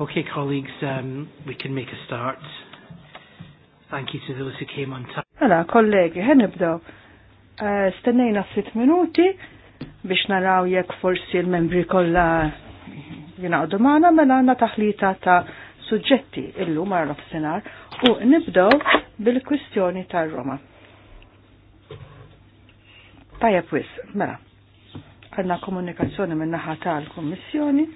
Okay, colleagues, um, we can make a start. Thank you to those who came on time. Mela, kollegi, ħen nibdaw. Uh, eh, Stennejna sit minuti biex naraw jekk forsi l-membri kollha jingħaqdu magħna mela għandna taħlita ta' suġġetti illum għal nofsinhar u nibdew bil-kwistjoni tar-Roma. Tajja wis, mela. Għandna komunikazzjoni min-naħa tal-Kummissjoni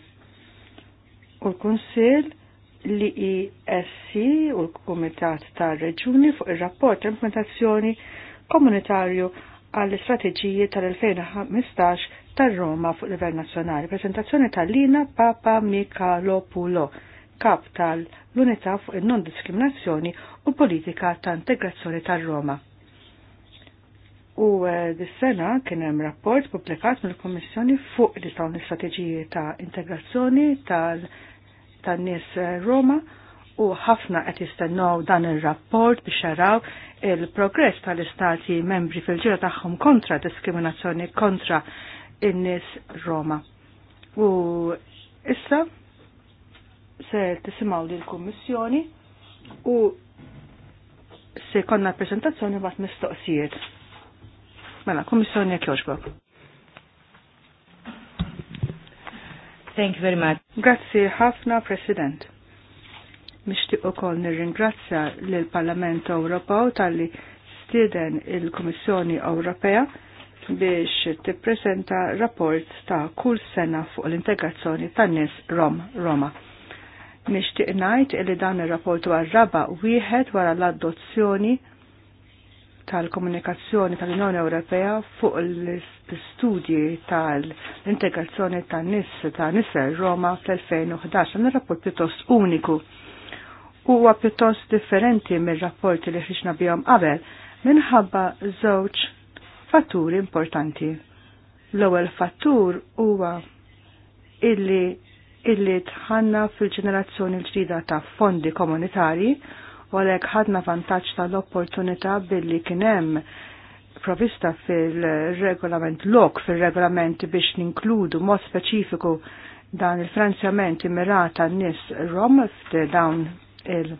u l-Kunsil li ISC e u l-Kumitat tar Reġuni fuq ir-rapport implementazzjoni komunitarju għall-istrateġiji tal-2015 tar-Roma fuq livell nazzjonali. Presentazzjoni tal-Lina Papa Mikalopulo, kap tal-Unità fuq il-Non-Diskriminazzjoni u Politika ta' Integrazzjoni tar-Roma. U eh, dis-sena kien hemm rapport pubblikat mill-Kummissjoni fuq li dawn l-istrateġiji ta' integrazzjoni tal-Roma tan-nies eh, Roma u ħafna qed jistennew dan ir-rapport biex jaraw il-progress tal-istati membri fil-ġira tagħhom kontra diskriminazzjoni kontra in-nies Roma. U issa se tisimgħu lill-Kummissjoni u se konna preżentazzjoni bat mistoqsijiet. Mela, Kummissjoni jekk joġbok. Thank you very much. Grazzi ħafna, President. u ukoll nirringrazzja lill parlament Ewropew tali stieden il komissjoni Ewropea biex tippreżenta rapport ta' kull sena fuq l-integrazzjoni tan-nies Rom Roma. najt ngħid li dan ir-rapport wara raba wieħed wara l-adozzjoni tal-komunikazzjoni tal-Unjoni Ewropea fuq l istudji tal-integrazzjoni tan-nis ta' Nisser Roma fl-2011 għan rapport pjuttost uniku huwa pjuttost differenti mir-rapporti li ħriġna bihom qabel minħabba żewġ fatturi importanti. L-ewwel fattur huwa illi illi tħanna fil-ġenerazzjoni l-ġdida ta' fondi komunitarji u għalhekk ħadna vantaġġ tal-opportunità billi kien hemm provista fil-regolament lok fil-regolament biex ninkludu mod speċifiku dan il-franzjament immirata nis rom f'dawn il-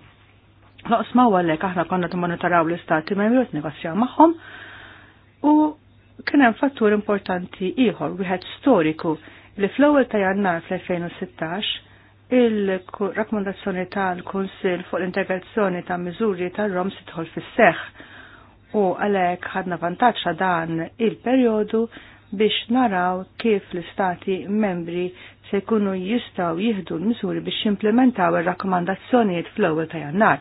noqsma u għallek aħna konna t-monitoraw l-istati ma jmirut negozjaw maħħom u kienem fattur importanti iħor, wieħed storiku li fl-ewwel ta' jannar fl-2016 il-rakkomandazzjoni tal konsil fuq l-integrazzjoni ta' miżuri tal-Rom sitħol fis-seħ u għalhekk ħadna vantaġġ ta' dan il-perjodu biex naraw kif l-istati membri se jkunu jistaw jihdu l-miżuri biex jimplementaw ir-rakkomandazzjonijiet fl-ewwel ta' jannar.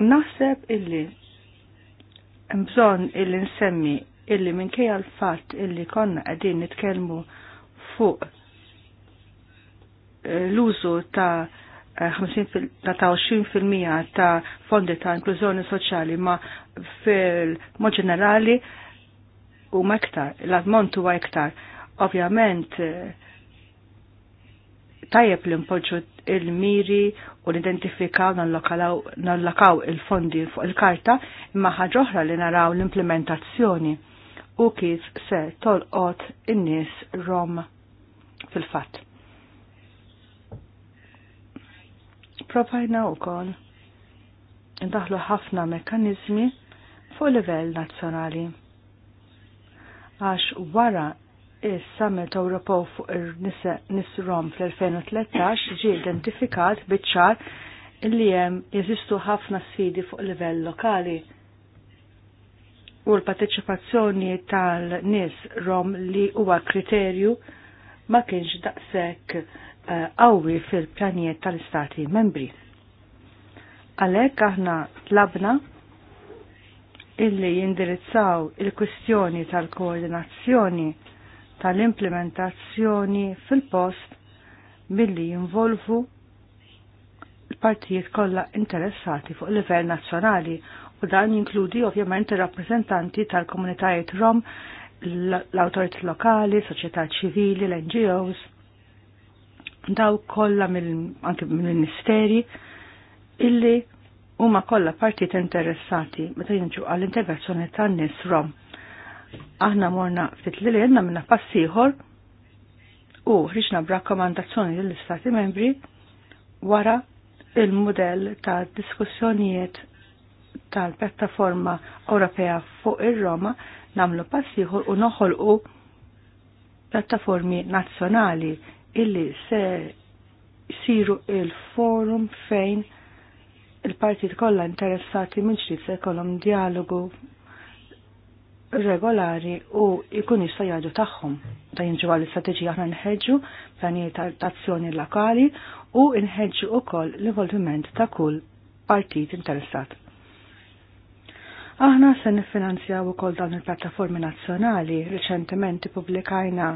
Naħseb illi bżonn illi nsemmi illi minkejja l-fatt illi konna qegħdin nitkellmu fuq l-użu ta' 50 eh, ta' 20% ta' fondi ta' inklużjoni soċjali ma' fil-mod ġenerali u mektar, iktar, l-ammont huwa iktar. Ovvjament eh, tajjeb li npoġġu il-miri u l-identifikaw nallakaw il-fondi fuq il-karta imma ħaġa oħra li naraw l-implementazzjoni u kif se tolqot in-nies rom fil-fatt. Provajna u kol indaħlu ħafna mekanizmi fuq livell nazzjonali. Għax wara il summit Ewropew fuq ir-Nisrom fl-2013 ġie identifikat biċ-ċar li hemm jeżistu ħafna sfidi fuq livell lokali. U l-parteċipazzjoni tal-nies rom li huwa kriterju ma kienx daqshekk Eh, qawwi fil-planijiet tal-Istati membri. Għalhekk aħna tlabna illi jindirizzaw il-kwistjoni tal-koordinazzjoni tal-implementazzjoni fil-post billi jinvolvu l-partijiet kollha interessati fuq livell nazzjonali u dan jinkludi ovvjament ir-rappreżentanti tal-komunitajiet Rom, l-awtorit lokali, soċjetà ċivili, l-NGOs daw kollha anke mill-Ministeri illi huma kollha partit interessati meta jinġu għall integrazzjoni tan-nies rom. Aħna morna ftit li għandna minna passiħor u ħriġna b'rakkomandazzjoni lill-Istati membri wara il-modell ta' diskussjonijiet tal-Pjattaforma Ewropea fuq ir-Roma namlu passiħor u noħolqu pjattaformi nazzjonali illi se siru il-forum fejn il-partit kollha interessati minn se jkollhom dialogu regolari u jkun jista' jgħidu tagħhom ta' jinġu l strategija aħna nħeġġu pjanijiet ta' azzjoni lokali u nħeġġu wkoll l-involviment ta' kull partit interessat. Aħna se nifinanzjaw ukoll dawn il-plattaformi nazzjonali, riċentement ippubblikajna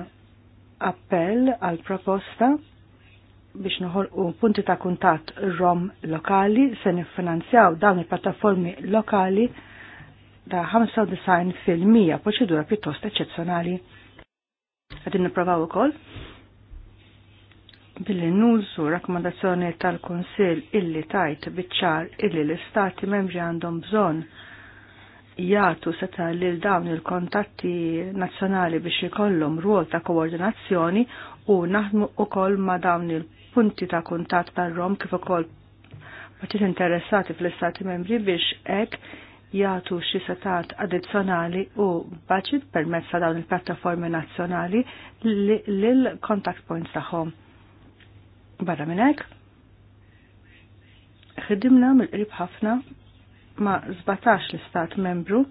appell għal proposta biex noħolqu punti ta' kuntat rom lokali se nifinanzjaw dawn il-plattaformi lokali da' 95 fil-mija proċedura pjuttost eccezzjonali. Għadin niprovaw ukoll billi nużu rakkomandazzjoni tal-Konsil illi tajt biċċar illi l-Istati membri għandhom bżonn jgħatu seta' lil dawn il-kontatti nazzjonali biex ikollhom rwol ta' koordinazzjoni u naħdmu ukoll ma' dawn il-punti ta' kuntatt tar-Rom kif ukoll partit interessati fl-Istati membri biex hekk jagħtu xi setat addizzjonali u budget permezz ta' dawn il-pjattaformi nazzjonali lil contact points tagħhom. Barra minn hekk, ħidimna mill-qrib ħafna ma' 17 l-istat membru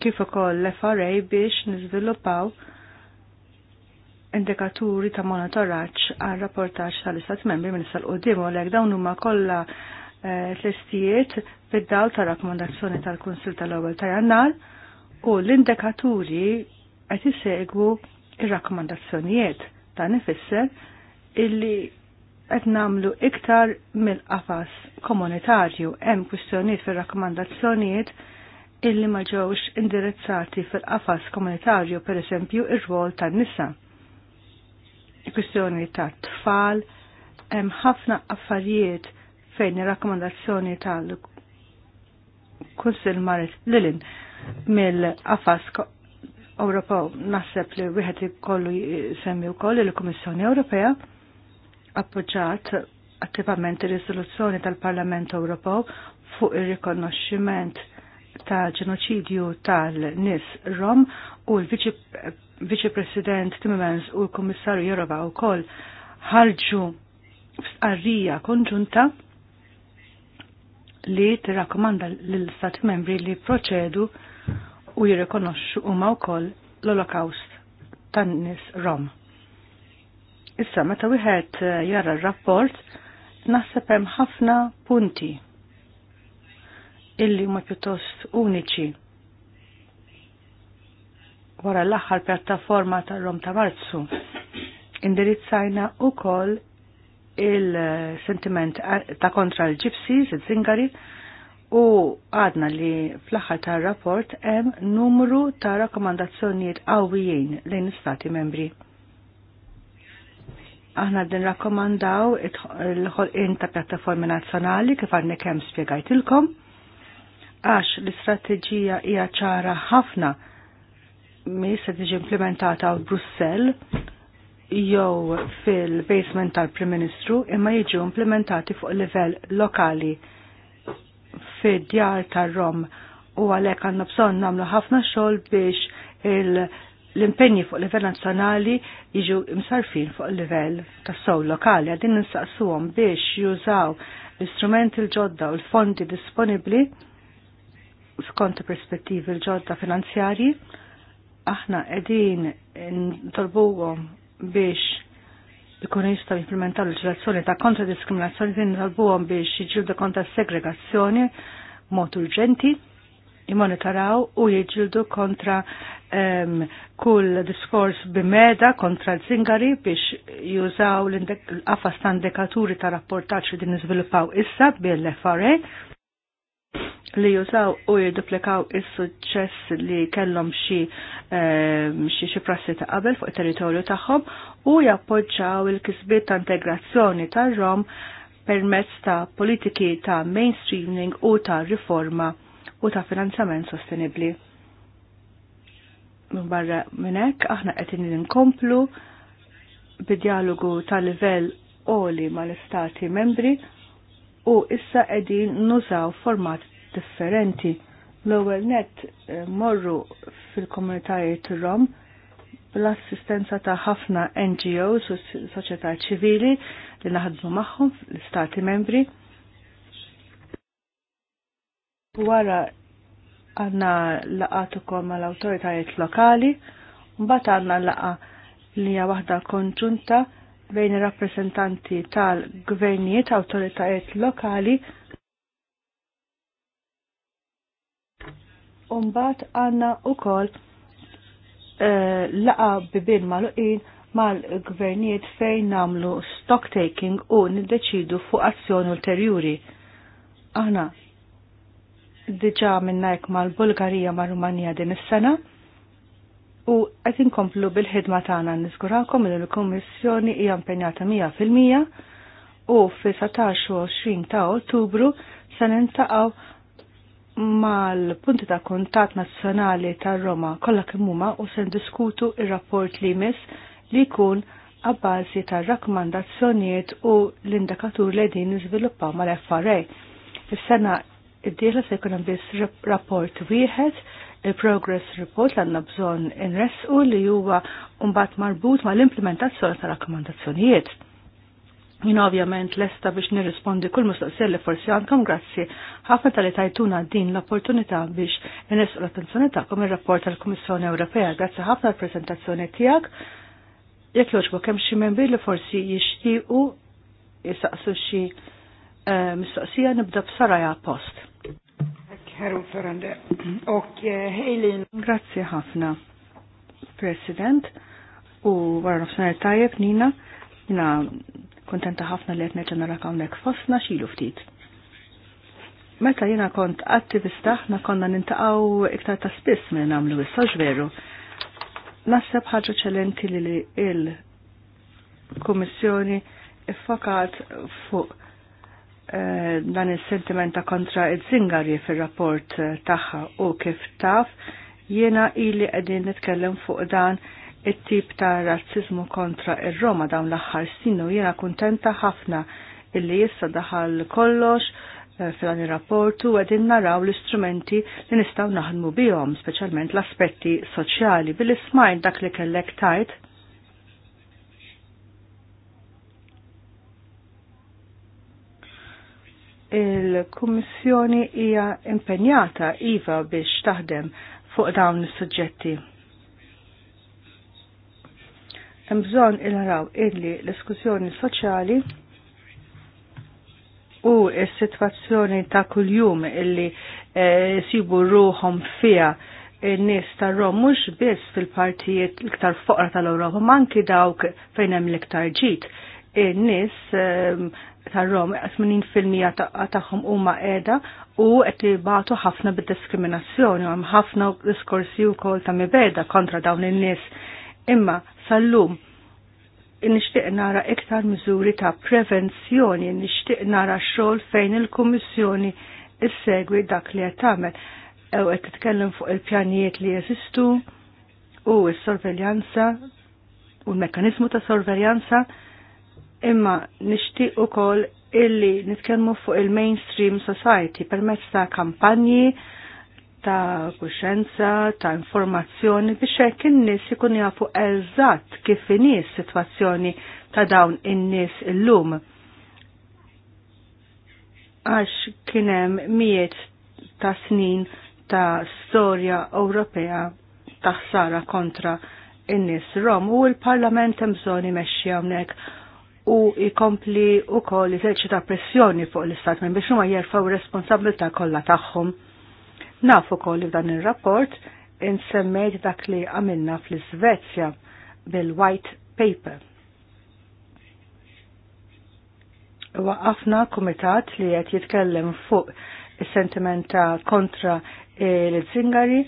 kif ukoll l-FRA biex niżviluppaw indikaturi ta' monitoraġġ għal rapportaġġ tal-istat membri minn sal qudiem u lek dawn huma kollha eh, testijiet fid-dawl ta' rakkomandazzjoni tal-Kunsil tal-ewwel ta' Jannar u l-indikaturi qed isegwu ir-rakkomandazzjonijiet dan ifisser illi qed namlu iktar mill-qafas komunitarju hemm kwistjonijiet fir-rakkomandazzjonijiet illi ma ġewx indirizzati fil-qafas komunitarju pereżempju ir-rwol tan-nisa. Kwistjoni ta' tfal, hemm ħafna affarijiet fejn ir-rakkomandazzjoni tal-Kunsil Marit Lilin mill-qafas Ewropew naħseb li wieħed ikollu semmi wkoll il-Kummissjoni Ewropea appoġġat attivament ir-risoluzzjoni tal-Parlament Ewropew fuq ir-rikonoxximent ta' ġenoċidju tal-nis Rom u l-Viċi President Timmermans u l-Kommissarju Jorova u koll ħarġu f'arrija konġunta li tirrakkomanda l-Stati membri li proċedu u jirrikonoxxu huma wkoll l olokaust tan-nies Rom. Issa, meta wieħed eh, jara r-rapport, naħseb hemm ħafna punti illi huma pjuttost uniċi. Wara l-aħħar pjattaforma tar-Rom ta' Marzu, indirizzajna wkoll il-sentiment ta' kontra l-ġipsis, iż zingari u għadna li fl aħħar tar rapport hemm numru ta' rakkomandazzjonijiet qawwijin lejn istati membri. Aħna din rakkomandaw il-ħolqin ta' pjattaformi nazzjonali kif għandni kemm spjegajtilkom għax l-istrateġija hija ċara ħafna mi se tiġi implementata f'Brussell jew fil-basement tal-Prim Ministru imma jiġu implementati fuq livell lokali fid-djar tar-Rom u għalhekk għandna bżonn nagħmlu ħafna xogħol biex il- l impegni fuq livell nazzjonali jiġu msarfin fuq livell tas sow lokali għadin nistaqsuhom biex jużaw l-istrumenti l-ġodda u l-fondi disponibli skont perspettivi l-ġodda finanzjarji aħna qegħdin ntolbuhom biex ikunu jistgħu jimplementaw l-ġelazzjoni ta' kontra diskriminazzjoni din nitolbuhom biex jiġildu kontra segregazzjoni mod urġenti jimonitoraw u jieġildu kontra um, kull diskors bimeda kontra l-zingari biex jużaw l-qafas ta' ta' rapportaċ li din iżviluppaw issa bil-FRA li jużaw u jiduplikaw is-suċċess li kellhom xie xie xi xi prassi ta' qabel fuq it-territorju tagħhom u jappoġġaw il-kisbiet ta' integrazzjoni tar-Rom permezz ta' politiki ta' mainstreaming u ta' riforma u ta' finanzjament sostenibli. Min barra minnek aħna qegħdin ninkomplu bid-dialogu tal-livell oli mal-istati membri u issa qegħdin nużaw format differenti. L-ewwel net eh, morru fil-komunitajiet Rom l-assistenza ta' ħafna NGOs u soċjetà ċivili li naħdmu magħhom l-istati membri Wara għanna laqatu kol għal autoritajiet lokali, mbagħad għanna laqa li hija waħda konġunta bejn ir-rappreżentanti tal-gvernijiet autoritajiet lokali Umbat għanna u kol eh, laqa bibin maluqin mal-gvernijiet fejn namlu stock taking u niddeċidu fuq azzjoni ulterjuri. Aħna diġa minnajk mal-Bulgarija ma' Rumanija din is-sena u qed inkomplu bil-ħidma tagħna niżgurakom li l-Kummissjoni hija impenjata 100% u fi 17 20 ta' Ottubru se nintaqgħu mal-punti ta' kuntat nazzjonali ta' Roma kollha kemm huma u se ndiskutu ir-rapport li jmiss li jkun għabbażi ta' rakkomandazzjonijiet u l-indikatur li din niżviluppaw mal-FRA. Is-sena id-dieħla se jkun hemm biss rapport wieħed il-progress report li għandna bżonn inresqu li huwa mbagħad marbut mal-implementazzjoni tal-rakkomandazzjonijiet. Jien ovvjament lesta biex nirrispondi kull mistoqsija li forsi għandkom grazzi ħafna tal-li tajtuna din l-opportunità biex inresqu l-attenzjoni tagħkom ir-rapport tal-Kummissjoni Ewropea. Grazzi ħafna l preżentazzjoni tiegħek. Jekk jogħġbok kemm xi membri li forsi jixtiequ jisaqsu xi eh, mistoqsija nibda b'saraja post herr ordförande. Och eh, hej Lin. Grazie ħafna, President. U wara nofsinhar Tajep, Nina, Nina, kontenta ħafna li qed nerġa' narak hawnhekk fostna xilu ftit. Meta jiena kont attivista ħna konna nintaqgħu iktar ta' spiss minn nagħmlu issa veru. Nasseb ħaġa ċelenti li l-Kummissjoni iffokat fuq Eh, dan is-sentiment ta' kontra id-zingari fir-rapport eh, tagħha u kif taf jiena ili qegħdin nitkellem fuq dan it-tip ta' razzizmu kontra ir-Roma dawn l-aħħar sinu jiena kuntenta ħafna illi issa daħal kollox eh, fil-għan il-rapportu għedin naraw l-istrumenti li nistaw naħdmu bihom, specialment l-aspetti soċjali, bil-ismajn dak li kellek tajt il-Kummissjoni hija impenjata iva biex taħdem fuq dawn is-suġġetti. Hemm bżonn il illi l iskussjoni soċjali u s-sitwazzjoni ta' kuljum illi eh, sibu ruhom fija n-nies ta' rom mhux biss fil-partijiet l-iktar foqra tal-Ewropa, ma anki dawk fejn hemm l-iktar ġid in-nies ehm, tar-Rom 80% tagħhom huma qiegħda u għetti batu ħafna bid-diskriminazzjoni għam ħafna diskorsi u kol ta' mibeda kontra dawn il-nis. Imma sal-lum nishtiq nara iktar mizuri ta' prevenzjoni, nishtiq nara xol fejn il komissjoni il-segwi dak li qed U Ew qed titkellem fuq il-pjanijiet li jesistu u il sorveljanza u l mekanizmu ta' sorveljanza imma nixtieq ukoll illi nitkellmu fuq il-mainstream society permezz ta' kampanji ta' kuxenza, ta' informazzjoni biex hekk in-nies ikun jafu eżatt kif inies sitwazzjoni ta' dawn in-nies illum. Għax kien hemm mijiet ta' snin ta' storja Ewropea ta' ħsara kontra in-nies Rom u l-Parlament hemm bżonn imexxi hawnhekk u jkompli u koll ta' pressjoni fuq l-istat minn biex huma jerfaw responsabilta kollha tagħhom. Nafu koll f'dan ir-rapport insemmejt dak li għamilna fl-Svezja bil-White Paper. Waqafna kumitat li qed jitkellem fuq is-sentimenta kontra l-Zingari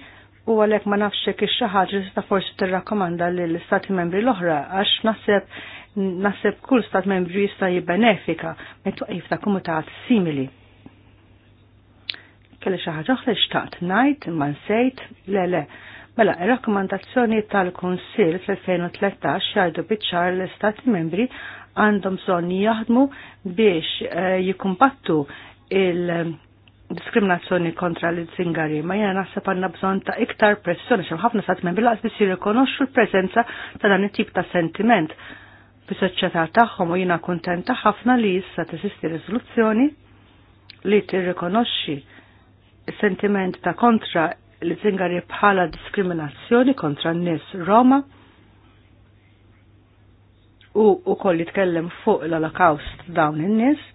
u għalek ma nafxie kix ħaġa ta' forsi tirrakkomanda lill l-istati membri l-oħra, għax naħseb nasib kull stat membru jista' jibbenefika me twaqif ta' komitat simili. Kelli xi ħaġa oħra xtaqt ngħid imma nsejt le le. Mela, rakkomandazzjoni tal-Kunsil fl-2013 jgħidu biċċar l-Stati membri għandhom bżonn jaħdmu biex eh, jikumbattu il-diskriminazzjoni kontra l-zingari, ma jena naħseb għanna bżon ta' iktar pressjoni, xem ħafna stat membri laqs biex jirrikonoxxu l-prezenza ta' dan it-tip ta' sentiment fis-soċjetà tagħhom u jiena kuntenta ħafna li issa tesisti riżoluzzjoni li tirrikonoxxi sentiment ta' kontra li zingari bħala diskriminazzjoni kontra n-nies Roma u u koll jitkellem fuq l-Holocaust dawn in-nies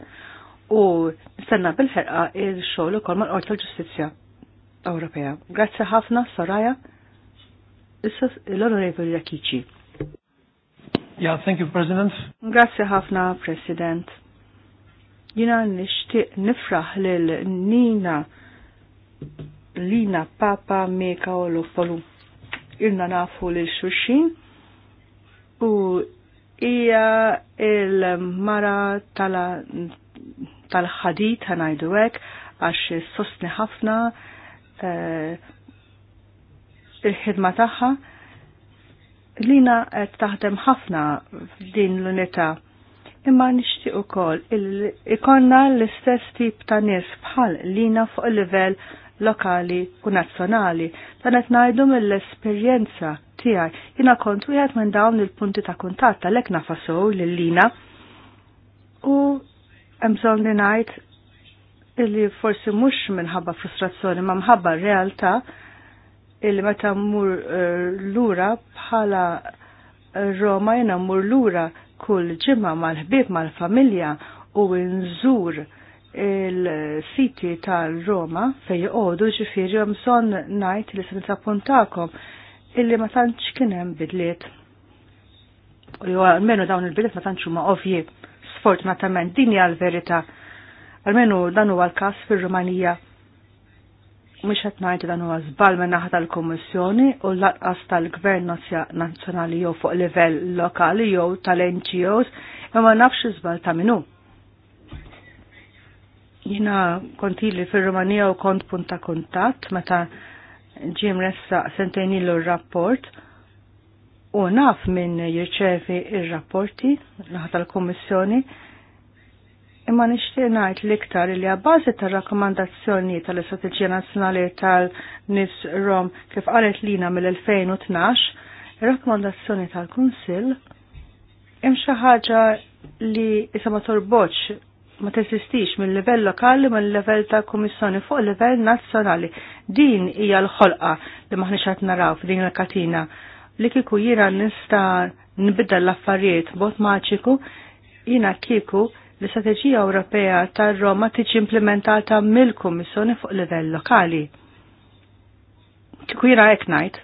u nistenna bil-ħerqa il-xogħol ukoll mal-Qorti tal-Ġustizzja Ewropea. Grazzi ħafna, Soraya. Issa l-Onorevoli Jakiċi. Yeah, thank you, President. Grazie ħafna, President. Jina nishtiq nifraħ lil Nina Lina Papa Meka Olofalu. Ilna nafu lil xuxin u hija il-mara tal ħadi ta' najduwek għax sostni ħafna eh, il-ħidma tagħha Lina qed taħdem ħafna f'din l-unità. Imma nixtieq ukoll ikonna l-istess tip ta' nies bħal lina fuq il-livell lokali u nazzjonali. Dan qed ngħidu mill-esperjenza tiegħi. Jiena kont wieħed minn dawn il-punti ta' kuntatt għalhekk nafasu lil lina u hemm bżonn li ngħid illi forsi mhux minħabba frustrazzjoni ma mħabba realtà il meta mmur eh, lura bħala Roma jena mmur lura kull ġimma mal-ħbib mal-familja u nżur il-siti tal-Roma fej jgħodu ġifiri u mson najt li s puntakom illi ma tantx kienem bidliet. U li għalmenu dawn il-bidliet ma tantx ma ovji. Sfortunatament din hija l-verità. Almenu dan huwa l-każ fir-Rumanija mux għetnajt dan huwa għazbal minn naħa tal-Kommissjoni u l-laqqas tal-Gvern Nazzjonali jew fuq livell lokali jew tal-NGOs imma nafx zbal ta' minu. Jina kontili fil-Romanija u kont punta kontat meta ġim ressa sentajn l rapport u naf minn jirċevi il-rapporti naħa tal-Kommissjoni Imma nixtieq ngħid l-iktar li għabbażi tar-rakkomandazzjoni tal-Istrateġija Nazzjonali tal-Nis Rom kif qalet lina mill-2012, ir-rakkomandazzjoni tal-Kunsill hemm xi ħaġa li isa ma torboċ ma tesistix mill livell lokali mill livell ta' komissjoni fuq livell nazzjonali. Din hija l-ħolqa li maħniex qed naraw f'din il-katina li kieku jiena nista' nbidda l-affarijiet bot maċiku jiena kieku l-Istrateġija Ewropea tar-Roma tiġi implementata mill-Kummissjoni fuq livell lokali. Kieku hekk ngħid,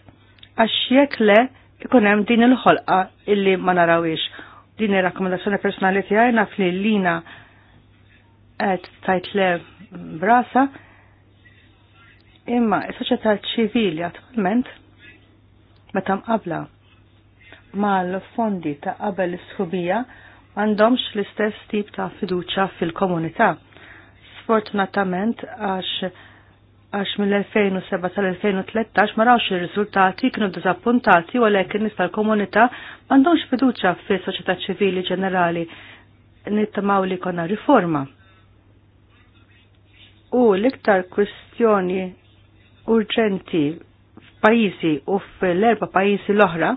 għax jekk le ikun hemm din il-ħolqa illi ma narawiex. Din ir-rakkomandazzjoni personali tiegħi naf li lina qed tajt le brasa imma is-soċjetà ċivili attwalment meta mqabla mal-fondi ta' qabel is isħubija għandhomx l-istess tip ta' fiduċa fil-komunità. Sfortunatament għax għax mill-2007 tal-2013 ma rawx il-riżultati kienu dizappuntati u għalhekk in-nies tal-komunità m'għandhomx fiduċa fis-soċjetà ċivili ġenerali nittamaw li konna riforma. U l-iktar kwestjoni urġenti f'pajjiżi u fl-erba' pajjiżi l-oħra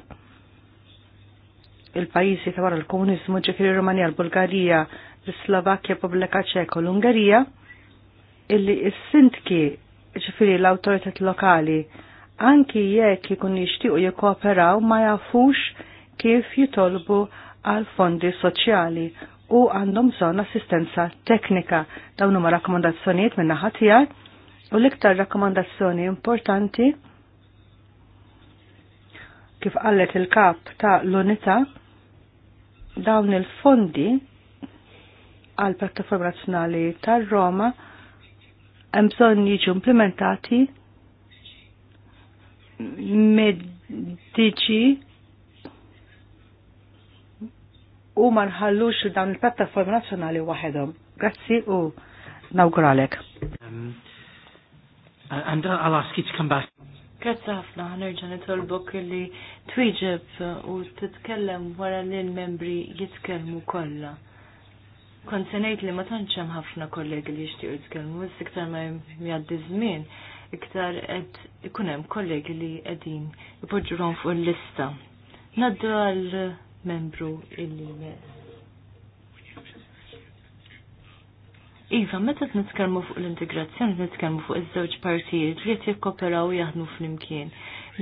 il-pajizi ta' wara l-komunizmu ġifiri Rumanija, l-Bulgarija, l-Slovakkja, Pubblika Ċeka u l-Ungarija, illi s-sintki ġifiri l-autoritet lokali anki jekk ikun jixtiequ jikkooperaw ma jafux kif jitolbu għal fondi soċjali u għandhom bżonn assistenza teknika. Dawn huma rakkomandazzjonijiet minn naħa tiegħek u l-iktar rakkomandazzjoni importanti kif qalet il-kap ta' l-unità dawn il-fondi għal pjattaforma nazzjonali tar-Roma hemm bżonn jiġu implementati mid-DG u ma nħallux dawn il-pjattaforma nazzjonali waħedhom. Grazzi u nawguralek. Um, and I'll ask you to come back. Grazzi ħafna, ħanerġa nitolbok li twieġeb u titkellem wara li l-membri jitkellmu kollha. Kont se ngħid li ma tantx hemm ħafna kollegi li jixtiequ jitkellmu, issa iktar ma jgħaddi żmien, iktar qed ikun hemm kollegi li qegħdin ipoġġuhom fuq il-lista. Naddu għal membru illi jess. Iva, meta t-nitkelmu fuq l-integrazzjoni, t-nitkelmu fuq iż-żewġ partijiet li qed jikkoperaw jaħdmu flimkien.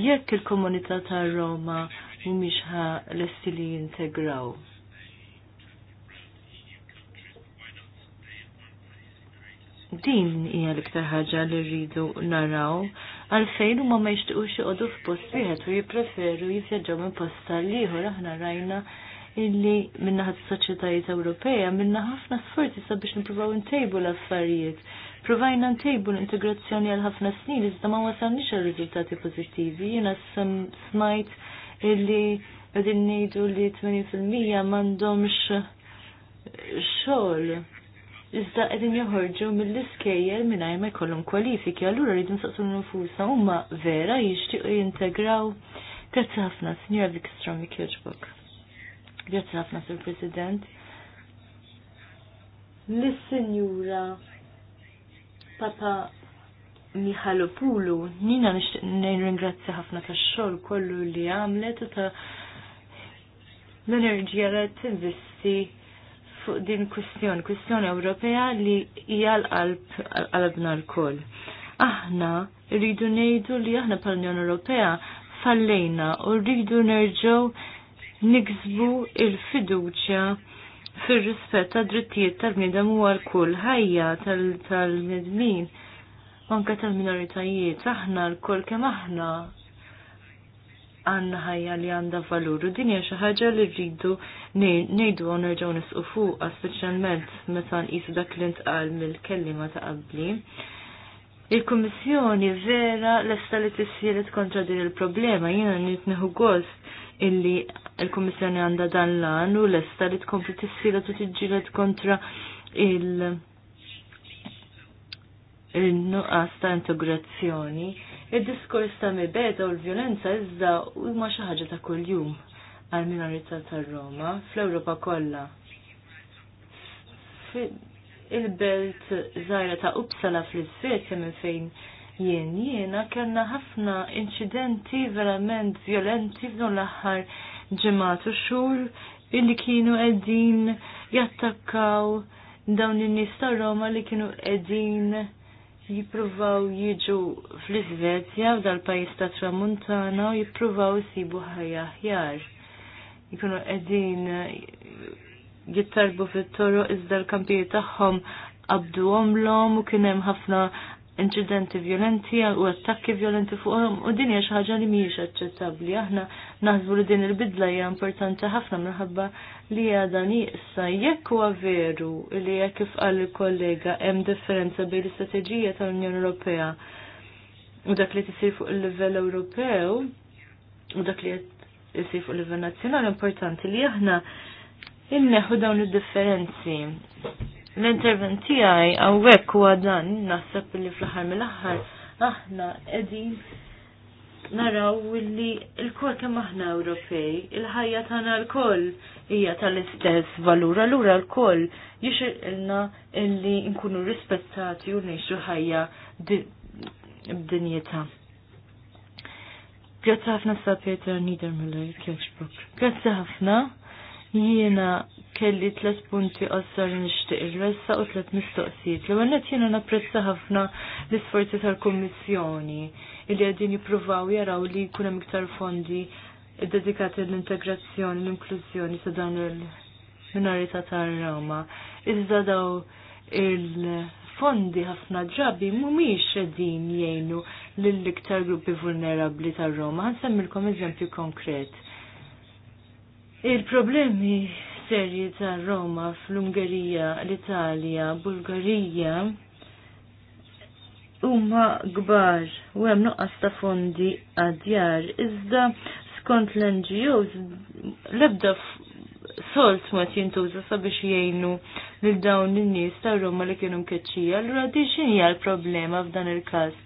Jekk il-komunità ta' Roma mhumiex ħa lesti li jintegraw. Din hija l-iktar ħaġa li rridu naraw għalfejn huma ma jixtiequx joqogħdu f'post wieħed u jippreferu jivvjaġġaw minn post tal-ieħor aħna rajna illi minna ħat soċjetajiet Ewropeja minna ħafna sforzi biex nipruvaw intejbu l-affarijiet. Provajna ntejbu l-integrazzjoni għal ħafna snin iżda ma wasalniex għal riżultati pożittivi. Jiena smajt illi għedin nejdu li 80% mandomx xogħol. Iżda qegħdin joħorġu mill-iskejjel mingħajr ma jkollhom kwalifiki, allura rridu nsaqsu nfusa huma vera jixtiequ jintegraw. Grazzi ħafna, Sinjora Vikstrom Kirchbok. Grazzi ħafna sur President. lis Signora Papa Mihalopulu, nina nishtiq ringrazzja ħafna tax-xogħol kollu li għamlet u ta' l-enerġija li t-investi fuq din kwestjoni, kwestjoni Ewropea li hija l-qalb qalbna l-koll. Aħna rridu ngħidu li aħna pal-Unjoni Ewropea fallejna u rridu nerġgħu niksbu il-fiduċja fir-rispett ta' drittijiet tal bnidem u għal kull ħajja tal-nedmin, anke tal-minoritajiet, aħna l kull kemm aħna għanna ħajja li għanda valur u dinja xi ħaġa li rridu ngħidu u nerġgħu nisqu fuqha speċjalment meta nqisu dak li ntqal mill-kellima ta' qabli. Il-Kummissjoni vera lesta li tissieret kontra din il-problema jina nitneħu gost illi il-Kummissjoni għanda dan l-għan u l-esta li tkompli tisfida t tiġġieled kontra il- il-nuqqas ta' integrazzjoni. Id-diskors ta' mibeda u l-violenza iżda huma xi ħaġa ta' kuljum għal minorita tar-Roma fl-Ewropa kollha. Il-belt zaħra ta' Uppsala fl svezja minn fejn jien jiena kellna ħafna inċidenti verament violenti f'don l-aħħar ġemat u xhur illi kienu qegħdin jattakkaw dawn in-nies ta' Roma li kienu qegħdin jippruvaw jiġu fl-Iżvezja f'dal-pajjiż ta' Tramuntana u jippruvaw isibu ħajja aħjar. Jkunu qegħdin jittarbu fit-toroq iżda l-kampijiet tagħhom qabdu u u kienem ħafna inċidenti violenti u attakki violenti fuqhom u din hija xi ħaġa li mhijiex aċċettabbli. Aħna naħsbu li din il-bidla hija importanti ħafna minħabba li hija dan issa jekk huwa veru li hija kif qal il-kollega hemm differenza bejn l-istrateġija tal-Unjoni Ewropea u dak li tisir fuq il-livell Ewropew u dak li qed isir fuq il-livell nazzjonali importanti li aħna inneħu dawn id-differenzi l interventi tiegħi hawnhekk huwa dan naħseb li fl-aħħar mill-aħħar aħna qegħdin naraw li l-kol kemm aħna Ewropej, il-ħajja tagħna l kol hija tal-istess valur, allura l-koll jixilna illi nkunu rispettati u ngħixu ħajja b'dinjeta. Grazzi ħafna sa Peter Niedermüller, Kirchbrook. Grazzi ħafna. Jiena kelli tlet punti qosor nixtieq il-ressa u tlet mistoqsijiet. L-ewwel jiena napprezza ħafna l-isforzi tal-Kummissjoni li qegħdin jippruvaw jaraw li jkun hemm iktar fondi dedikati l-integrazzjoni, l-inklużjoni ta' dan il-minorità tar-Roma. Iżda daw il-fondi ħafna ġabi mhumiex qegħdin jgħinu lill-iktar gruppi vulnerabbli tar-Roma. Ħansemmilkom eżempju konkret. Il-problemi serji ta' Roma fl-Ungerija, l-Italja, Bulgarija huma kbar u hemm nuqqas ta' fondi għadjar. Iżda skont l-NGOs l-ebda solt ma jintuża sabiex jgħinu lil dawn in-nies ta' Roma li kienu mkeċċija. Allura din x'inhi l-problema f'dan il-każ?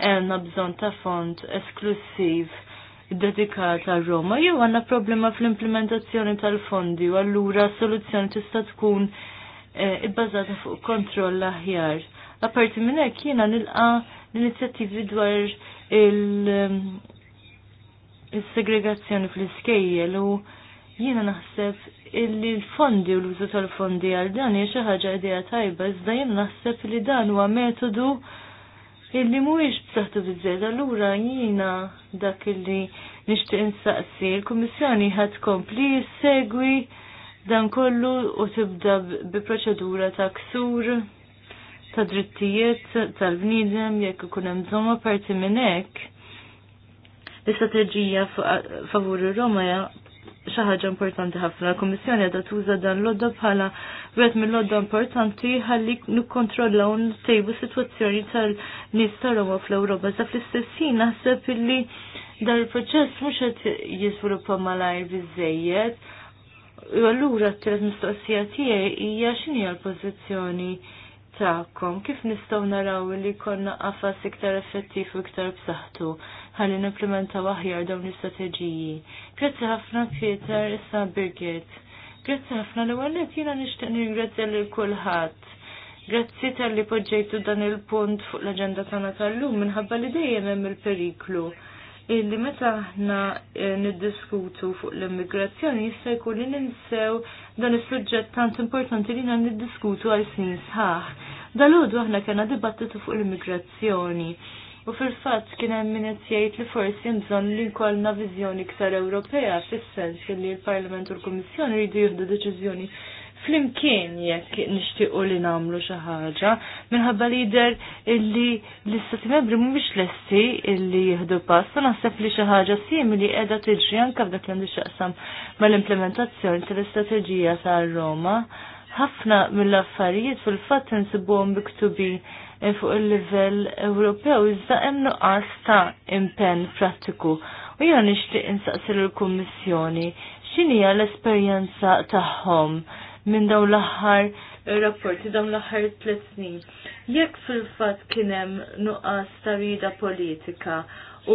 hemm bżonn ta' fond esklusiv dedikata għal Roma, jew għandna problema fl-implementazzjoni tal-fondi u allura soluzzjoni tista' tkun e, ibbażata fuq kontroll aħjar. Apparti minn hekk jiena nilqa l-inizjattivi dwar il-segregazzjoni fl-iskejjel u jiena naħseb illi l-fondi u l-użu tal-fondi għal dan hija xi ħaġa idea tajba, iżda jiena naħseb li dan huwa metodu illi mhuwiex b'saħħtu biżżejjed allura jiena dak illi nixtieq insaqsi l-Kummissjoni ħadd kompli segwi dan kollu u tibda bi proċedura ta' ksur ta' drittijiet tal bnidem jekk ikun hemm bżonn parti minn hekk l-istrateġija favur ir-Roma xaħġa ħaġa importanti ħafna. L-Kummissjoni għadha tuża dan l-odda bħala wieħed mill-odda importanti ħalli nikkontrollaw ntejbu sitwazzjoni tal-nies ta' Roma fl-Ewropa. Sa fl-istess ħin naħseb illi dan il-proċess mhux qed jiżviluppa malajr biżejjed. U allura t-tret mistoqsija tiegħi hija x'inhi l-pożizzjoni tagħkom? Kif nistgħu naraw li konna qafas iktar effettiv u iktar b'saħħtu ħalli nimplementaw aħjar dawn l-istrateġiji. Grazzi ħafna Peter issa Birgit. Grazzi ħafna l ewwel qed jiena nixtieq ningrazzja lil kulħadd. Grazzi tal-li poġġejtu dan il-punt fuq l-aġenda tagħna tal-lum minħabba li dejjem hemm il-periklu illi meta aħna eh, niddiskutu fuq l-immigrazzjoni jista' jkun li ninsew dan is-suġġett tant importanti li niddiskutu għal snin sħaħ. Dalodu aħna kena dibattitu fuq l-immigrazzjoni. U fil-fatt kien hemm min qed jgħid li forsi hemm bżonn li jkollna viżjoni iktar Ewropea fis-sens li l-Parlament u l-Kummissjoni jridu jieħdu deċiżjoni flimkien jekk nixtiequ li nagħmlu xi ħaġa minħabba lider illi l-istati membri mhumiex lesti illi jieħdu pass u naħseb li xi ħaġa simili qiegħda tiġri anke f'dak li għandu x'aqsam mal-implementazzjoni tal-istrateġija ta' Roma ħafna mill-affarijiet fil-fatt insibuhom miktubin Eh, fuq il-livell Ewropew iżda hemm nuqqas ta' impenn prattiku. U jiena nixtieq insaqsi il kummissjoni x'inhi l-esperjenza tagħhom minn dawn l-aħħar rapporti dawn l-aħħar tliet snin. Jekk fil-fatt kien hemm nuqqas ta' rida politika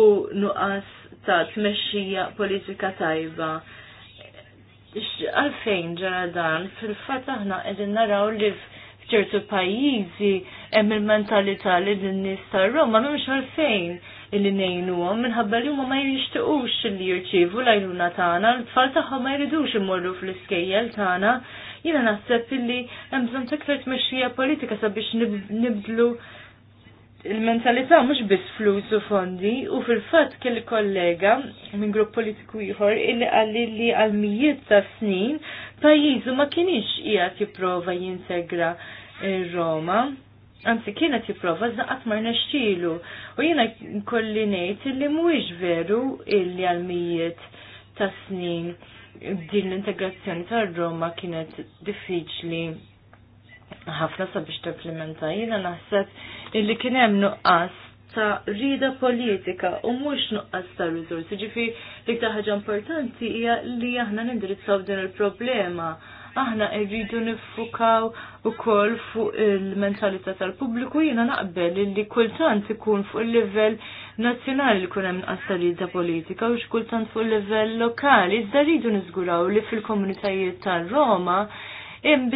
u nuqqas ta' tmexxija politika tajba, għalfejn ġara dan, fil-fat aħna qegħdin naraw li ċertu pajjiżi hemm il-mentalità li din nies tar-Roma m'hemmx għalfejn illi ngħinuhom minħabba li huma ma jixtiqux li jirċievu l-għajnuna tagħna, l-tfal tagħhom ma jridux imorru fl-iskejjel tagħna. Jiena naħseb illi hemm bżonn ta' kfert mexxija politika sabiex nibdlu il-mentalità mhux biss flus u fondi u fil-fatt kelli kollega minn grupp politiku ieħor illi qalli li għal mijiet ta' snin pajjiżu ma kienx qiegħed jipprova jintegra Roma. Anzi kienet jipprova żaqat mar nexxielu u jiena kolli ngħid illi mhuwiex veru illi għal mijiet ta' snin din l-integrazzjoni ta' Roma kienet diffiċli ħafna sabiex tipplementa jiena naħseb illi kien hemm nuqqas ta' rida politika u mhux nuqqas ta' riżorsi. Ġifi l-iktar ħaġa importanti hija li aħna nindirizzaw din il-problema. Aħna rridu niffukaw ukoll fuq il-mentalità tal-pubbliku jiena naqbel illi kultant ikun fuq il-livell nazzjonali li kunem rida politika u xkultant fuq il-level lokali, iżda rridu niżguraw li fil-komunitajiet tal Roma hemm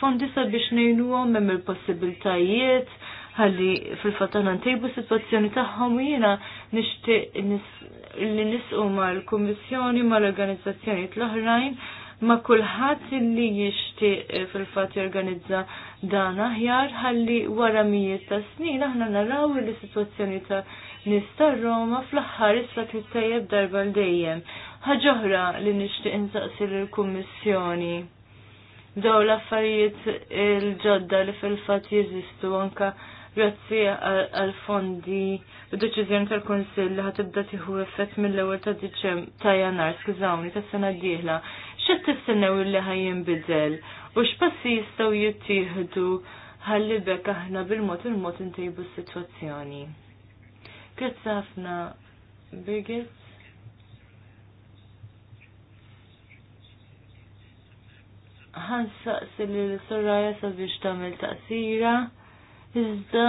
fondisa biex nejnu ngħinuhom hemm il-possibiltajiet ħalli fil-fatt aħna ntejbu situazzjoni tagħhom jina nishti li nisqu ma kummissjoni mal-organizzazzjonijiet l-oħrajn ma kulħadd li jishti eh, fil-fatt jorganizza dan aħjar ħalli wara mijiet ta' snin aħna naraw li situazzjoni ta' nista' Roma fl-aħħar issa tittajjeb darba l dejjem. Ħaġoħra li nixtieq insaqsi lill-Kummissjoni daw l-affarijiet il-ġodda li fil-fat jizistu anka grazzi għal-fondi id-deċiżjoni tal-Kunsill li ħatibda tieħu effett mill-ewwel ta' Diċem ta' Janar skiżawni, tas-sena d-dieħla. X'qed tistennew li ħajjinbidel u x'passi jistgħu jittieħdu ħalli bekk aħna bil-mod il-mod intejbu s-sitwazzjoni. Grazzi ħafna Birgit. ħansaqs li l-sorraja sabiex tamil taqsira Iżda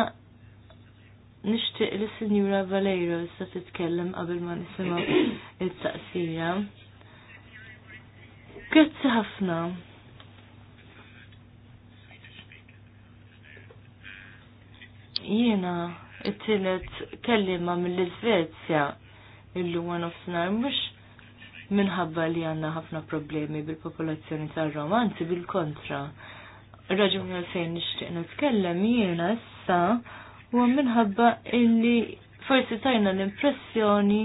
nixtieq li Sinjura Valero issa titkellem qabel ma nisimgħu it taqsija Grazzi ħafna. Jiena it tillet kellima mill-Iżvezja illum għan ofsinar mhux minħabba li għanna ħafna problemi bil-popolazzjoni tar-Romanzi bil-kontra. bil popolazzjoni tar roma anzi bil kontra raġuni għalfejn nixtieq nitkellem jiena issa huwa minħabba illi forsi tajna l-impressjoni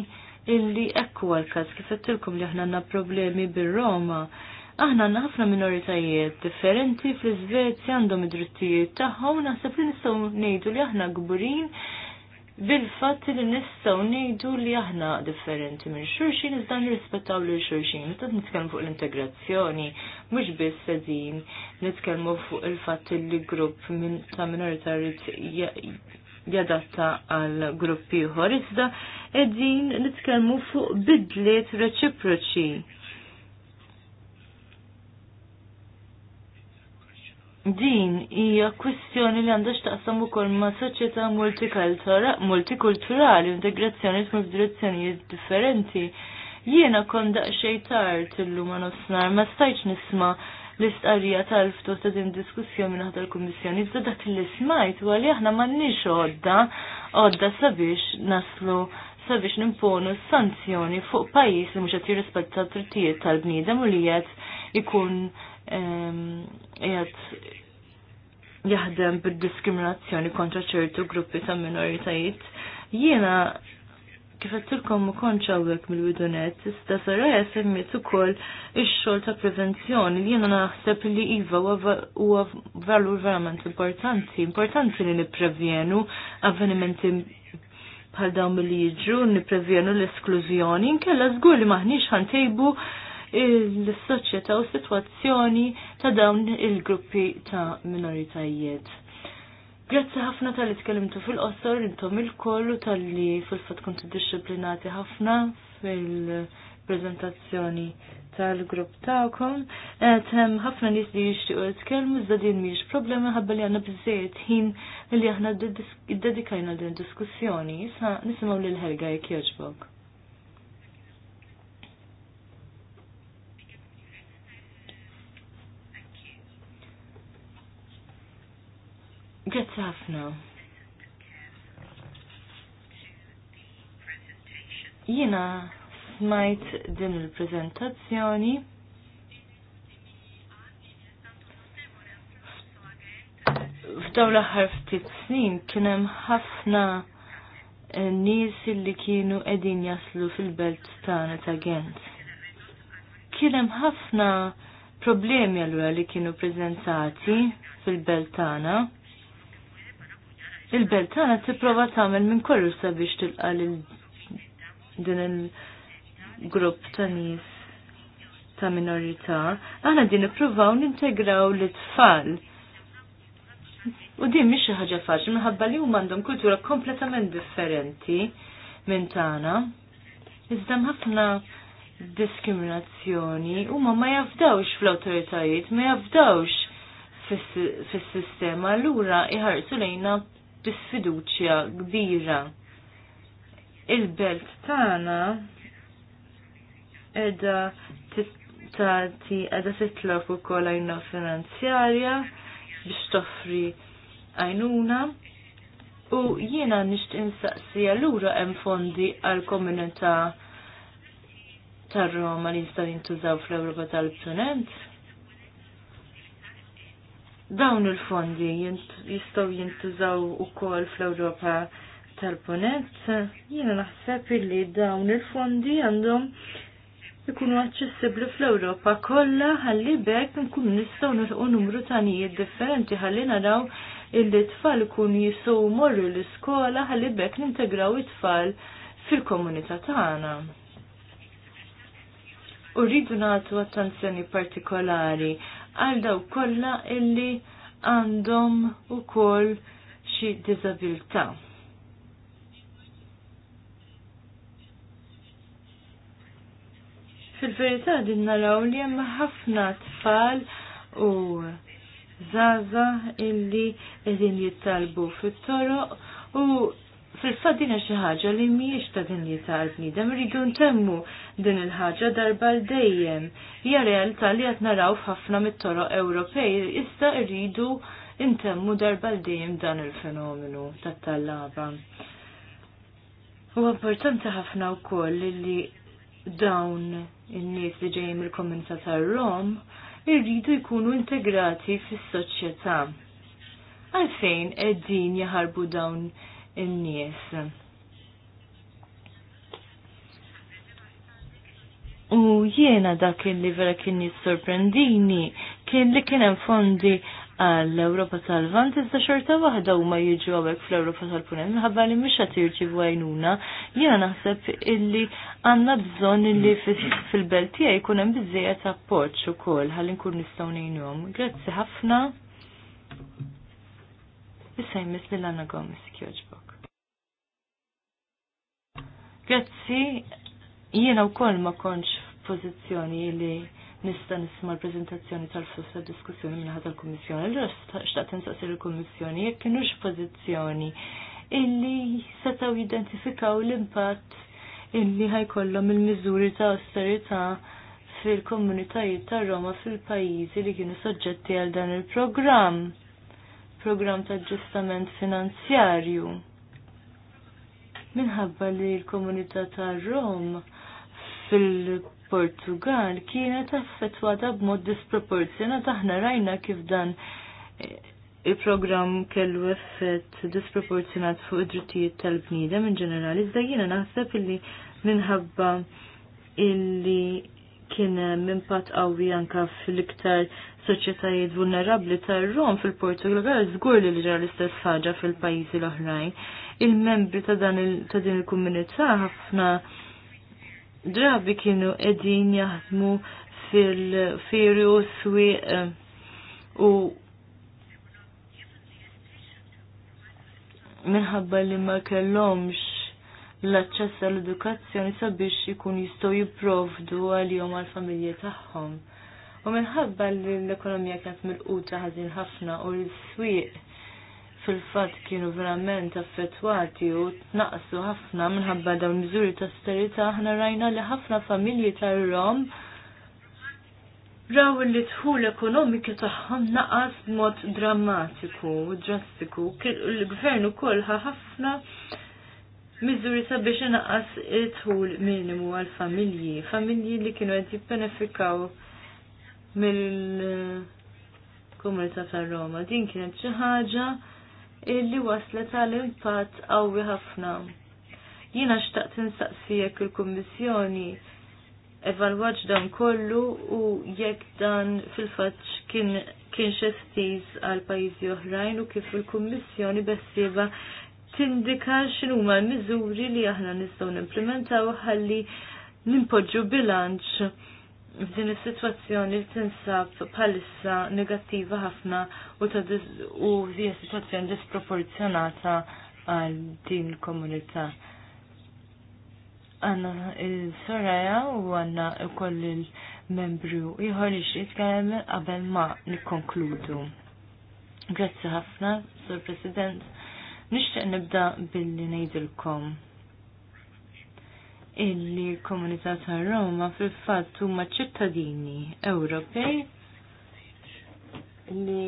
illi ekku għal-każ kif qedtilkom li aħna għandna problemi bir-Roma. Aħna għandna ħafna minoritajiet differenti fl-Iżvezja għandhom id-drittijiet tagħhom naħseb li nistgħu ngħidu li aħna gburin bil-fatt li nistgħu ngħidu li aħna differenti minn xulxin iżda nirrispettaw lil xulxin. Meta nitkellmu fuq l-integrazzjoni, mhux biss sedin, nitkellmu fuq il-fatt li grupp minn ta' minoritarjiet jadatta għal gruppi ieħor iżda qegħdin nitkellmu fuq bidliet reċiproċi din hija kwistjoni li għandha x'taqsam ukoll ma' soċjetà multikulturali, integrazzjoni f'direzzjonijiet differenti. Jiena kont daqsxejn tard illum ma' nofsinhar ma stajtx nisma' l-istqarrija tal-ftuħ ta' din diskussjoni minn ħadd il-Kummissjoni, iżda dak li smajt huwa li aħna m'għandniex għodda, għodda sabiex naslu sabiex nimponu sanzjoni fuq pajjiż li mhux qed jirrispetta t-trittijiet tal-bniedem u li qed ikun jgħad jaħdem bil diskriminazzjoni kontra ċertu gruppi ta' minoritajiet. Jiena kif għattilkom ma konċawek għawek mill-bidunet, sta saraja semmiet ukoll ix-xogħol ta' prevenzjoni li jiena naħseb li iva huwa valur verament importanti, importanti li niprevjenu avvenimenti bħal dawn li jiġru, niprevjenu l-esklużjoni, nkella żgur li maħniex ħantejbu il-soċjetà u situazzjoni ta' dawn il-gruppi ta' minoritajiet. Grazzi ħafna tal-li tkellimtu fil-qosor intom il-kollu tal-li fil-fat kontu disciplinati ħafna fil-prezentazzjoni tal-grupp ta'kom. Tem ħafna nis li jixtiqu jitkellmu iżda din problema ħabba li għandna bżiet ħin li aħna dedikajna din diskussjoni. Issa nisimgħu l Helga jekk jogħġbok. Grazzi ħafna. Jiena smajt din il-prezentazzjoni. F'daw l-aħħar snin kien hemm ħafna n-nies eh, li kienu qegħdin jaslu fil-belt tagħna ta' Gent. Kien hemm ħafna problemi allura li kienu preżentati fil-belt tagħna il-belt tagħna tipprova tagħmel minn kollu sabiex tilqa' lil din il-grupp ta' nies ta' minorità, aħna din nippruvaw nintegraw l-tfal. U din mhix xi ħaġa faċli minħabba li huma għandhom kultura kompletament differenti minn tagħna. Iżda ħafna diskriminazzjoni huma ma jafdawx fl-awtoritajiet, ma jafdawx fis-sistema, allura iħarsu lejna bi fiduċja kbira. Il-belt tagħna edha tati edha titlop ukoll għajna finanzjarja biex toffri għajnuna u jiena nisht insaqsi allura hemm fondi għal komunità tar-Roma li jistgħu jintużaw fl-Ewropa tal-Punent Dawn il-fondi jistaw jintużaw u kol fl-Europa tal ponet jiena naħseb li dawn il-fondi għandhom ikunu aċċessibbli fl-Ewropa kollha għalli bekk nkunu nistgħu nilqu numru tanijiet differenti ħalli naraw illi tfal ikunu jistgħu morru l-iskola għalli bekk nintegraw it-tfal fil-komunità tagħna. U rridu nagħtu attenzjoni partikolari għal daw kolla illi għandhom ukoll xi diżabilità. Fil-verità din naraw li hemm ħafna tfal u zaza illi qegħdin jittalbu fit-toroq u fil-fat din xi ħaġa li mhijiex ta' din li ta' bniedem rridu ntemmu din il-ħaġa darba l dejjem. Hija realtà li qed naraw f'ħafna mit-toroq Ewropej issa rridu intemmu darba l dejjem dan il-fenomenu tat-tallaba. Huwa importanti ħafna wkoll li dawn in-nies li ġejjin mill-komunità tar-Rom irridu jkunu integrati fis-soċjetà. Għalfejn qegħdin jaħarbu dawn in-nies. U jiena dak li vera kien jissorprendini kien li kien hemm fondi għall-Ewropa tal-Vant iżda xorta waħda huma jiġu għawek fl-Ewropa tal punem minħabba li mhux qed jirċievu għajnuna, jiena naħseb illi għandna bżonn illi fil-belt tiegħi bizzija hemm biżejjed appoġġ ukoll ħalli nkun nistgħu ngħinhom. Grazzi ħafna. Issa jmiss lil Anna Gomez kjoġ. Grazzi, jiena u koll ma konċ pozizjoni li nista nisma l-prezentazzjoni tal fus ta' diskussjoni minna ħata l-Kommissjoni. Allora xtaqt nsaqsir l-Kommissjoni jekk kienux pozizjoni illi setaw jidentifikaw l-impatt illi ħajkollhom il-miżuri ta' austerità fil-komunitajiet ta' Roma fil-pajjiżi li kienu soġġetti għal dan il-programm. Programm ta' ġustament finanzjarju minħabba li l-komunità ta' Rom fil-Portugal kienet affettwata b'mod disproporzjonat aħna rajna kif dan eh, il-programm kellu effett disproporzjonat fuq id-drittijiet tal-bniedem in ġenerali, iżda jiena naħseb illi minħabba illi kien impatt qawwi anka fl-iktar soċjetajiet vulnerabbli tar-Rom fil-Portugal, żgur li ġara l-istess ħaġa fil-pajjiżi l-oħrajn il-membri ta' dan ta' din il-komunità ħafna drabi kienu edin jaħdmu fil u swi eh, u minħabba li ma kellomx l-aċċess għall-edukazzjoni sabiex ikun jistgħu jipprovdu għalihom għall-familji tagħhom. U minħabba li l-ekonomija kienet milquta ħażin ħafna u l-swieq fil-fatt kienu verament affettwati u tnaqsu ħafna minħabba dawn miżuri ta' sterita aħna rajna li ħafna familji tar-Rom raw li tħul ekonomiki tagħhom naqas b'mod drammatiku u drastiku. Il-gvern ukoll ħafna miżuri sabiex inaqas it-tħul minimu għal familji, familji li kienu qed jippenefikaw mill-komunità tar-Roma. Din kienet xi ħaġa illi waslet għal impatt qawwi ħafna. Jiena xtaqt insaqsijek il-Kummissjoni evalwaġ dan kollu u jekk dan fil-fatt kien kien xestiż għal pajjiżi oħrajn u kif il-Kummissjoni bessieba tindika x'inhuma l-miżuri li aħna nistgħu nimplementaw ħalli nimpoġġu bilanċ f'din is-sitwazzjoni li tinsab bħalissa negattiva ħafna u ta' u hija sitwazzjoni disproporzjonata għal din il-komunità. Għanna il-soraja u għanna koll il-membru iħor li xie tkellem qabel ma nikkonkludu. Grazzi ħafna, Sur President. Nixtieq nibda billi ngħidilkom illi komunità ta' Roma fil-fatt huma ċittadini Ewropej li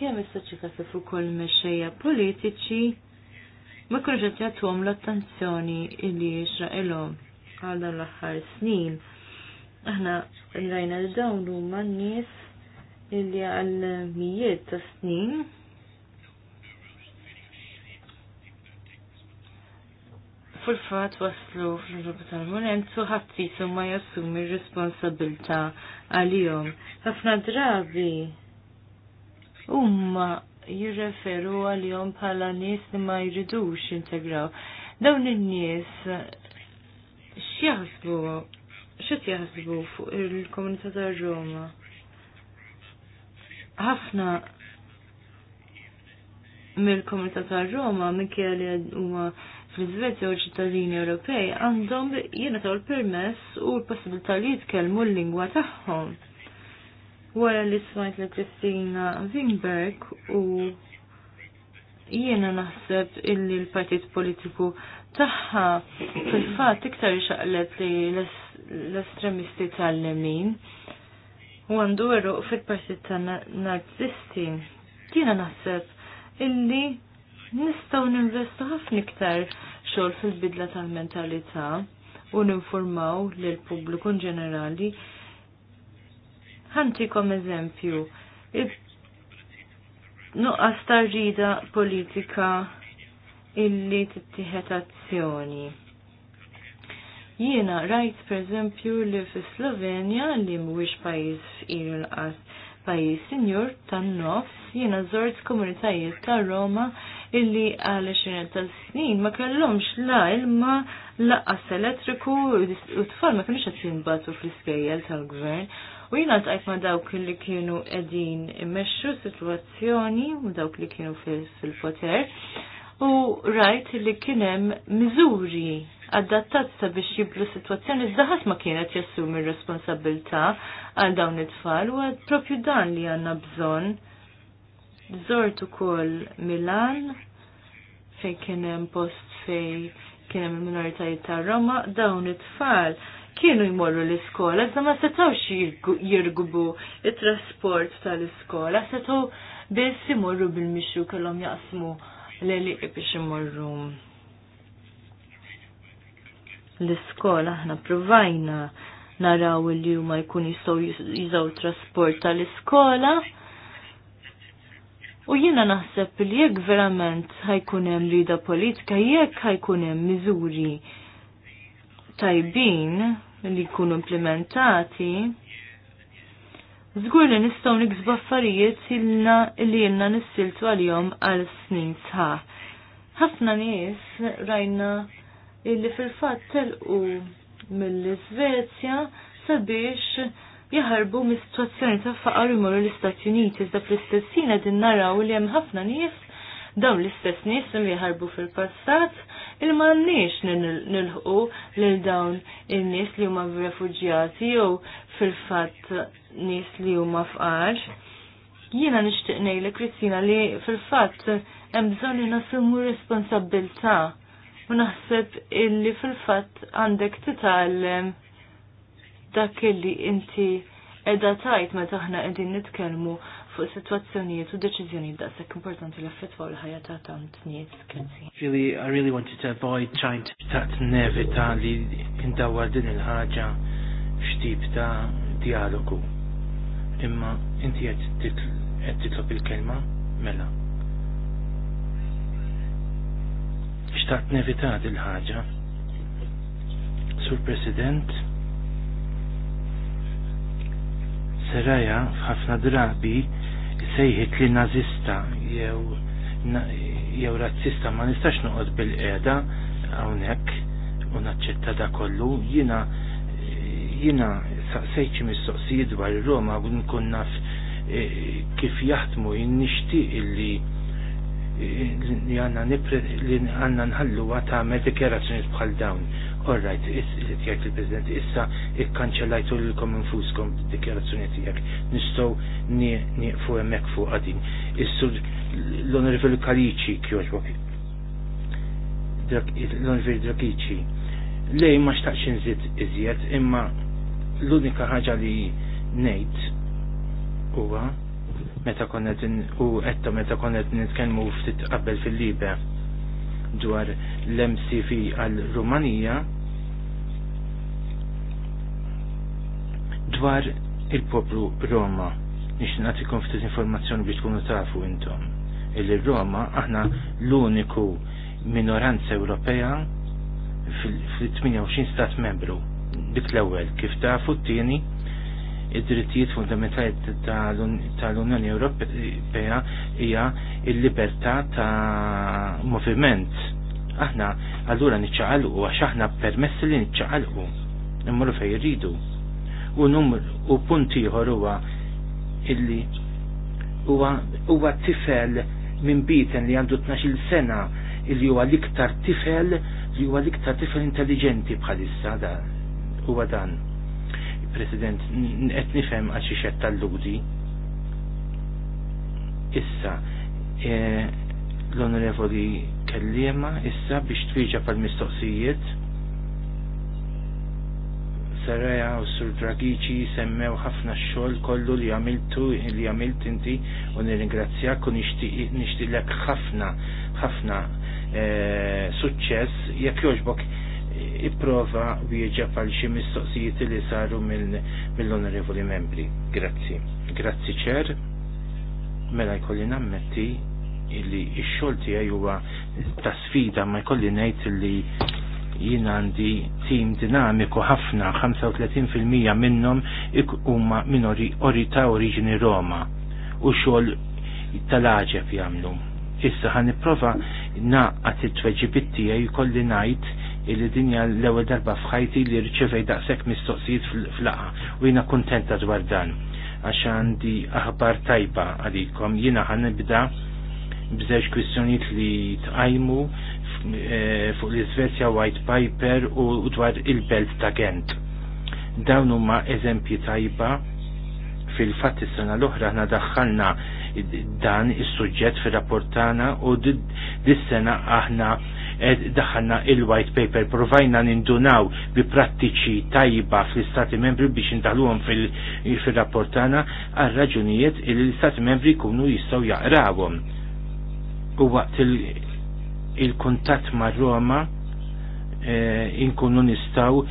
kemm is-soċjetà kif ukoll mexxejja politiċi ma kienux qed jagħtuhom l-attenzjoni illi jixraqilhom għal dan l-aħħar snin. Aħna rajna li dawn huma n-nies illi għal mijiet ta' snin fil-fat waslu fil-ġobu tal mulenzu su ma jassumi responsabilta għal-jom. ħafna drabi umma jirreferu għal-jom bħala nis li ma jridux integraw. Dawn il-nies x'jaħsbu x'qed jaħsbu fuq il-komunità ta' Roma? Ħafna mill-komunità ta' Roma minkejja li huma fl-Iżvezja u ċittadini Ewropej għandhom jiena taw il-permess u l-possibilità li jitkellmu l-lingwa tagħhom. Wara li smajt li Kristina Wingberg u jiena naħseb illi l-partit politiku tagħha fil-fatt iktar xaqlet li l-estremisti tal-lemin u għandu fil partit tan-narzisti. Jiena naħseb illi nistgħu ninvestu ħafna iktar xogħol fil-bidla tal-mentalità u ninformaw lill pubbliku in ġenerali. Ħantikom eżempju, nuqqas ta' rida politika illi tittieħed azzjoni. Jiena rajt per eżempju li fi Slovenja li mhuwiex pajjiż fqir inqas pajis sinjur tan-nofs jiena żort komunitajiet ta' Roma illi għal 20 ta' snin ma kellhomx la ilma laqqas elettriku u tfal ma kienx qed jinbatu fl-iskejjel tal-gvern. U jiena tqajt ma dawk li kienu qegħdin immexxu sitwazzjoni u dawk li kienu fil-poter u rajt li kienem miżuri adattat sabiex jiblu situazzjoni iżdaħas ma kienet jassumi responsabilta għal dawn it-tfal u għad propju dan li għanna bżon. Zort ukoll Milan fej kienem post fej kienem minoritajiet ta' Roma dawn it-tfal kienu jmorru l-iskola, iżda ma setawx jirgubu il trasport tal-iskola, setaw biss imorru bil-mixu kellhom jaqsmu l eli biex imorru l-iskola aħna provajna naraw li huma jkun jistgħu jużaw trasport tal-iskola. U jiena naħseb li jekk verament ħajkun hemm lida politika, jekk ħajkun hemm miżuri tajbin li jkunu implementati, żgur li nistgħu niksbu affarijiet ilna li jenna nissiltu għalihom għal snin sħaħ. Ħafna nies rajna illi fil-fatt telqu mill-Svezja sabiex jaħarbu mis situazzjoni ta' faqar imorru l-Istati Uniti, da fl istessina din naraw li hemm ħafna nies dawn l-istess nies li jaharbu fil-passat il m'għandniex nilħqu lil dawn in-nies li huma refuġjati jew fil-fatt nies li huma fqar. Jiena nixtieq ngħidlek Kristina li fil-fatt hemm bżonn li nassumu responsabbilta' u naħseb illi fil-fatt għandek titgħallem dak illi inti edha tajt meta aħna qegħdin nitkellmu fuq sitwazzjonijiet u deċiżjonijiet daqshekk importanti li affettwaw il-ħajja ta' tant nies. Really, I really wanted to avoid trying to tat nevita li indawwa din il-ħaġa f'xtip ta' dialogu. Imma inti qed titlob il-kelma mela. xtaqt nevita il ħaġa Sur President, Seraja f'ħafna drabi sejħit li nazista jew jew razzista ma nistax noqgħod bil-qiegħda hawnhekk u naċċetta da kollu jiena jina saqsejċi mistoqsijiet dwar Roma u nkun naf eh, kif jaħdmu jien nixtieq illi li għanna li għanna nħallu għata għamel dikjerazzjoni bħal dawn. All right, jek il-President, issa ikkanċellajtu l-kom infuskom dikjerazzjoni tijak. Nistow fu emmek fuq għadin. Issu l-onorevoli Kalici kjoġbok. L-onorevoli Dragici. Lej ma xtaqx zid iżjed, imma l-unika ħaġa li nejt huwa meta konnet u etta meta konnet nitkellmu ftit qabel fil-libe dwar l-MCV għal Rumanija dwar il-poplu Roma nix natikom ftit informazzjoni biex tkunu tafu intom illi Roma aħna l-uniku minoranza Ewropea fil-28 stat membru dik l-ewwel kif tafu t-tieni id-drittijiet fundamentali tal-Unjoni Ewropea hija l-libertà ta' moviment. Aħna allura niċċaqalqu għax aħna permessi li niċċaqalqu immorru fejn jridu. U numru u punt ieħor huwa illi huwa tifel minn biten li għandu 12 sena illi huwa l-iktar tifel li huwa l-iktar tifel intelligenti bħalissa da huwa dan President, qed nifhem għal xi tal-ludi. Issa, e, l-onorevoli kellima issa biex twieġa pal-mistoqsijiet Saraja u Sur Dragici semmew ħafna xogħol kollu li għamiltu li għamilt inti u nirringrazzjak u nixtieqlek ħafna ħafna e, suċċess jekk jogħġbok ipprova wieġeb għal xi mistoqsijiet li saru mill-onorevoli membri. Grazzi. Grazzi ċer. Mela jkolli nammetti illi x-xogħol tiegħi huwa ta' sfida ma jkolli ngħid illi jien għandi tim dinamiku ħafna 35% minnhom huma minn orita oriġini Roma u xogħol tal-aġeb jagħmlu. Issa ħan nipprova naqgħat it-tweġibit tiegħi jkolli ngħid illi dinja l-ewwel darba f'ħajti li rċevej daqshekk mistoqsijiet fl-laqa u jiena kuntenta dwar dan għax għandi aħbar tajba għalikom jiena ħan nibda b'żewġ kwistjonijiet li tqajmu eh, fuq l-Iżvezja White Piper u dwar il-Belt ta' Gent. Dawn huma eżempji tajba fil-fatt is-sena l-oħra aħna daħħalna dan is-suġġett fir-rapportana u dis-sena aħna daħanna il-white paper provajna nindunaw bi prattiċi tajba fl-istati membri biex indaħluhom fil rapportana għal raġunijiet li l-istati membri jkunu jistgħu jaqrawhom. U waqt il-kuntatt ma' Roma eh, inkunu nistgħu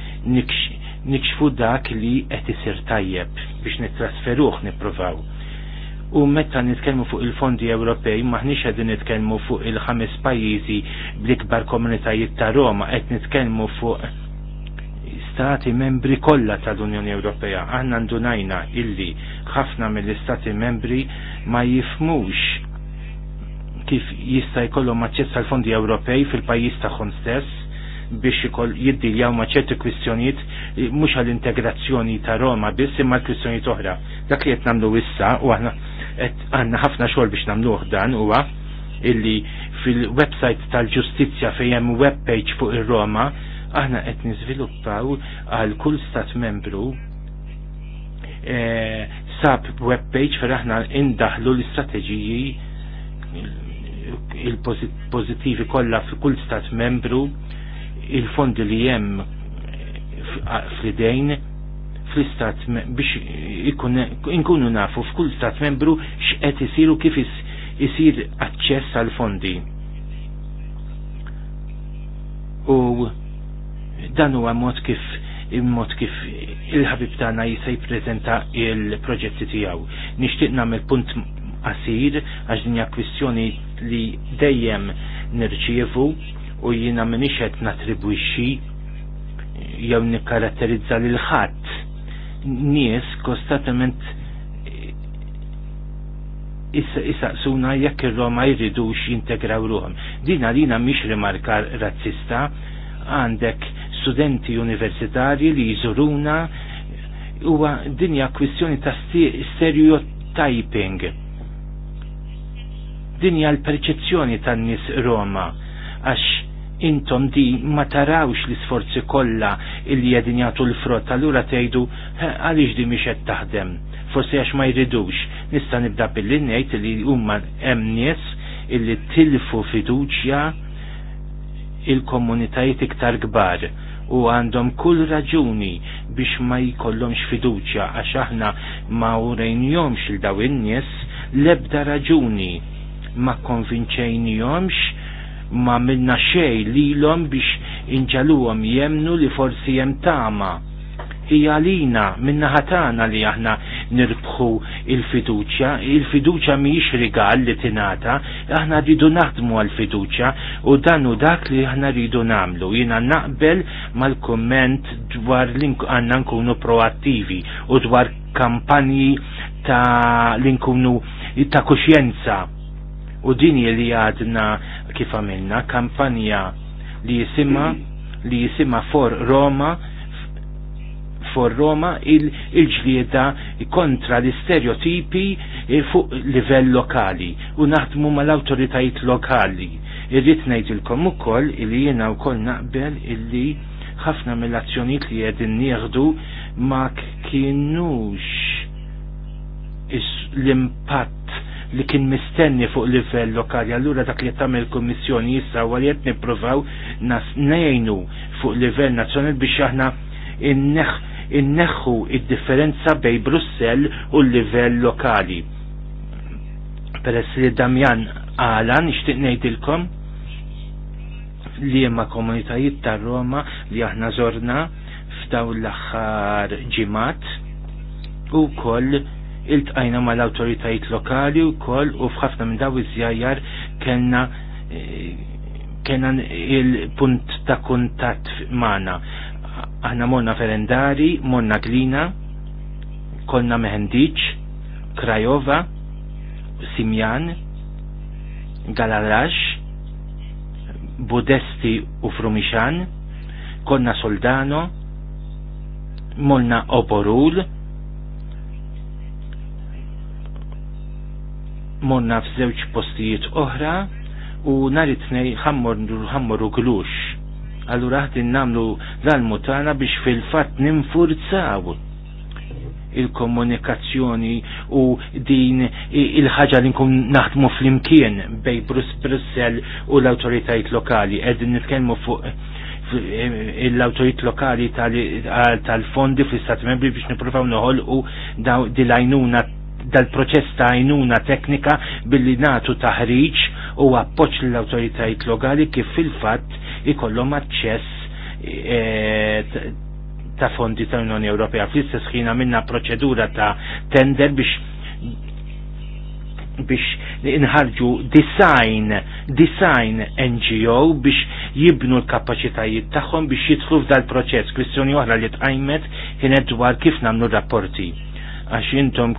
nikxfu dak li qed isir tajjeb biex nittrasferuh nippruvaw U meta nitkellmu fuq il-fondi Ewropej maħniex qegħdin nitkellmu fuq il-ħames pajjiżi bl-ikbar komunitajiet ta' Roma, qed nitkellmu fuq stati membri kollha tal-Unjoni Ewropea. Aħna ndunajna illi ħafna mill-istati membri ma jifmux kif jista' jkollhom aċċess għal fondi Ewropej fil-pajjiż tagħhom stess biex jiddiljaw ma' ċerti kwistjonijiet mhux għall-integrazzjoni ta' Roma biss imma l-kwistjonijiet oħra. Dak li qed nagħmlu issa u aħna qed għandna ħafna xogħol biex nagħmluh dan huwa illi fil-website tal-ġustizzja fejn hemm webpage fuq ir-Roma aħna qed niżviluppaw għal kull stat membru e, eh, sab page fer aħna indaħlu l-istrateġiji il-pozittivi kollha fi kull stat membru il-fondi li jem fl-idejn fl-istat biex inkunu nafu f'kull stat membru x'qed isiru kif isir aċċess għal fondi. U dan huwa mod kif mod kif il-ħabib tagħna jista' jippreżenta il-proġetti tiegħu. Nixtieq nagħmel punt qasir għax din hija kwistjoni li dejjem nirċievu u jina minix qed natribwixxi jew nikkaratterizza lil ħadd nies kostatament isaqsuna jekk ir-Roma jridux jintegraw ruhom. Din għalina mhix rimarka razzista, għandek studenti universitarji li jżuruna huwa dinja kwistjoni ta' stereotyping. Dinja l-perċezzjoni tan-nies Roma għax intom di ma tarawx l-isforzi kollha illi jedin jagħtu l-frott, allura tgħidu għaliex di mhix qed taħdem. Forsi għax ma jridux. Nista' nibda billi ngħid li huma hemm nies illi tilfu fiduċja il-komunitajiet iktar kbar u għandhom kull raġuni biex ma jkollhomx fiduċja għax aħna ma urejnjomx il daw in-nies l-ebda raġuni ma konvinċejnjomx ma minna xej lilhom biex inġaluhom jemnu li forsi jem tama. Hija lina minna ħatana li aħna nirbħu il-fiduċja, il-fiduċja mhijiex rigal li tinata, aħna rridu naħdmu għal-fiduċja u dan dak li aħna rridu nagħmlu. Jiena naqbel mal-komment dwar li għandna nkunu proattivi u dwar kampanji ta' l nkunu ta' kuxjenza u din li għadna kif għamilna kampanja li jisima li jisima for Roma for Roma il-ġlieda il kontra l-istereotipi eh, fuq livell lokali u naħdmu mal-autoritajiet lokali. Irrid ngħidilkom ukoll li jiena wkoll naqbel illi ħafna mill-azzjonijiet li qegħdin nieħdu ma kienux l-impatt li kien mistenni fuq livell lokali. Allura dak li tagħmel il-Kummissjoni issa huwa li nippruvaw nas nejnu fuq livell nazzjonal biex aħna inneħħu id-differenza bej Brussell u l-livell lokali. Peress li Damjan għala nixtieq ngħidilkom li jemma komunitajiet ta' Roma li aħna zorna f'daw l-axħar ġimat u koll iltqajna mal-awtoritajiet lokali u koll u fħafna minn daw iż-żjajjar kellna eh, kena il-punt ta' kuntatt magħna. Aħna monna Ferendari, monna Glina, konna Mehendiċ, Krajova, Simjan, Galarax, Budesti u Frumixan, konna Soldano, molna Oporul, morna f'żewġ postijiet oħra u nhar it tnejn ħammorru glux. Allura ħdin nagħmlu l-almutana biex fil-fatt ninfurzaw il-komunikazzjoni u din il-ħaġa li nkun naħdmu fl-imkien bej Brus Brussel u l awtoritajiet lokali. Edin nitkellmu fuq l-autorit lokali tal-fondi fl-Istat Membri biex nipruvaw noħol u dilajnuna dal-proċess ta' għajnuna teknika billi natu taħriġ u appoċ l autoritajt lokali kif fil-fatt ikollhom aċċess e, ta' fondi tal-Unjoni Ewropea. Fl-istess ħina minna proċedura ta' tender biex biex inħarġu design, design NGO biex jibnu l-kapacitajiet tagħhom biex jidħlu f'dal proċess. Kwistjoni oħra li tqajmet kienet dwar kif nagħmlu rapporti għax intom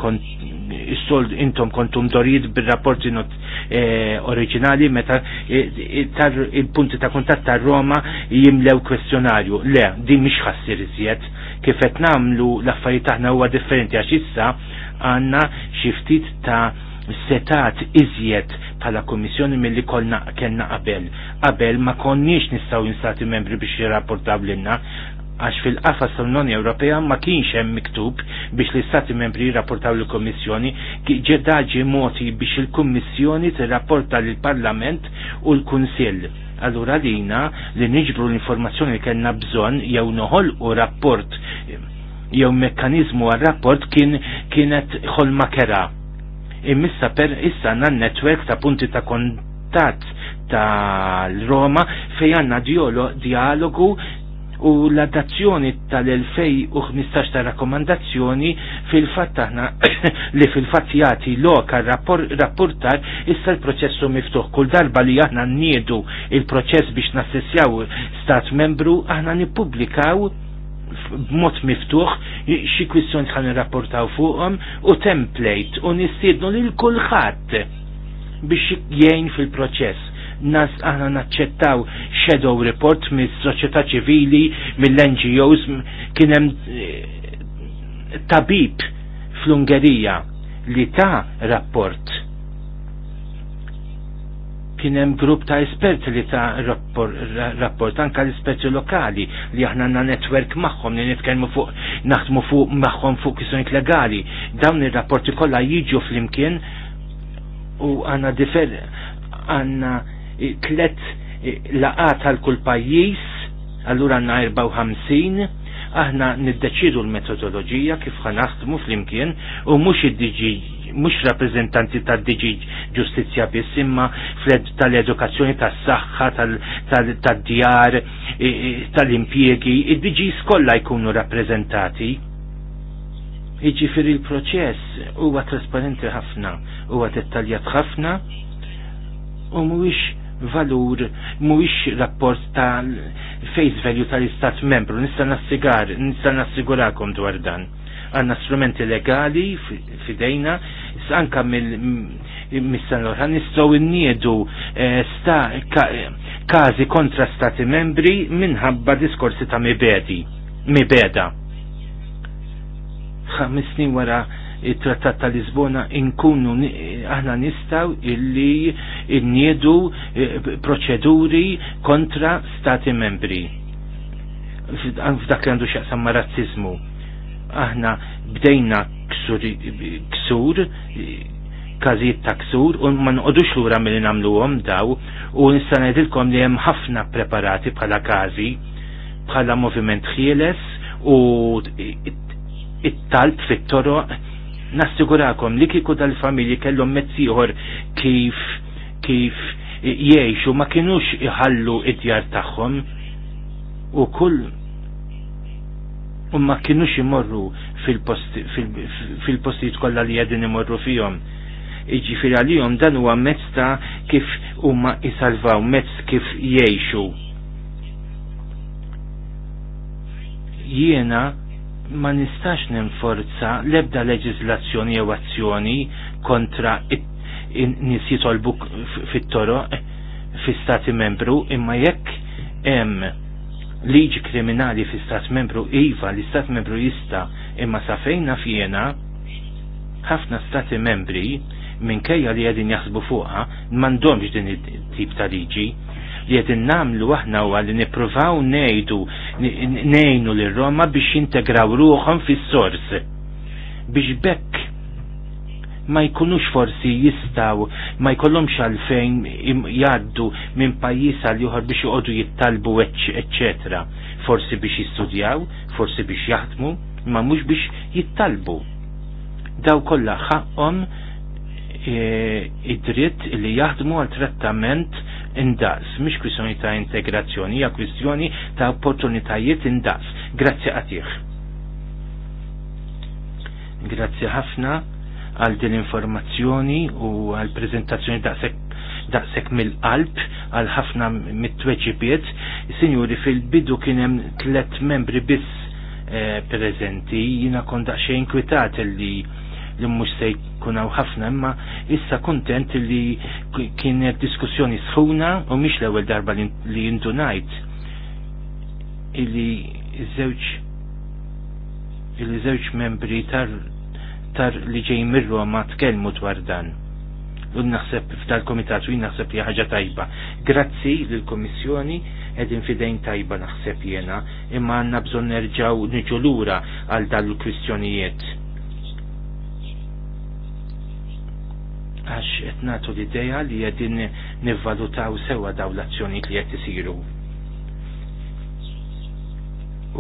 is sold intom kontum dorid bil-rapporti not eh, oriġinali meta eh, eh, il-punti ta' kontatt ta' Roma jimlew kwestjonarju. Le, din mhix ħassir iżjed kif qed nagħmlu l-affarijiet taħna huwa differenti għax issa għandna xi ftit ta' setat iżjed bħala kommissjoni mill-li kellna qabel. Qabel ma konniex nistgħu jinstati membri biex jirrapportaw lilna għax fil-qafas tal-Unjoni Ewropea ma kienx hemm miktub biex l-Istati membri jirrapportaw l kommissjoni ġedaġi moti biex il-Kummissjoni tirrapporta l parlament u l-Kunsill. Allura lina li niġbru l-informazzjoni li kellna bżonn jew noħol u rapport jew mekkanizmu għal rapport kien kienet ħolma kera. Immissa per issa għandna netwerk ta' punti ta' kontat tal-Roma fejn għandna dialogu u l-adazzjoni tal-2015 ta' rakkomandazzjoni fil-fatt taħna li fil-fatt jagħti loka rapportar issa l-proċessu miftuħ. Kull darba li aħna nniedu il-proċess biex nassessjaw stat membru aħna nippubblikaw b'mod miftuħ xi kwistjoni tħan rapportaw fuqhom u template u nistiednu lil kulħadd biex jgħin fil-proċess nas aħna naċċettaw shadow report mis soċjetà ċivili, mill-NGOs, kien hemm eh, tabib fl-Ungerija li ta' rapport kien hemm grupp ta' esperti li ta' rapport, anka l-esperti lokali li aħna għandna netwerk magħhom li nitkellmu fuq naħdmu fuq magħhom fuq kwistjonijiet legali. Dawn ir-rapporti kollha jiġu flimkien u għandna differ għandna tlet eh, laqat għal kull pajjiż, allura għandna 54, aħna niddeċidu l-metodoloġija kif ħanaħdmu fl-imkien u mhux id-diġi mux rappresentanti ta' diġi ġustizja biss imma fred tal-edukazzjoni tas-saħħa tad-djar eh, eh, tal-impjegi id-diġi skolla jkunu rappreżentati. Iġifiri il-proċess huwa trasparenti ħafna, huwa dettaljat ħafna u mhuwiex valur mhuwiex rapport ta' face value tal-istat membru, nista' nassigar, nista' nassigurakom dwar dan. Għanna strumenti legali fidejna, anka mill-missan l nistgħu n-niedu eh, każi kontra stati membri minħabba diskorsi ta' mibedi, mibeda. Ħames wara it-trattat tal-Lisbona inkunu aħna nistaw illi niedu eh, proċeduri kontra stati membri. F'dak li għandu xaqsam ma' razzizmu. Aħna bdejna ksur, kazijiet ta' ksur u ma nqodux lura mill għom daw u nista' ngħidilkom li hemm ħafna preparati bħala każi bħala moviment ħieles u it-talb fit-toroq Nassigurakom li kiku dal-familji kellhom mezziħor kif kif jiexu ma kienux iħallu id-djar tagħhom u kull u ma kienux imorru fil-postijiet fil, kollha li qegħdin imorru fihom. Iġifieri għalihom dan huwa mezz ta' kif huma isalvaw, mezz kif jgħixu. Jiena ma nistax ninforza lebda leġizlazzjoni jew azzjoni kontra nies jitolbu fit-toroq eh, fi stati membru imma jekk hemm liġi kriminali fi stat membru iva li stat membru jista imma sa fejna fjena ħafna stati membri minkejja li għedin jaħsbu fuqa mandomx din it-tip ta' liġi li qed innamlu aħna u li nippruvaw ngħidu ngħinu lil Roma biex jintegraw ruhom fis-sors. Biex bekk ma jkunux forsi jistaw ma jkollhomx għalfejn jgħaddu minn pajjiż għal ieħor biex joqogħdu jittalbu eċċetera. Forsi biex jistudjaw, forsi biex jaħdmu, ma mhux biex jittalbu. Daw kollha ħaqhom e, id-dritt li jaħdmu għal trattament indas, mhix kwistjoni ta' integrazzjoni, ja kwistjoni ta' opportunitajiet indaqs. Grazzi għatih. Grazzi ħafna għal din informazzjoni u għal prezentazzjoni daqshekk daqsek mill-qalb għal ħafna mit-tweġibiet. Sinjuri, fil-bidu kien hemm tliet membri biss eh, prezenti, jina kon daqsxejn li l-mux sejt nkun hawn ħafna imma issa kuntent li kienet diskussjoni sħuna u mhix l-ewwel darba li intu ngħid illi żewġ illi żewġ membri tar tar li ġej mirru ma tkellmu dwar dan. U naħseb f'dal-komitat u naħseb li ħaġa tajba. Grazzi lill-Kummissjoni edin fidejn tajba naħseb jena, imma għanna bżon nerġaw niġu lura għal dal kwistjonijiet għax qed nagħtu l-idea li qegħdin nivvalutaw sewwa daw l-azzjoni li qed isiru.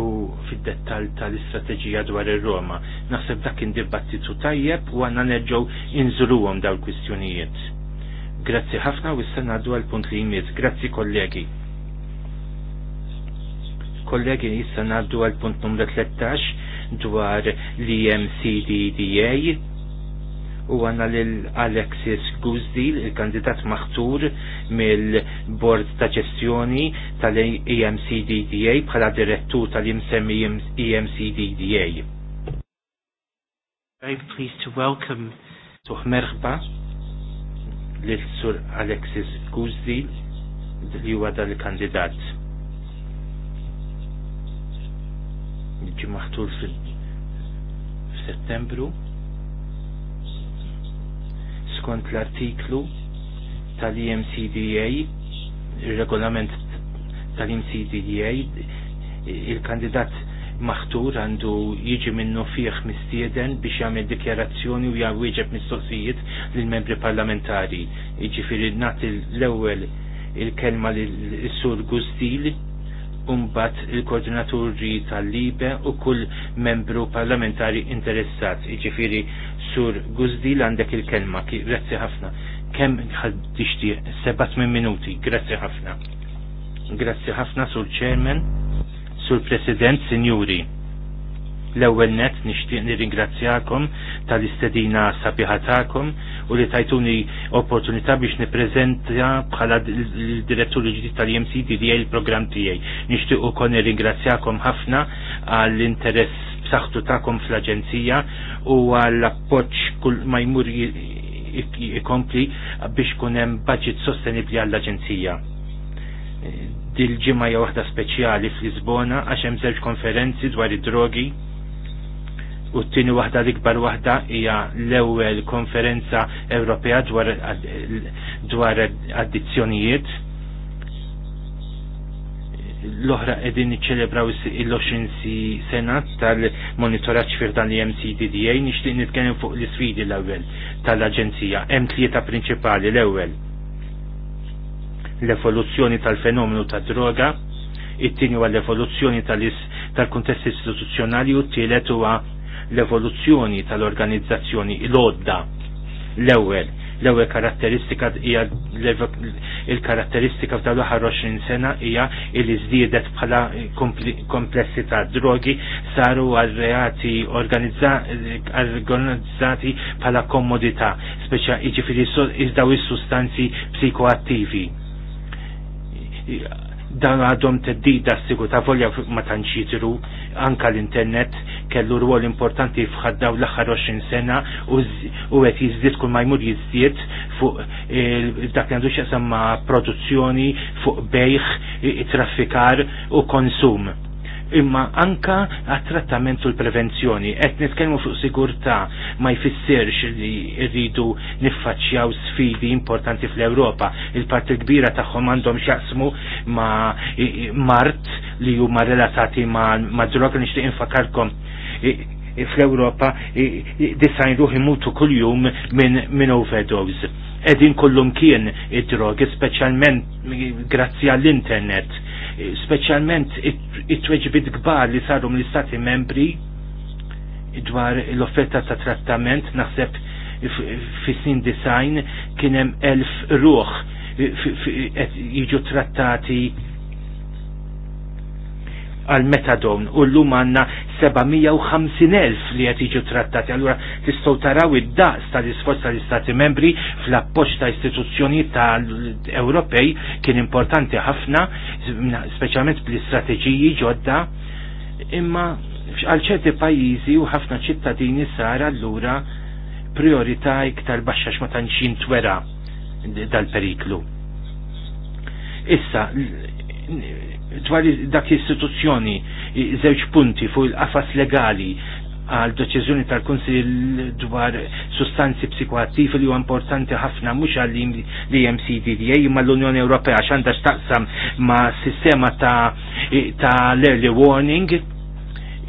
U fid-dettall tal-istrateġija dwar ir-Roma, naħseb dak kien dibattitu tajjeb u għandna nerġgħu inżuruhom daw l-kwistjonijiet. Grazzi ħafna u issa ngħaddu għal punt li jmiss. Grazzi kollegi. Kollegi issa ngħaddu għal punt numru 13 dwar l-EMCDDA u għanna l-Alexis Guzdil, il-kandidat maħtur mill-Bord ta' ġestjoni tal-EMCDDA bħala direttur tal-imsemmi EMCDDA. Very pleased to welcome tuħ merħba l-sur Alexis Guzdil li huwa dal-kandidat. Ġi maħtur fil-Settembru skont l-artiklu tal-EMCDA, il-regolament tal-EMCDA, il-kandidat maħtur għandu jiġi minnu fieħ mistieden biex jagħmel dikjarazzjoni u jawieġeb mistoqsijiet lill-membri parlamentari. Jiġifieri nagħti l-ewwel il-kelma lis-sur Gustil umbat il-koordinaturi tal-libe u kull membru parlamentari interessat. Iġifiri Sur Guzdil għandek il-kelma, grazzi ħafna. Kem ħaddixti sebat minn minuti, grazzi ħafna. Grazzi ħafna sur Chairman, sur President, Sinjuri. L-ewwel net nixtieq nirringrazzjakom tal-istedina sabiħatakom u li tajtuni opportunità biex nippreżenta bħala l-direttur ġdid tal-EMC DDA il-programm tiegħi. Nixtieq ukoll nirringrazzjakom ħafna għall-interess b'saħħtu tagħkom fl-Aġenzija u għall appoġġ kull ma jmur ikompli biex kun hemm budget sostenibbli għall-Aġenzija. Eh, Dil-ġimgħa hija waħda speċjali fl-Lisbona għax hemm żewġ konferenzi dwar id-drogi u t-tini waħda l-ikbar waħda hija l-ewwel konferenza Ewropea dwar eh, addizzjonijiet l-oħra edin iċċelebraw il-20 sena tal-monitoraċ fir dan l-MCDDA nixtieq nitkellem fuq l-isfidi l-ewwel tal-Aġenzija. Hemm tlieta prinċipali l-ewwel. L-evoluzzjoni tal-fenomenu ta' droga, it-tieni huwa l-evoluzzjoni tal-kuntest istituzzjonali u t-tielet huwa l-evoluzzjoni tal-organizzazzjoni l-odda l-ewwel L-ewwel karatteristika hija il-karatteristika f'dawn l-aħħar 20 sena hija li żdiedet bħala komplessità drogi saru għal reati organizzati bħala komodità, speċja jiġifieri iżdaw is-sustanzi psikoattivi dan għadhom teddida s sigu ta' volja ma tanċitru anka l-internet kellu rwol importanti fħaddaw l-axar 20 sena u għet jizdiet kull ma jmur jizdiet fuq dak għandu xaqsam ma' produzzjoni fuq bejħ, traffikar u konsum imma anka għat-trattament u l-prevenzjoni. Qed nitkellmu fuq sigurtà ma jfissirx li rridu niffaċċjaw sfidi importanti fl-Ewropa. Il-parti kbira tagħhom għandhom x'jaqsmu ma mart li huma relatati ma, ma drog nixtieq infakarkom fl-Europa disajn ruħi mutu kull-jum minn min overdose. Edin kullum kien id-drog, specialment grazzi għall-internet speċjalment it-tweġbit kbar li saru mill-istati membri dwar l-offerta ta' trattament naħseb fissin sin design kien hemm elf ruħ jiġu trattati għal-metadon u l-lum għanna 750.000 li għet iġu trattati. Allura tistaw taraw id-daqs tal-isforz tal-Istati membri fl-appoċ ta' istituzzjoni tal-Ewropej kien importanti ħafna, specialment bl-istrateġiji ġodda, imma għal ċerti pajjiżi u ħafna ċittadini sara allura priorità iktar baxxa ma tantxin twera dal-periklu. Issa, dwar dak l-istituzzjoni żewġ punti fuq il-qafas legali għal deċiżjoni tal-Kunsil dwar sustanzi psikoattivi li huwa importanti ħafna mhux għal li CDDA imma l-Unjoni Ewropea għax għandha x'taqsam ma' sistema ta' ta' early warning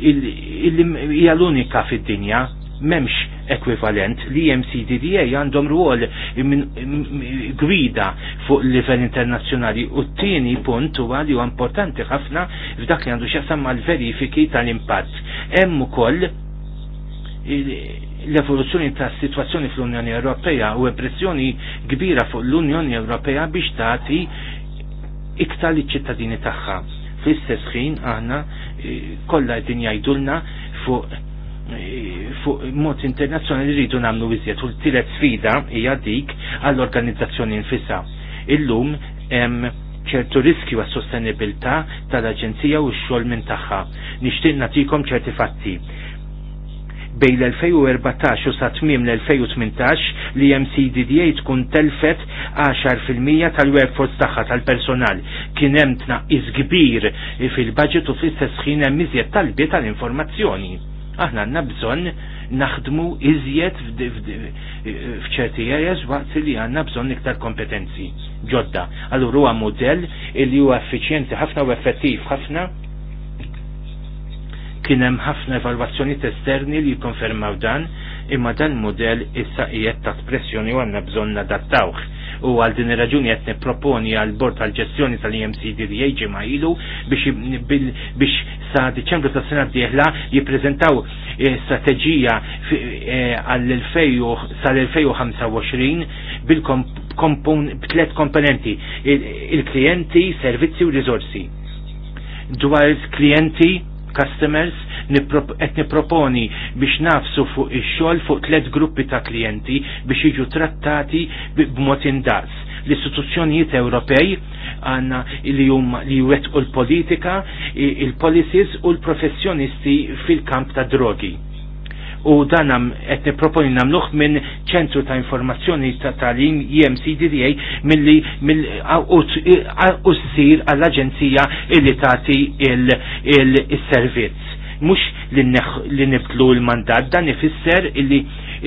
hija l-unika fid-dinja memx ekwivalent li MCDDA għandhom ruol gwida fuq livell internazzjonali u t-tieni punt huwa li huwa importanti ħafna f'dak li għandu xaqsam mal-verifiki tal-impatt. Hemm ukoll l-evoluzzjoni ta' situazzjoni fl-Unjoni Ewropea u impressjoni kbira fuq l-Unjoni Ewropea biex tagħti iktar liċ-ċittadini tagħha. Fl-istess ħin aħna eh, kollha qegħdin jgħidulna fuq mod internazzjonali rridu nagħmlu iżjed u t-tielet sfida hija dik għall-organizzazzjoni nfisha. Illum hemm ċertu riskju għas sostenibilità tal-Aġenzija u x-xogħol minn tagħha. Nixtieq nagħtikom ċerti fatti. Bej l-2014 u sa tmiem l-2018 li MCDDA tkun telfet 10% tal-workforce tagħha tal-personal. Kien hemm tnaqqis kbir fil-budget u fl-istess ħin hemm iżjed talbiet tal-informazzjoni Aħna għandna bżonn naħdmu iżjed f'ċerti areas waqt li għandna bżonn iktar kompetenzi ġodda. Allura huwa modell li huwa effiċjenti ħafna u effettiv ħafna kien hemm ħafna evalwazzjonijiet esterni li jikkonfermaw dan imma dan modell issa qiegħed ta' pressjoni u għandna bżonn nadattawh u għal din ir-raġuni qed nipproponi għal bord tal-ġestjoni tal-EMCDDA ġimgħa ilu biex sa Diċembru tas sena d-dieħla jippreżentaw eh, strateġija eh, sal-2025 bil-tlet komponenti il-klijenti, servizzi u risorsi. Dwar klijenti, customers, qed niproponi biex nafsu fuq ix-xogħol fuq tliet gruppi ta' klijenti biex jiġu trattati b'mod indaqs. L-istituzzjonijiet Ewropej għanna li huma li jwettqu l-politika, il-policies u l-professjonisti fil-kamp ta' drogi u dan qed nipproponi nagħmluh minn ċentru ta' informazzjoni ta' talim EMCDDA milli u ssir għall-aġenzija illi tagħti il-servizz mhux li nibtlu l-mandat dan ifisser illi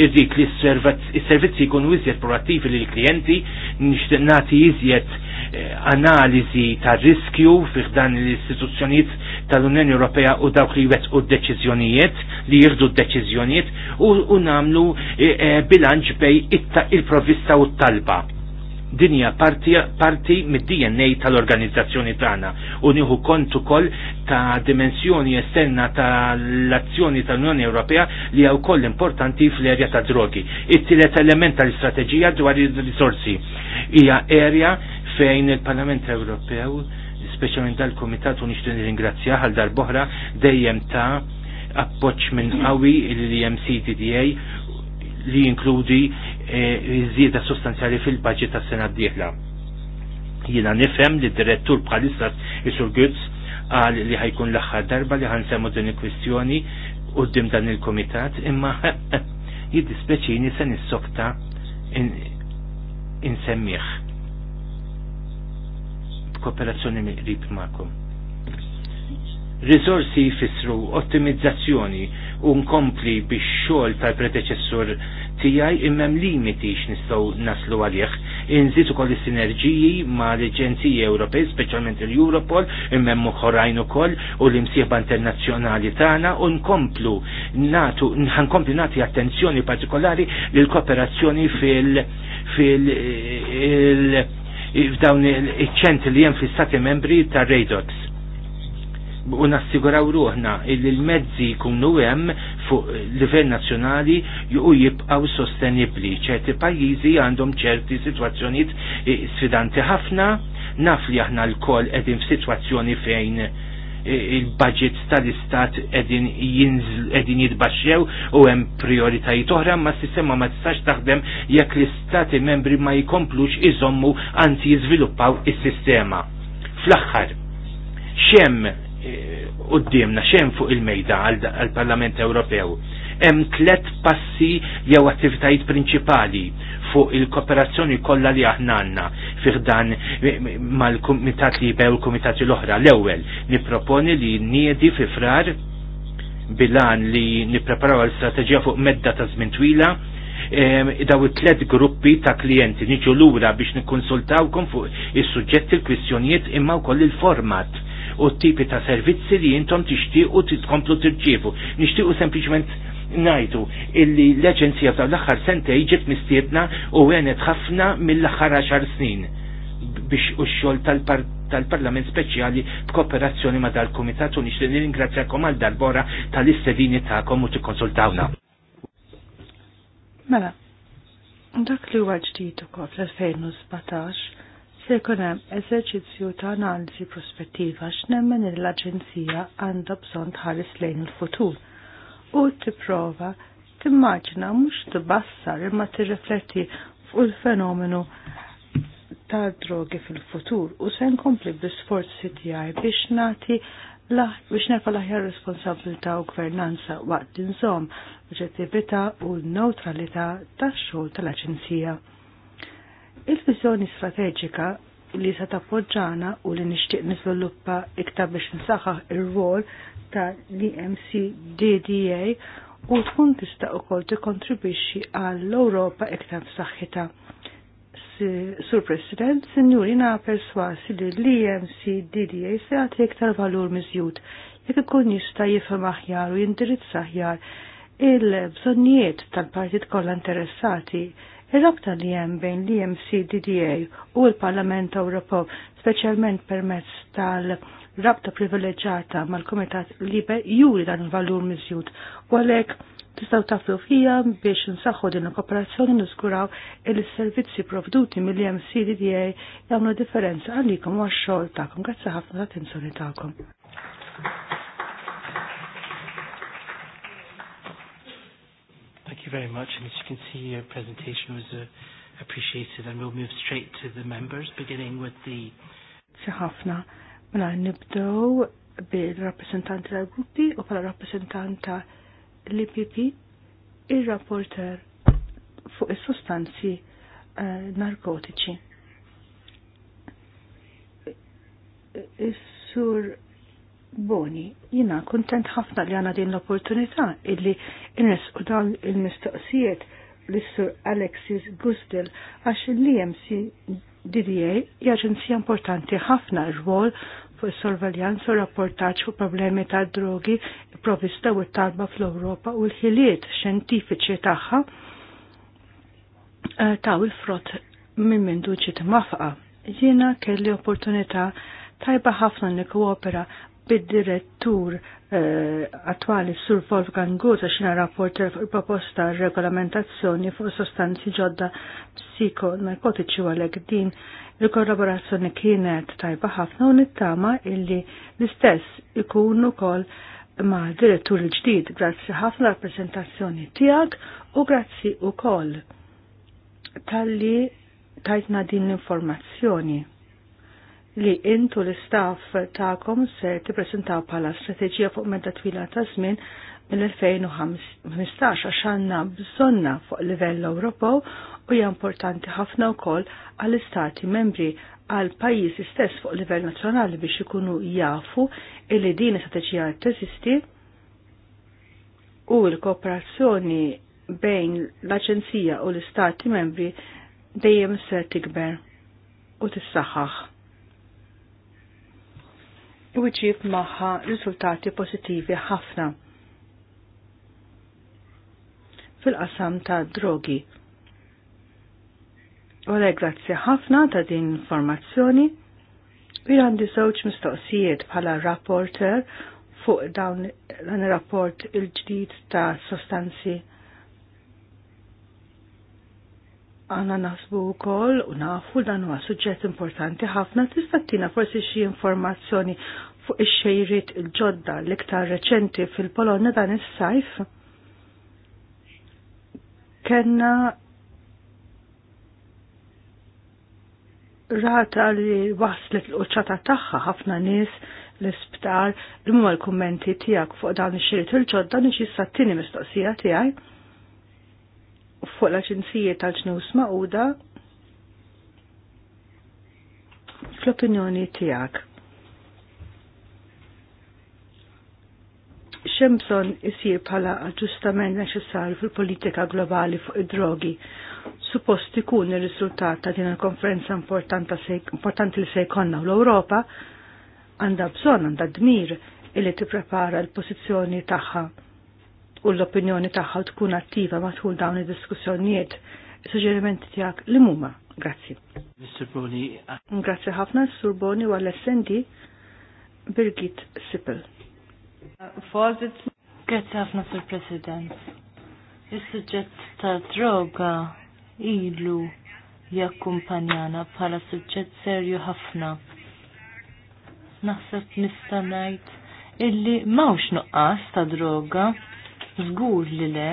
irdik li s-servizzi jkunu iżjed proattivi li klijenti nixtieq nagħti iżjed eh, analiżi ta' riskju fih dan l-istituzzjonijiet tal-Unjoni Ewropea u dawk li jwettqu d-deċiżjonijiet li jirdu d-deċiżjonijiet u nagħmlu eh, eh, bilanċ bej il-provvista u t-talba dinja parti, parti mid-DNA tal-organizzazzjoni tagħna u nieħu kont ukoll ta' dimensjoni esterna tal-azzjoni tal-Unjoni Ewropea li hawn wkoll importanti fl-erja ta' drogi. It-tielet element tal-istrateġija dwar ir-risorsi hija erja fejn il-Parlament Ewropew speċjalment dal kumitat u nixtieq nirringrazzja għal darbohra dejjem ta' appoġġ minn qawwi l e mcdda li jinkludi E, iżjieda sostanzjali fil-budget tas sena d-dieħla. Jiena nifhem li d-direttur bħalissa jisur Götz qal li ħajkun l-aħħar darba li ħansemmu din il-kwistjoni d-dim dan il-komitat imma jiddispeċini se nissokta insemmih kooperazzjoni miqrib magħkom. Risorsi jfissru ottimizzazzjoni u nkompli bix xogħol tal-predeċessur tiegħi imem limiti nistaw naslu għalih. Inżid ukoll is-sinerġiji ma' l-Aġenziji Ewropej, speċjalment l europol imem oħrajn ukoll u l-imsieħba internazzjonali tagħna u nkomplu natu nħankomplu nagħti attenzjoni partikolari l kooperazzjoni fil fil il, f'dawn iċ li hemm fl stati membri tar-Radox u nassiguraw ruħna illi l-mezzi jkunu hemm fuq livell nazzjonali u jibqaw sostenibbli. ċerti pajjiżi għandhom ċerti sitwazzjonijiet eh, sfidanti ħafna, naf li aħna l-koll qegħdin f'sitwazzjoni fejn eh, il-budget tal-istat edin jitbaxxew u hemm prioritajiet oħra ma s-sistema ma tistax taħdem jekk l-istati membri ma jkomplux iżommu anzi jiżviluppaw is-sistema. Fl-aħħar, xem Eh, qoddimna xejn fuq il-mejda għal-Parlament Ewropew. Hemm tlet passi jew attivitajiet prinċipali fuq il-kooperazzjoni kollha li aħna għandna fih dan mal-kumitat li jbew il-kumitati l-oħra. L-ewwel nipproponi li niedi fi frar bilan li nippreparaw l-strateġija fuq medda ta' żmien twila daw it-tlet gruppi ta' klijenti niġu lura biex nikkonsultawkom fuq is-suġġetti l-kwistjonijiet imma wkoll il-format u t-tipi ta' servizzi li jintom tixtiequ titkomplu tirċievu. Nixtiequ sempliċement najdu illi l aġenzija ta' l-axar sentej ġiet mistiedna u għenet ħafna mill-axar 10 snin biex u xol tal-Parlament Speċjali b'kooperazzjoni ma' dal-Kumitat u nixtieq nirringrazzjakom għal darbora tal-istedini tagħkom u tikkonsultawna. Mela, dak li huwa ġdid ukoll fl-2017 se jkun hemm eżerċizzju ta' analiżi prospettiva x'nemmen l-Aġenzija għandha bżonn tħares lejn il-futur u tipprova timmaġina mhux tibassar imma tirrifletti fuq il-fenomenu ta' drogi fil-futur u se nkompli bl-isforzi tiegħi biex nagħti biex nefa aħjar responsabilità u gvernanza waqt dinżom, oġettivita u neutralità tax xogħol tal-Aġenzija. Il-viżjoni strateġika li se tappoġġana u li nixtieq niżviluppa iktar biex nsaħħaħ ir-rwol ta' l-EMCDDA u tkun tista' ukoll tikkontribwixxi għall-Ewropa iktar b'saħħitha. Sur President, Sinjurina perswasi li l emc DDA se għati iktar valur miżjud jekk ikun jista' jifhem aħjar u jindirizz aħjar il-bżonnijiet tal-partit kollha interessati Ir-rabta li hemm bejn li hemm CDDA u l-Parlament Ewropew, speċjalment permezz tal-rabta privileġġata mal-Komitat Liber juri dan il-valur miżjud u għalhekk tistaw taflu fija biex nsaħħu din l-kooperazzjoni niskuraw il-servizzi provduti mill-MCDDA jgħamlu differenza għalikom u għax-xogħol tagħkom. Grazzi ħafna ta' attenzjoni tagħkom. Thank you very much. And as you can see, your presentation was uh, appreciated. And we'll move straight to the members, beginning with the... Siħafna, mela nibdo bil-rappresentanti tal-gruppi u pala rappresentanta l-IPP, il-rapporter fuq il-sostanzi uh, eh, narkotiċi. Is-sur Boni, jina kontent ħafna li għana din l-opportunità illi inres u dan il-mistoqsijiet li sur Alexis Gustel għax l-IMC DDA jaġenzija importanti ħafna rwol fuq sorveljanza u rapportaċ fuq problemi ta' drogi provista u talba fl-Ewropa u l-ħiliet xjentifiċi tagħha eh, ta' u l-frott minn mindu mafqa. Jiena kelli opportunità tajba ħafna nikkoopera bid-direttur attuali eh, attwali Sur Wolfgang Guza xina rapporter fuq proposta regolamentazzjoni fuq sostanzi ġodda psiko narkotiċi għalek din il kollaborazzjoni kienet tajba ħafna u nittama illi l-istess ikunu kol ma' direttur il-ġdid. Grazzi ħafna rappresentazzjoni tijak u grazzi u kol tal-li tajtna din l-informazzjoni li intu l-istaff ta'kom se t-presentaw bħala strateġija fuq medda twila ta' żmien mill-2015 għax għandna bżonna fuq livell Ewropew u hija importanti ħafna wkoll għall-istati membri għal pajjiżi stess fuq livell nazzjonali biex ikunu jafu illi din strateġija teżisti u l-kooperazzjoni bejn l-Aġenzija u l-Istati membri dejjem se tikber u tissaħħaħ u ġib maħħa riżultati pozittivi ħafna. Fil-qasam ta' drogi. U grazzi ħafna ta' din informazzjoni. U għandi żewġ mistoqsijiet bħala rapporter fuq dawn l-rapport il-ġdid ta' sostanzi Għana nasbu kol u nafu dan huwa suġġett importanti ħafna tista' tina forsi xi informazzjoni fuq ix-xejriet il-ġodda l-iktar reċenti fil-Polonja dan is-sajf. Kenna rata li waslet l-qoċata tagħha ħafna nies l-isptar, l-mumma l-kummenti tiegħek fuq dan ix xejrit il-ġodda nix jissa t mistoqsija tiegħi fuq l-Aġenzija tal-ġnus Mauda fl-opinjoni tiegħek. xemson isir bħala aġġustament neċessarju fil-politika globali fuq id-drogi. Suppost ikun ir-riżultat ta' din il-konferenza importanti li se jkollna u l-Ewropa għandha bżonn għandha dmir illi tipprepara l-pożizzjoni tagħha u l-opinjoni tagħha tkun attiva matħul dawn id-diskussjonijiet. Suġġerimenti tiegħek li huma? Grazzi. Mr. Boni. Grazzi ħafna Sur Boni u għall-essendi Birgit Sippel. Fawzit. Grazzi ħafna Sur President. Is-suġġett ta' droga ilu jakkumpanjana bħala suġġett serju ħafna. Naħseb nistanajt illi mawx nuqqas ta' droga Zgur li le,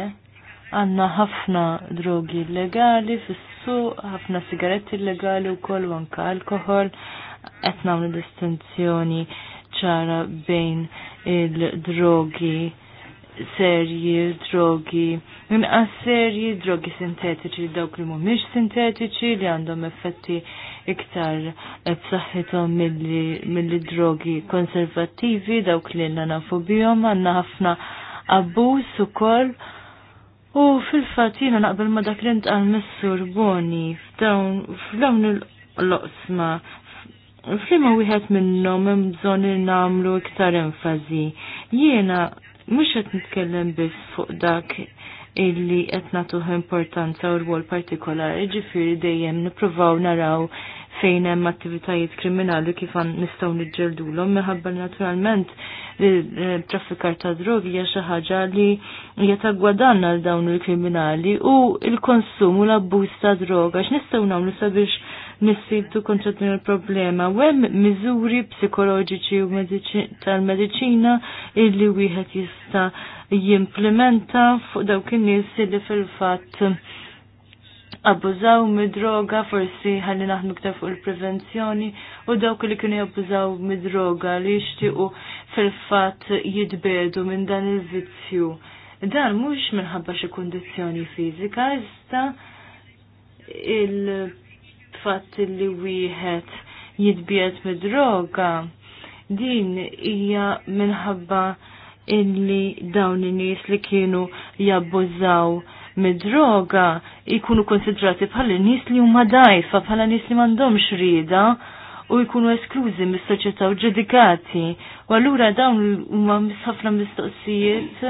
għanna ħafna drogi illegali fis-suq, ħafna sigaretti illegali u koll wanka alkohol, qed nagħmlu distinzjoni ċara bejn il-drogi serji, drogi inqas serji, drogi sintetiċi dawk li mhumiex sintetiċi li għandhom effetti iktar b'saħħithom mill-drogi konservativi dawk li l anafobijom għandna ħafna abbuż ukoll. U fil-fatt jiena naqbel ma dak li għal missur Boni f'dawn f'dawn il-loqsma Flima wieħed minnhom hemm bżonn li nagħmlu iktar enfasi. Jiena mhux qed nitkellem biss fuq dak illi qed nagħtuh importanza u rwol partikolari, ġifieri dejjem nippruvaw naraw fejn hemm attivitajiet kriminali kif nistgħu niġġeldulhom minħabba naturalment li eh, traffikar ta' drogi hija xi ħaġa li hija ta' gwadan għal dawn il-kriminali u l-konsum u l-abbuż ta' droga x'nistgħu nagħmlu sabiex nissiltu kontra din il-problema u hemm miżuri psikoloġiċi u tal-mediċina illi wieħed jista' jimplementa fuq dawk in-nies li fil-fatt abbużaw mid-droga, forsi ħalli naħdmu ktar fuq il-prevenzjoni u dawk li kienu jabbużaw mid-droga li jixtiequ fil-fatt jitbedu minn dan il-vizzju. Dan mhux minħabba xi kundizzjoni fiżika, iżda il-fatt li wieħed jitbied mid-droga din hija minħabba illi dawn in-nies li kienu jabbużaw mid-droga ikunu konsidrati bħal nies li huma dajfa, bħala nies li m'għandhomx rieda u jkunu esklużi mis-soċjetà u ġudikati. U allura dawn huma ħafna mistoqsijiet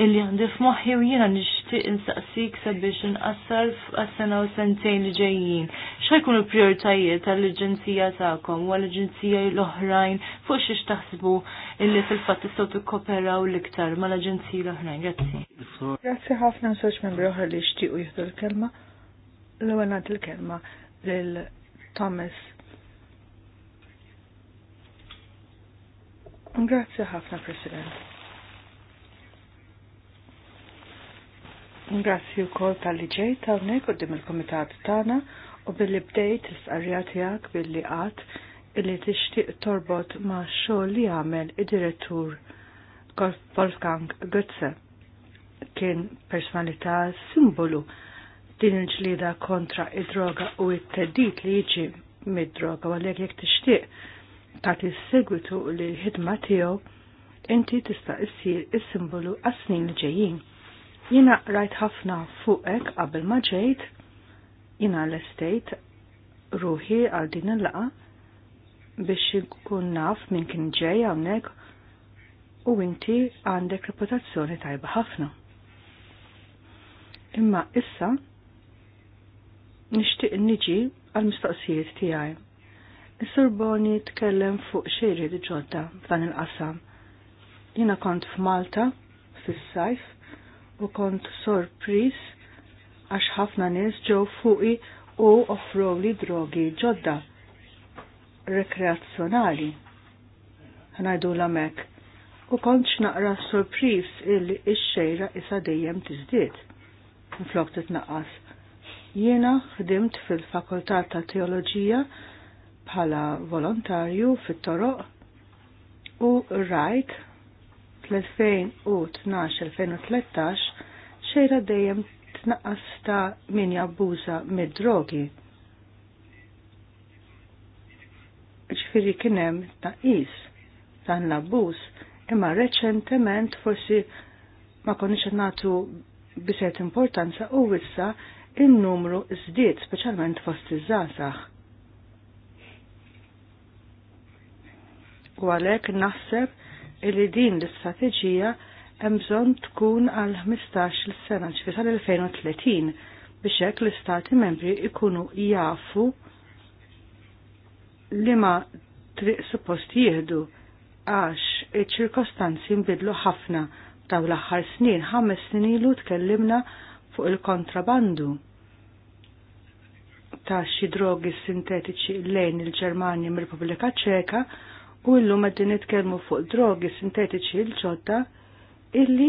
illi għandi f'moħħi u jiena nixtieq instaqsik sabiex inqassar f'assena u sentejn li ġejjin. X'ħajkunu l-prijoritajiet tal-Aġenzija tagħkom u għall-Aġenzija l-oħrajn fuq xiex taħsbu illi fil-fatt tistgħu tikkoperaw l-iktar mal-Aġenziji l-oħrajn. Grazzi. Grazzi ħafna żewġ membri oħra li jixtiequ jieħdu l-kelma. L-ewwel il-kelma lil Thomas Grazie ħafna, President. Grazie u kol tal liġej tal-nek u dim il-komitat tana u billi bdejt l-sqarrija tijak billi għat illi tixtiq torbot ma xogħol li għamel id-direttur Wolfgang Götze. Kien personalità simbolu din il-ġlida kontra id-droga u it-teddit li jiġi mid-droga u għalek jek tixtiq tagħti segwitu li l-ħidma tiegħu inti tista' issir is-simbolu għas-snin li ġejjin. Jina rajt ħafna fuq hekk qabel ma ġejt, jiena l-estate ruħi għal din il-laqa biex ikun naf minn kien ġej hawnhekk u inti għandek reputazzjoni tajba ħafna. Imma issa nixtieq niġi għal mistoqsijiet tiegħi Is-Sorboni tkellem fuq xejri di ġodda f'dan il-qasam. Jina kont f'Malta fis-sajf u kont sorpris għax ħafna nies ġew fuqi u offrow li drogi ġodda rekreazzjonali. Ħnajdu l-amek u kont x'naqra sorpris illi x-xejra isa dejjem tiżdied. Flok titnaqqas. Jiena ħdimt fil-Fakultà ta' Teoloġija bħala volontarju fit-toroq u rajt fl-2012-2013 xejra dejjem tnaqqas ta' min jabbuża mid-drogi. Ġifieri kien hemm tnaqqis dan l-abbuż, imma reċentement forsi ma konniex nagħtu biset importanza u wissa in-numru żdied speċjalment fost iż-żgħażagħ u għalhekk naħseb li din l-istrateġija hemm bżonn tkun għal 15-il sena ġifi tal-2030 biex hekk l-istati membri ikunu jafu li ma triq suppost jieħdu għax iċ-ċirkostanzi nbidlu ħafna taw l-aħħar snin ħames snin ilu tkellimna fuq il-kontrabandu ta' xi drogi sintetiċi lejn il-Ġermanja mir-Repubblika Ċeka u illum qed nitkellmu fuq drogi sintetiċi l-ġodda illi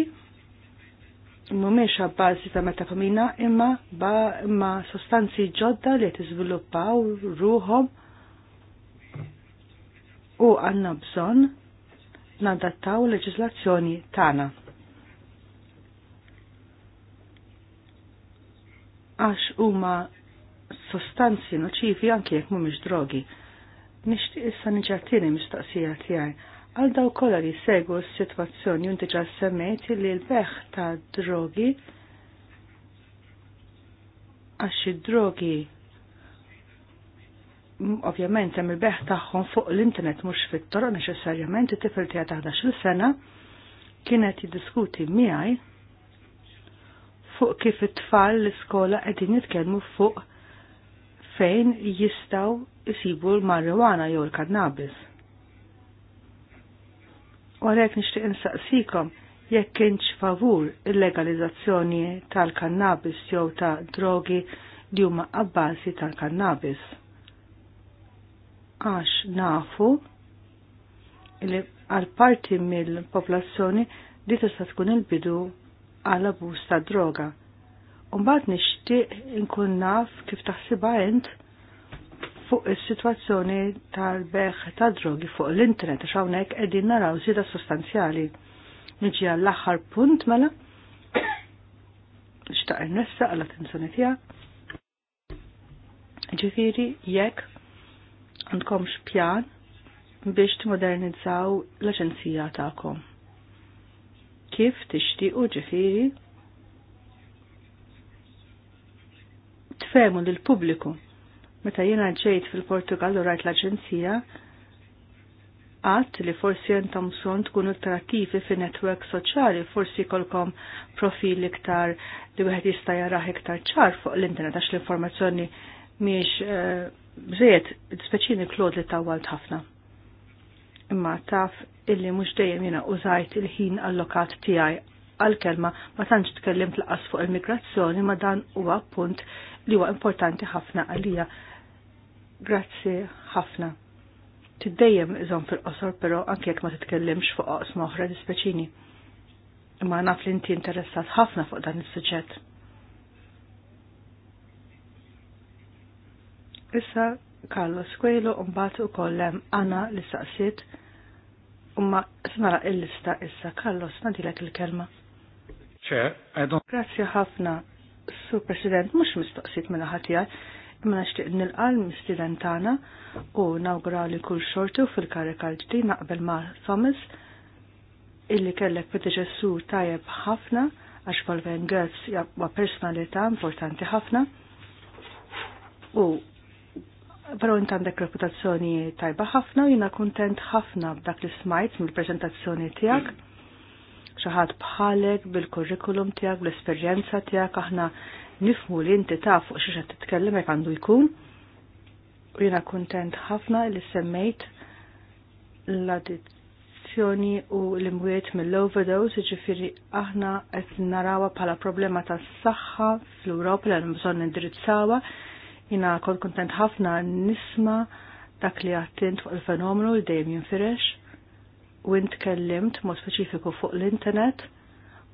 mhumiex abbażi ta' metafamina imma ba imma sostanzi ġodda li qed iżviluppaw ruhom u għandna bżonn nadattaw leġislazzjoni tagħna. Għax huma sostanzi noċivi anke jekk mhumiex drogi Nixtieq issa nġatini mistaqsija tiegħi. Għal daw kolla li segu s-sitwazzjoni inti ġa semmejt li l-beħ ta' drogi għax drogi ovvjament hemm il-beħ tagħhom fuq l-internet mhux fit-toroq neċessarjament it-tifel tiegħi ta' il sena kienet jiddiskuti miegħi fuq kif it-tfal l-iskola qegħdin jitkellmu fuq fejn jistaw jisibu l-marijuana jew l-kannabis. U għalhekk nixtieq insaqsikom jekk kienx favur il-legalizzazzjoni tal-kannabis jew ta' drogi li huma abbażi tal-kannabis. Għax nafu li għal parti mill-popolazzjoni li tista' tkun il-bidu għal abuż ta' droga Umbat nixtieq inkun naf kif taħsiba int fuq is-sitwazzjoni tal-beħ ta' drogi fuq l-internet għax hawnhekk qegħdin naraw żieda sostanzjali. Niġi għall-aħħar punt mela. xta' innessa għall attenzjoni tiegħek. Ġifieri jekk għandkom pjan biex t-modernizzaw l-aġenzija tagħkom. Kif tixtiequ ġifieri fermu lil pubbliku. Meta jiena ġejt fil-Portugal u rajt l-Aġenzija, għat li forsi jentom son tkun attivi fi netwerk soċjali, forsi kolkom profil iktar li wieħed jista' jaraħ iktar ċar fuq l-internet għax l-informazzjoni miex eh, bżiet, speċini klod li tawalt ħafna. Imma taf illi mhux dejjem jiena użajt il-ħin allokat tiegħi għal-kelma ma tantx tkellim tlaqas fuq il-migrazzjoni ma dan huwa punt li huwa importanti ħafna għalija. Grazzi ħafna. Tiddejjem iżom fil-qosor però anke jekk ma titkellimx fuq oqsma oħra dispeċini. Imma naf li inti interessat ħafna fuq dan is-suġġett. Issa Carlos u mbagħad ukoll hemm Anna li saqsiet Umma, s-nara il-lista issa, Carlos, nadilek il-kelma. Chair, I don't... Grazie ħafna, Sur President, mux mistoqsit minna mela ħatijaj, imma nishtiq nil-qal mistidentana u nawgurali kull xorti u fil-karika l-ġdijt naqbel ma' Thomas illi kellek predeċessur tajjeb ħafna għax Volven Goetz jabba personalità importanti ħafna u Pero int għandek reputazzjoni tajba ħafna u jina kontent ħafna b'dak li smajt mill-prezentazzjoni tijak. Mm xaħat bħalek bil-kurrikulum tijak, bil-esperienza tijak, aħna nifmu li inti taf fuq xaħat qed titkellem jekk għandu jkun. U jiena kuntent ħafna li semmejt l-addizzjoni u l-imwiet mill-overdose, ġifiri aħna qed narawa bħala problema tas-saħħa fl europa li għan indirizzawa. Jiena kont kuntent ħafna nisma' dak li għattint fuq il-fenomenu li dejjem jinfirex u intkellimt mod speċifiku fuq l-internet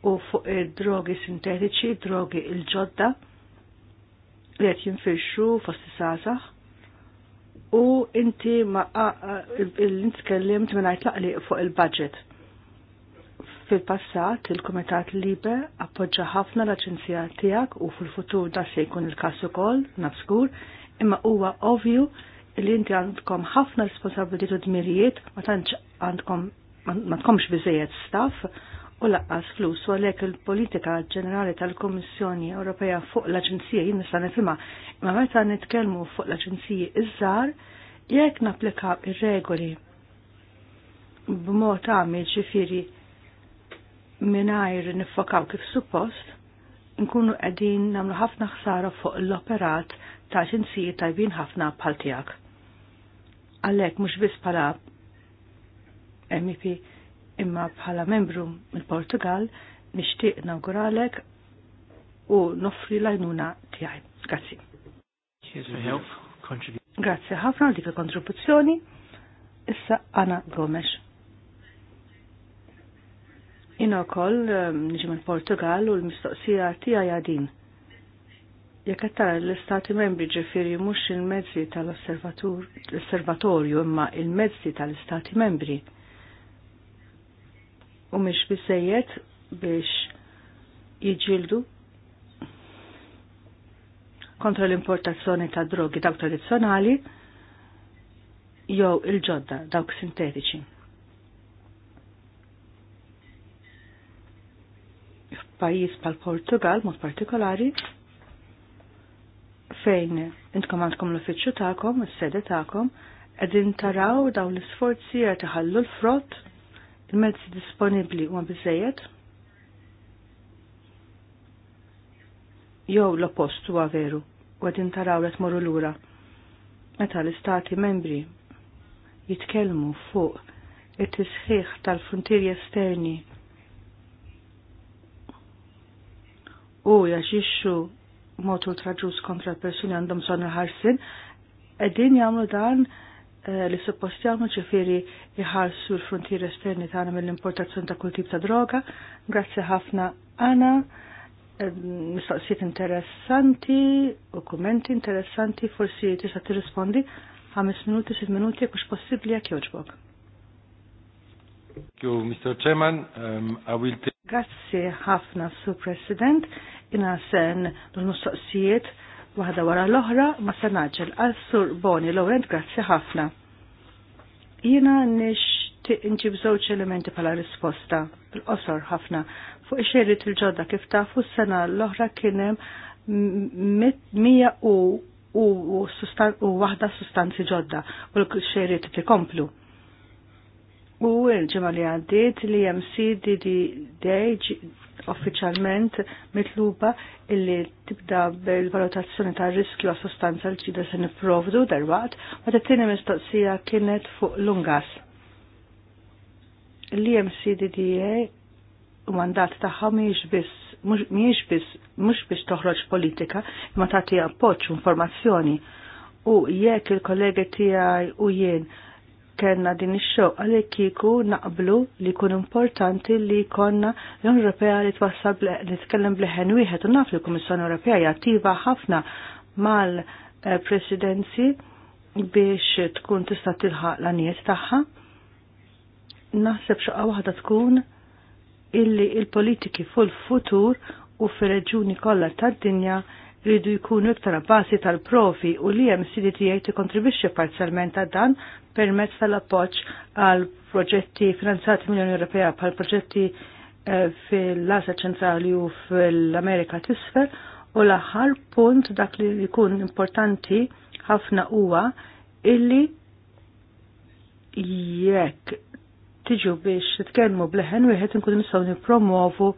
u fuq id-drogi sintetiċi, drogi il-ġodda li qed jinfirxu fost isasaħ u inti ma l tkellimt minn laqli fuq il-budget. Fil-passat, il kumitat Libe appoġġa ħafna l-Aġenzija tiegħek u fil-futur da se jkun il-każ ukoll, nafskur, imma huwa ovvju li inti għandkom ħafna responsabilitiet u dmirijiet ma tantx għandkom ma tkomx biżejjed staff u laqqas flus u għalhekk il-politika ġenerali tal-Kummissjoni Ewropea fuq l-Aġenzija jien nista' nifhimha imma meta nitkellmu fuq l-Aġenziji iż-żgħar jekk napplikaw ir-regoli b'mod għamil ġifieri mingħajr niffokaw kif suppost, nkunu qegħdin nagħmlu ħafna ħsara fuq l-operat ta' aġenziji tajbin ħafna bħal tiegħek. Għalhekk mhux biss bħala MEP imma bħala membru mill-Portugal nixtieq nawguralek u noffri l-għajnuna tiegħi. Grazzi. Grazzi ħafna dik il-kontribuzzjoni. Issa Anna Gomes. Jina wkoll eh, niġi il Portugal u l-mistoqsija tiegħi għadin jekk qed l-istati membri ġifiri mhux il-mezzi tal-osservatorju imma il-mezzi tal-istati membri u mish biżejjed biex jiġildu kontra l-importazzjoni ta' drogi dawk tradizzjonali jew il-ġodda dawk sintetiċi. F'pajjiż bħal Portugal mod partikolari fejn intkom għandkom l-uffiċċju tagħkom, is-sede tagħkom, qegħdin taraw dawn l-isforzi qed iħallu l-frott Il-mezzi disponibli huma biżejjed? Jew l-oppost huwa veru u għadin taraw morru l lura. Meta l-istati membri jitkellmu fuq it-tisħiħ tal-frontieri esterni u jaxixxu motu traġus kontra l-persuni għandhom sonna ħarsin, qegħdin jagħmlu dan Eh, li suppostjamu ċifiri ċifieri jħarsu l-frontier esterni tagħna mill-importazzjoni ta' kull tip ta' droga. Grazzi ħafna Anna, eh, mistoqsijiet interessanti u kummenti interessanti forsi tista' tirrispondi ħames minuti, sitt minuti kux possibli possibbli jekk jogħġbok. Thank you, Mr. Chairman. Um, I will take... Grazie ħafna, Sir President. Ina sen l-mistoqsijiet waħda wara l-oħra ma sanaġel. naġel. Għal Sur Boni, Laurent, grazie ħafna. Jina nix nġib żewġ elementi pala risposta, fil qosor ħafna. Fuq ix-xejrit il-ġodda kif tafu s-sena l-oħra kienem mija u u, sustan, u wahda sustanzi ġodda u l ti komplu. U l ġemali li għaddit li MC DD Day uffiċjalment mitluba illi tibda bil-valutazzjoni ta' riskju għas sostanza li ġida se niprovdu darwaqt ma t-tini mistoqsija kienet fuq lungas. L-EMCDDA u mandat taħħa miex biss miex biss mhux biex toħroġ politika imma tagħti appoġġ informazzjoni u jekk il-kollegi tiegħi u jien kellna din ix-xogħ għalhekk kieku naqblu li jkun importanti li jkollna l-Unjoni Ewropea li twassal nitkellem bleħen wieħed u naf li l-Kummissjoni Ewropea jattiva ħafna mal-presidenzi biex tkun tista' tilħaq l-anijiet tagħha. Naħseb xaqa waħda tkun illi il-politiki fuq l futur u fir-reġuni kollha tad-dinja rridu jkunu iktar basi tal-profi u li hemm CDTA tikkontribwixxi parzjalment għad dan permezz tal-appoġġ għal proġetti finanzati mill-Unjoni Ewropea bħal proġetti eh, fil-Asja ċentrali u fil-Amerika t-isfer u l-aħħar punt dak li jkun importanti ħafna huwa illi jekk tiġu biex titkellmu bleħen wieħed inkunu nistgħu nippromovu promovu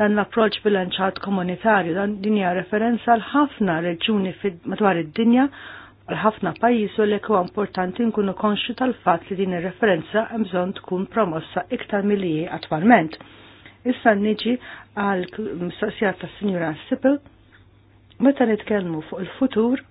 dan l-approċ bilanċat komunitarju, dan dinja referenza l-ħafna reġuni madwar id-dinja, l-ħafna pajjiż u l-ekwa importanti nkunu konxu tal-fat li din ir-referenza mżon tkun promossa iktar milli attwalment. Issa niġi għal mistoqsija ta' Sinjura Sipil, meta nitkellmu fuq il-futur,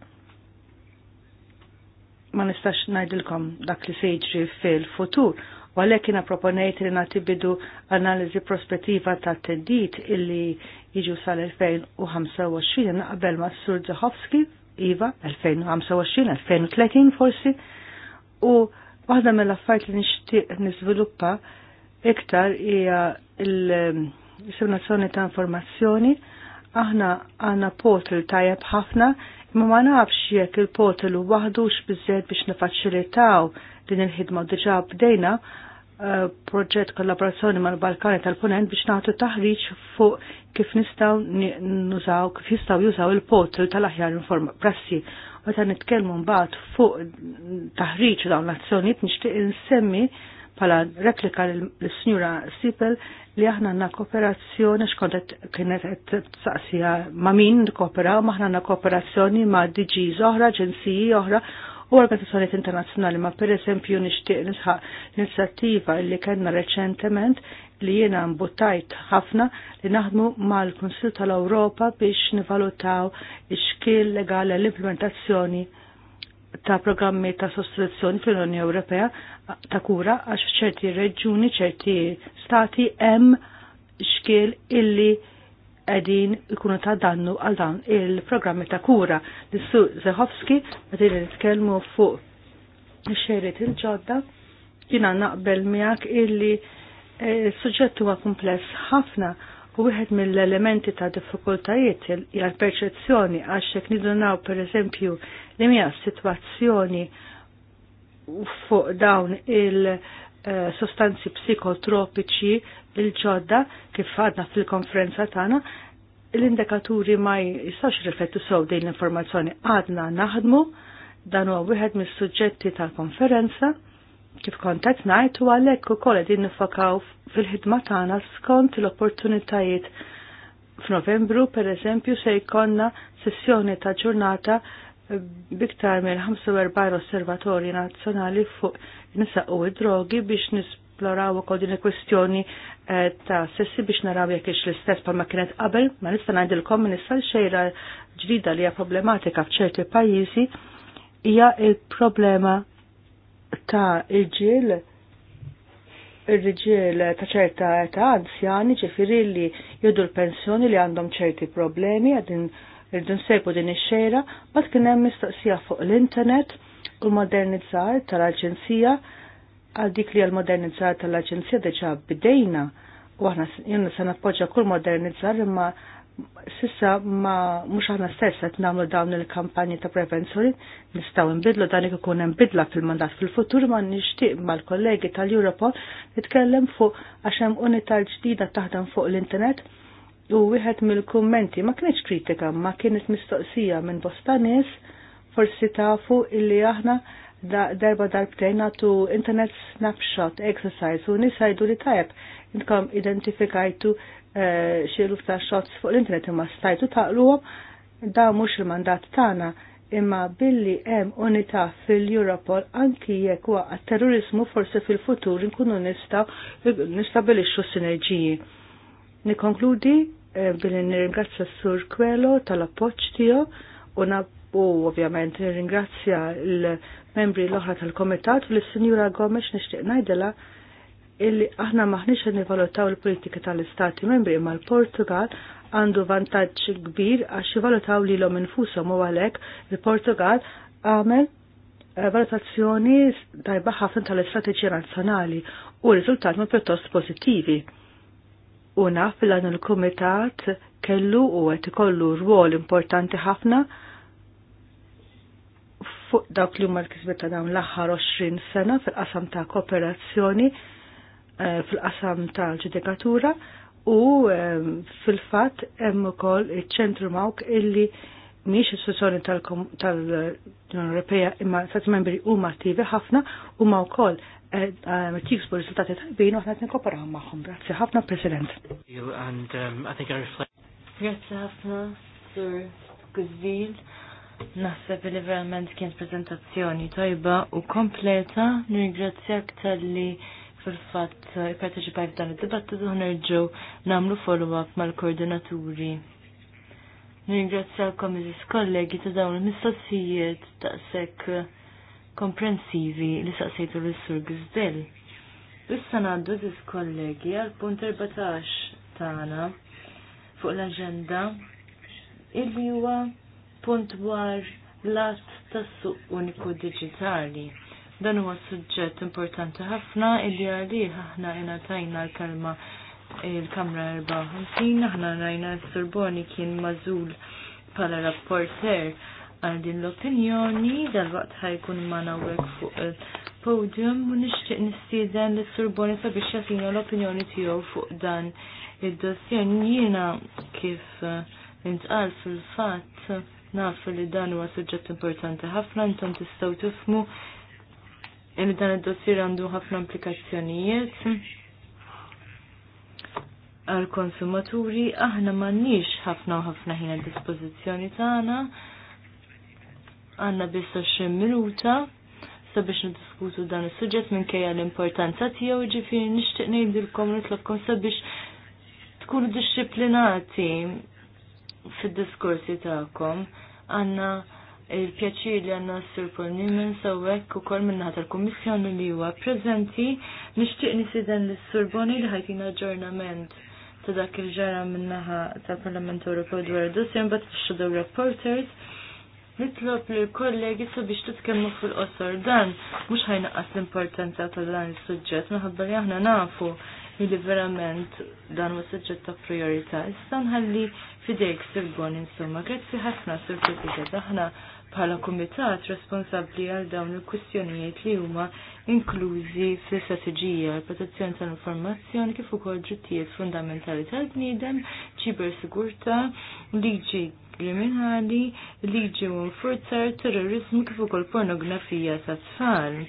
ma nistax ngħidilkom dak li se jiġri fil-futur, u għalhekk proponejt li nagħti bidu analiżi prospettiva ta' teddit illi jiġu sal-2025 naqbel ma' Sur Zahovski, Iva, 2025-2030 forsi, u waħda mill-affarijiet li nixtieq niżviluppa iktar hija l-disseminazzjoni ta' informazzjoni aħna għanna portal tajab ħafna Ma ma nafx jekk il-portalu waħdux bizzed biex nifaċilitaw din il-ħidma diġa bdejna eh, proġett kollaborazzjoni mal-Balkani tal-Punent biex nagħtu taħriġ fuq kif nistgħu nużaw kif jistgħu jużaw il-portal tal-aħjar prassi. U ta' nitkellmu mbagħad fuq taħriġ dawn l-azzjonijiet nixtieq insemmi pala replika l-Snjura Sipel li aħna għanna kooperazzjoni xkontet kienet t-saqsija ma' min kopera, ma' aħna għanna kooperazzjoni ma' DGs oħra, ġensiji oħra u organizzazzjoniet internazzjonali ma' per esempio nixtieq nisħaq l-inizjattiva li kellna reċentement li jiena mbuttajt ħafna li naħdmu mal konsil tal-Ewropa biex nivalutaw ix-xkil legali l-implementazzjoni ta' programmi ta' sostituzzjoni fil unjoni Ewropea ta' kura għax ċerti reġuni, ċerti stati hemm xkiel illi qegħdin ikunu ta' dannu għal dan il-programmi ta' kura. Lissu Zehovski qegħdin nitkelmu fuq xejriet il-ġodda jina naqbel miegħek illi eh, s-suġġett huwa kumpless ħafna U wieħed mill-elementi ta' diffikultajiet jgħal perċezzjoni għax jekk nidunaw pereżempju li mija situazzjoni fuq dawn il- eh, sostanzi psikotropiċi il-ġodda kif għadna fil-konferenza tagħna l-indikaturi ma jistax riflettu sew din l-informazzjoni għadna naħdmu dan huwa wieħed mis-suġġetti tal-konferenza kif kontet najt u għalek u kolet nifakaw fil-ħidma tagħna skont l-opportunitajiet. F'Novembru, per eżempju, se jkonna sessjoni ta' ġurnata eh, biktar mill-45 osservatorji nazzjonali fuq nisa u drogi biex nisploraw u din kwestjoni eh, ta' sessi biex naraw jekk ix l-istess ma' kienet qabel, ma nista' ngħidilkom nista' issa xejra ġdida li hija problematika f'ċerti pajjiżi hija il-problema ta' irġiel ir-riġiel ta' ċerta età anzjani ġifiri li jodu l-pensjoni li għandhom ċerti problemi għadin irdin sejpu din ix xera bat kien hemm mistoqsija fuq l-internet u l-modernizzar tal-aġenzija għal dik li għal-modernizzar tal-aġenzija deċa bidejna u aħna jenna se nappoġġa kull modernizzar imma sissa ma mhux aħna stess qed nagħmlu dawn il-kampanji ta' prevenzjoni nistgħu nbidlu dan ik ikun hemm fil-mandat fil-futur ma nixtieq mal-kollegi tal-Europol nitkellem fuq għax hemm unità ġdida taħdem fuq l-internet u wieħed mill-kummenti ma kienx kritika ma kienet mistoqsija minn bosta nies forsi tafu illi aħna da darba darbtejn tu internet snapshot exercise u nisajdu li tajab intkom identifikajtu Eh, xi lufta ta' fuq l-internet imma stajtu taqluhom da mhux il-mandat tagħna imma billi hemm unità fil-Europol anki jekk huwa terrorismu terrorizmu forsi fil-futur nkunu nistgħu nistabilixxu sinerġiji. Nikkonkludi eh, billi nirringrazzja s-Sur Kwelo tal-appoġġ tiegħu u u ovvjament nirringrazzja l-membri l-oħra tal-Komitat u l-Sinjura Gomes nixtieq ngħidilha illi aħna maħniex qed nivalutaw il-politika tal-Istati Membri imma l-Portugal għandu vantaġġ kbir għax jivalutaw lilhom infushom u għalhekk il-Portugal għamel eh, valutazzjoni tajba ħafna tal-istrateġija nazzjonali u riżultat ma pjuttost pożittivi. U naf l il-Kumitat kellu u qed ikollu rwol importanti ħafna fuq dawk li huma l-kisbet ta' dawn l-aħħar 20 sena fil-qasam ta' kooperazzjoni Eh, fil-qasam tal-ġudikatura u eh, fil-fat hemm ukoll iċ-ċentru mawk illi miex istituzzjoni tal-Unjoni Ewropea imma sat membri huma attivi ħafna huma wkoll eh, qed jiksbu riżultati tajbin u aħna qed nikkooperaw magħhom. Grazzi ħafna President. Um, Grazzi ħafna Sur Gvil. Naħseb li verament kien prezentazzjoni tajba u kompleta. Nirringrazzjak tal-li fil-fatt ipparteċipaj f'dan id-dibattitu nerġu nagħmlu follow-up mal-koordinaturi. Nirringrazzjalkom iżis kollegi ta' dawn il-mistoqsijiet daqshekk komprensivi li saqsejtu lis-Sur Gizdel. Issa ngħaddu iżis kollegi għal punt 14 tagħna fuq l-aġenda illi huwa punt dwar l-att tas-suq uniku diġitali. Dan huwa suġġett importanti ħafna illi għalih aħna ingħatajna l kalma il-Kamra 54, aħna rajna s-Sorboni kien mażul bħala rapporter għal din l-opinjoni dal-waqt ħajkun mana wek fuq il-podium u nixtieq nistieden l-Sorboni sabiex jagħtina l-opinjoni tiegħu fuq dan id-dossier jiena kif intqal fil-fatt naf li dan huwa suġġett importanti ħafna intom tistgħu tifmu Illi dan id-dossier għandu ħafna implikazzjonijiet għal konsumaturi aħna m'għandniex ħafna u ħafna ħin għad-dispożizzjoni tagħna. Għandna biss 20 minuta sabiex niddiskutu dan is-suġġett minkejja l-importanza tiegħu ġifieri nixtieq ngħidilkom nitlobkom sabiex tkunu disċiplinati fid-diskorsi tagħkom għandna il-pjaċir li għanna s-Sur Nimen sawek u kol minna tal-Kommissjoni li huwa prezenti nixtieq nisiden l-Sur Boni li ħajtina ġornament ta' dak il-ġara min-naħa tal-Parlament Ewropew dwar id-dossier mbagħad fix-Shadow Reporters. Nitlob li kollegi sabiex titkellmu fil-qosor dan mhux ħajnaqqas l-importanza ta' dan is-suġġett minħabba li aħna nafu li verament dan huwa suġġett ta' priorità. Issa nħalli fidejk Sir insomma, grazzi ħafna Sur President aħna bħala kumitat responsabbli għal dawn il-kwistjonijiet li huma inklużi fl-istrateġija protezzjoni tal-informazzjoni kif ukoll drittijiet fundamentali tal-bniedem, ċibersigurtà, liġi kriminali, liġi u forzar, terrorizmu kif ukoll pornografija ta' tfal.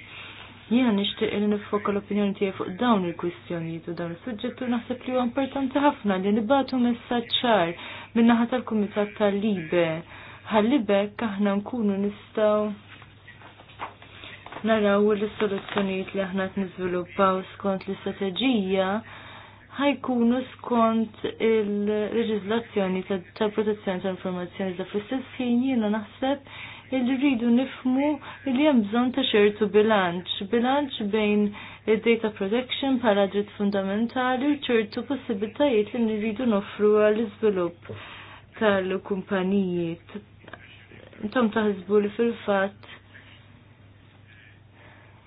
Jena nixtieq li nifokka l-opinjoni tiegħi fuq dawn il-kwistjonijiet u dawn is-suġġett u naħseb li huwa importanti ħafna li nibatu messaġġ ċar min-naħa tal-Kumitat tal-Libe ħalli bekk aħna nkunu nistgħu naraw l-soluzzjonijiet li aħna t-nizviluppaw skont l-istrateġija ħajkunu skont il-reġizlazzjoni tal-protezzjoni tal-informazzjoni ta' fl-istess ħin jiena naħseb li rridu nifmu li hemm bżonn ta' ċertu bilanċ, bilanċ bejn id-data protection bħala dritt fundamentali u ċertu possibilitajiet li nridu noffru għall-iżvilupp tal-kumpaniji intom taħsbu li fil-fatt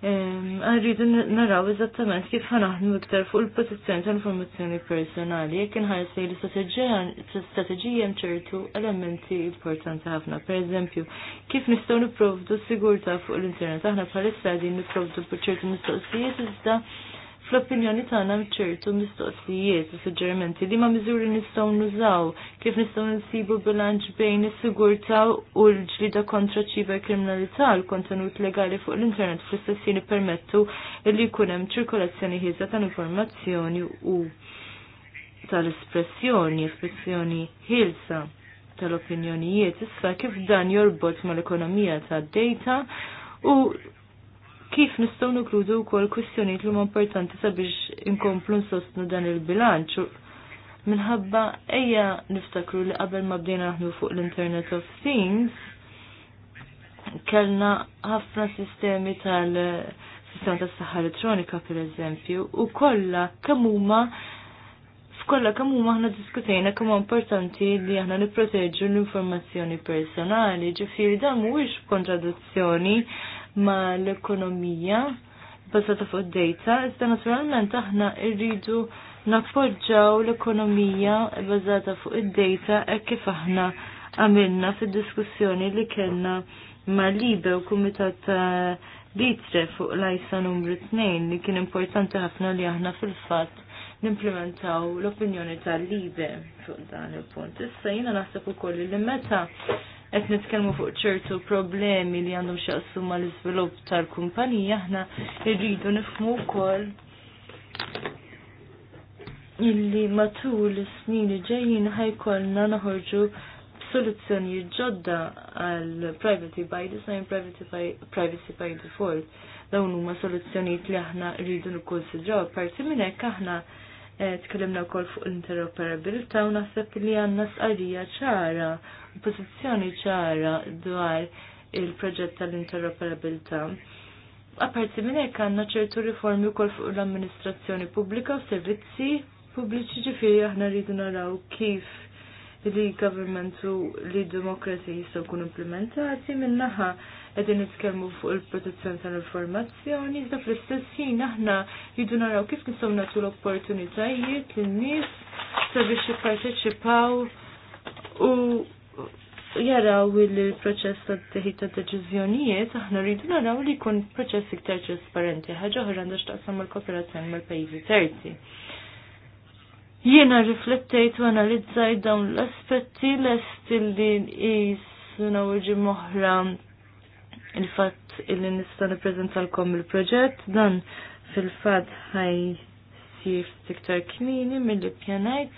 għarridu naraw eżattament kif ħanaħdmu iktar fuq il pozizjoni ta' informazzjoni personali jekk inħarsu li l-istrateġija ċertu elementi importanti ħafna. Per eżempju, kif nistgħu nipprovdu sigurtà fuq l-internet aħna bħalissa qegħdin nipprovdu ċertu mistoqsijiet iżda fl-opinjoni tagħna ċertu mistoqsijiet u suġġerimenti li ma miżuri nistgħu nużaw kif nistgħu nsibu bilanċ bejn is-sigurtà u l-ġlida kontra ċiva kriminalità l-kontenut legali fuq l-internet fl-istessin permettu li jkun hemm ċirkolazzjoni ħieża tal-informazzjoni u tal-espressjoni, espressjoni ħilsa tal-opinjonijiet issa kif dan jorbot mal-ekonomija tad-data u kif nistgħu u wkoll kwistjonijiet li huma importanti sabiex inkomplu nsostnu dan il-bilanċ minħabba ejja niftakru li qabel ma bdejna naħdmu fuq l-Internet of Things kellna ħafna sistemi tal sistema tas saħħa elettronika per eżempju u kollha kemm huma f'kollha kemm huma aħna diskutejna kemm importanti li aħna nipproteġu l-informazzjoni personali, ġifieri dan mhuwiex kontradizzjoni mal-ekonomija bazzata fuq data, iżda naturalment aħna rridu nappoġġaw l-ekonomija bazzata fuq id-data e kif aħna għamilna fid-diskussjoni li kellna ma' Libe u Kumitat ta' Litre fuq l-ajsa numru 2 li kien importanti ħafna li aħna fil-fatt nimplementaw l-opinjoni tal-libe fuq dan il-punt. Issa jina naħseb ukoll li meta qed nitkellmu fuq ċertu problemi li għandhom ma mal-iżvilupp tal-kumpanija aħna rridu nifhmu wkoll illi matul is-snin li ġejjin ħajkollna naħorġu soluzzjoni ġodda għal privacy by design, privacy by, privacy by default. Dawn huma soluzzjonijiet li aħna rridu nikkonsidraw. Parti minn hekk aħna Eh, tkellimna wkoll fuq l-interoperabilità u naħseb li għandna sqarrija ċara, pożizzjoni ċara dwar il-proġett tal-interoperabilità. Apparti minn hekk għandna ċertu riformi wkoll fuq l-amministrazzjoni pubblika u servizzi pubbliċi ġifieri aħna rridu naraw kif li governmentu u li demokrazi jistgħu jkunu implementati minnaħa. naħa qegħdin nitkellmu fuq il-protezzjoni tal-informazzjoni, iżda fl-istess ħin aħna jidu naraw kif nistgħu nagħtu l-opportunitajiet lin-nies sabiex jipparteċipaw u jaraw il-proċess ta' teħid ta' deċiżjonijiet, aħna rridu naraw li jkun proċess iktar trasparenti, ħaġa oħra għandha x'taqsam mal-kooperazzjoni mal-pajjiżi terzi. Jiena riflettejt u analizzajt dawn l-aspetti lest li nqis naw moħra il-fatt illi nista' nippreżentalkom il-proġett dan fil-fatt ħaj sir tiktar kmini mill-li pjanajt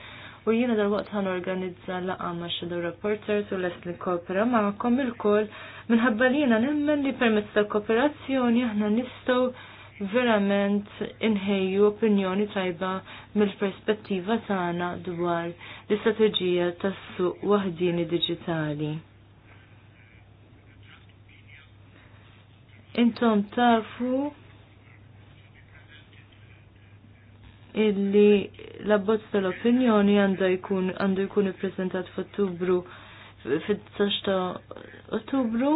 u jiena dal-waqt ħan organizza laqa ma' Shadow Reporters u les li kopera ma'kom il-kol minħabba li jina nemmen li permezz tal-kooperazzjoni aħna nistgħu verament inħejju opinjoni tajba mill-perspettiva tagħna dwar l-istrateġija tas-suq waħdini diġitali. Intom tafu illi l-abbozz tal-opinjoni għandu jkun għandu jkun ippreżentat f'Ottubru fit-19 Ottubru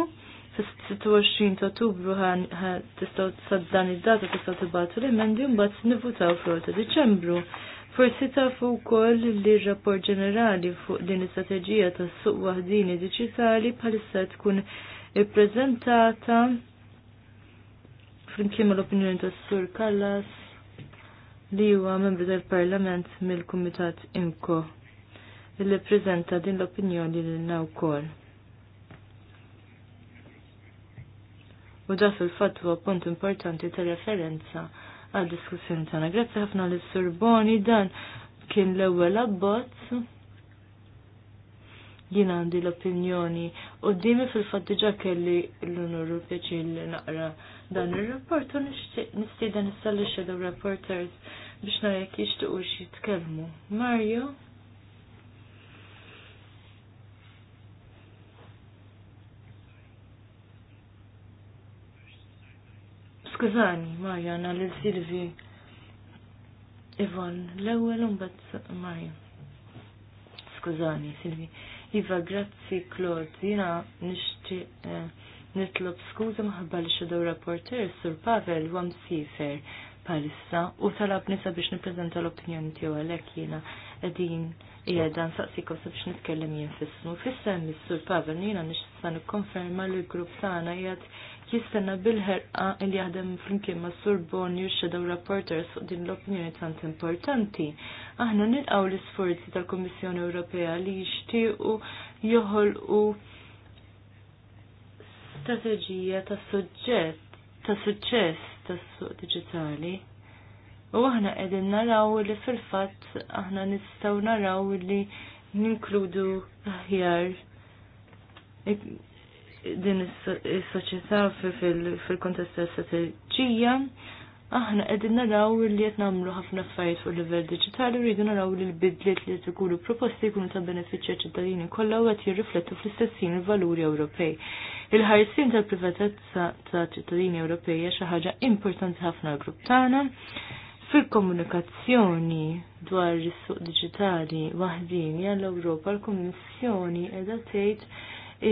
fis-26 ta' Ottubru tistgħu saddan id-data tistgħu tibgħatu l-emendi mbagħad nivvutaw fl ta' Diċembru. Forsi tafu wkoll li r-rapport ġenerali fuq din is-strateġija tas-suq waħdini diġitali bħalissa tkun ippreżentata flimkien mal-opinjoni tas Sur Kallas li huwa membru tal-Parlament mill-Kumitat Imko li prezenta din l-opinjoni lilna wkoll. U da fil-fatt huwa punt importanti ta' referenza għad diskussjoni tagħna. Grazzi ħafna lis Sur Boni dan kien l-ewwel abbozz jien għandi l-opinjoni u dimi fil-fatt diġà kelli l-onor u pjaċir naqra dan ir-rapport u nistieden issa li shadow reporters biex nara jekk jixtiequ jitkellmu. Mario? Skużani, Mario, għana l Silvi Ivan l-ewel un Mario. Skużani, Silvi. Iva, grazzi, Claude. Jina nishti eh, nitlob skuża maħabba li xedew rapporter sur Pavel Wam Sifer palissa u talab nisa biex nippreżenta l-opinjoni tiegħu għalhekk jiena qegħdin qiegħda nsaqsikom sa biex nitkellem jien fissmu. Fissem mis sur Pavel jiena nixtista nikkonferma li l-grupp tagħna qiegħed jistenna bil-ħerqa li jaħdem flimkien ma' Sur Bonju Shadow rapporter fuq din l-opinjoni tant importanti. Aħna nilqgħu l-isforzi tal-Kummissjoni Ewropea li jixtiequ joħolqu l-istrateġija ta' suġġett ta' suċċess tas-suq diġitali. U aħna qegħdin naraw li fil-fatt aħna nistgħu naraw li ninkludu aħjar din is-soċjetà fil-kontest tas strateġija aħna qegħdin naraw li qed nagħmlu ħafna affarijiet fuq livell diġitali rridu naraw li l-bidliet li qed ikunu proposti jkunu ta' benefiċċja ċittadini kollha u qed jirriflettu fl-istessin il-valuri Ewropej. Il-ħarsien tal-privatezza ta' ċittadini Ewropej hija xi ħaġa importanti ħafna għall-grupp tagħna fil-komunikazzjoni dwar is-suq diġitali waħdini l ewropa l-Kummissjoni qiegħda tgħid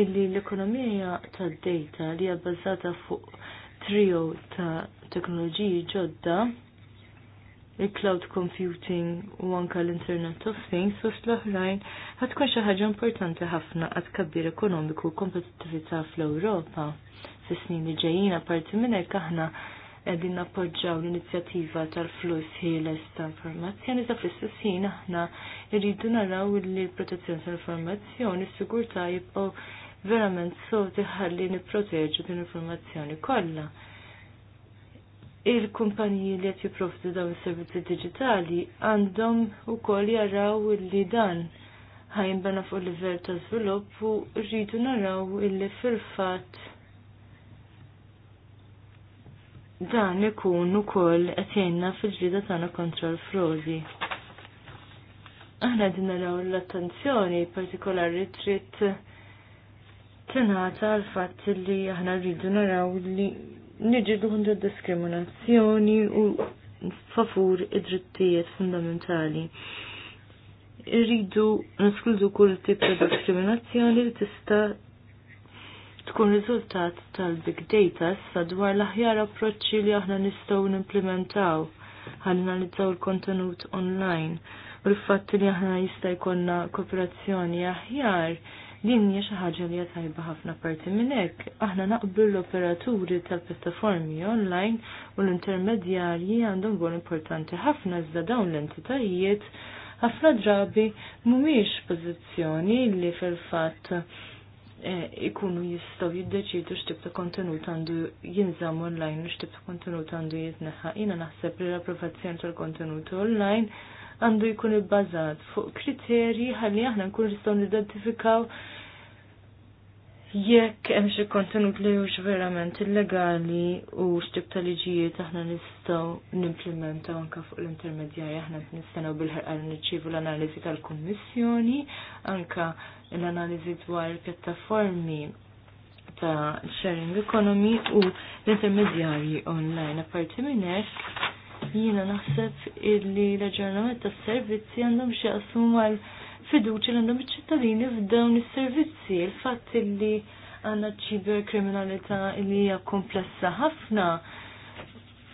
illi l-ekonomija tad-data li hija bbażata fuq trio ta' teknoloġiji ġodda il-cloud computing u anka l-Internet of Things u fl-oħrajn ħatkun xi ħaġa importanti ħafna għad kabbir ekonomiku u kompetittività fl-Ewropa fis-snin li ġejjin apparti minn hekk aħna qegħdin nappoġġjaw l-inizjattiva tal-flus ħieles ta' informazzjoni ta' fl-istess ħin aħna rridu naraw li l-protezzjoni tal-informazzjoni s-sigurtà jibqgħu verament soti ħalli nipproteġu din l-informazzjoni kollha il-kumpaniji li qed jipprovdu dawn is-servizzi digitali għandhom ukoll jaraw li dan ħajnbena fuq livell ta' żvilupp u rridu naraw illi fil-fatt dan ikun ukoll qed jgħinna fil ġrida tagħna kontra l-frodi aħna din naraw l-attenzjoni partikolari trid tingħata għal fatt li aħna rridu naraw li nirġidu kontra diskriminazzjoni u favur id-drittijiet fundamentali. Irridu naskludu kull tip ta' diskriminazzjoni li tista' tkun riżultat tal-big data sa dwar l-aħjar approċċi li aħna nistgħu nimplementaw ħalli analizzaw il-kontenut online u l-fatt li aħna jista' jkollna kooperazzjoni aħjar Din hija xi ħaġa li tajba ħafna parti minn hekk. Aħna naqblu l-operaturi tal-pjattaformi online u l-intermedjarji għandhom rwol importanti ħafna iżda dawn l-entitajiet ħafna drabi mhumiex pożizzjoni li fil-fatt eh, ikunu jistaw jiddeċidu x'tib ta' kontenut għandu jinżam online u x'tib ta' kontenut għandu jitneħħa. Jiena naħseb li l-approvazzjoni tal-kontenut online għandu jkun ibbażat fuq kriterji ħalli aħna nkun nistgħu nidentifikaw jekk hemm xi kontenut li hux verament illegali u x'tib ta' liġijiet aħna nistgħu nimplementaw anke fuq l-intermedjarji aħna nistennew bil-ħerqa nirċievu l-analiżi tal-Kummissjoni, anke l-analiżi dwar pjattaformi ta' sharing economy u l-intermedjarji online. Apparti minn hekk Jiena naħseb illi l-aġġornament tas-servizzi għandhom xi mal fiduċi li għandhom iċ-ċittadini f'dawn is-servizzi. Il-fatt illi għandna ċiber kriminalità illi hija komplessa ħafna,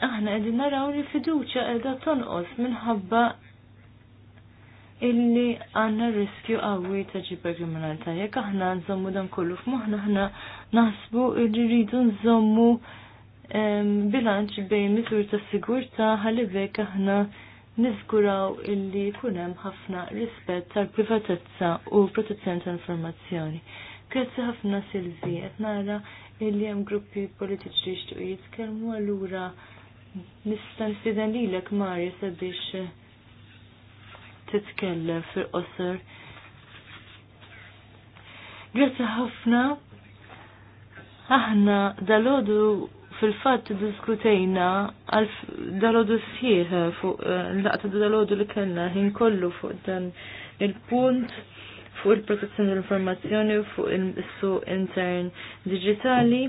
aħna qegħdin naraw li fiduċja qiegħda tonqos minħabba illi għanna riskju għawi ta' ċiber kriminalità. Jekk aħna nżommu dan kollu f'moħħna aħna naħsbu li rridu nżommu bilanċ bejn misur ta' sigurtà ħalli bekk aħna niżguraw illi jkun hemm ħafna rispett tal-privatezza u protezzjoni tal-informazzjoni. Grazzi ħafna Silvi, qed nara illi hemm gruppi politiċi jixtiequ jitkellmu allura nista' nfiden lilek Marja sabiex titkellem fil-qosor. Grazzi ħafna. Aħna dalodu fil-fatt diskutejna għal dalodu sħiħ fuq eh, l-laqta dalodu li kellna ħin kollu fuq dan il-punt fuq il-protezzjoni l-informazzjoni fuq il su intern digitali.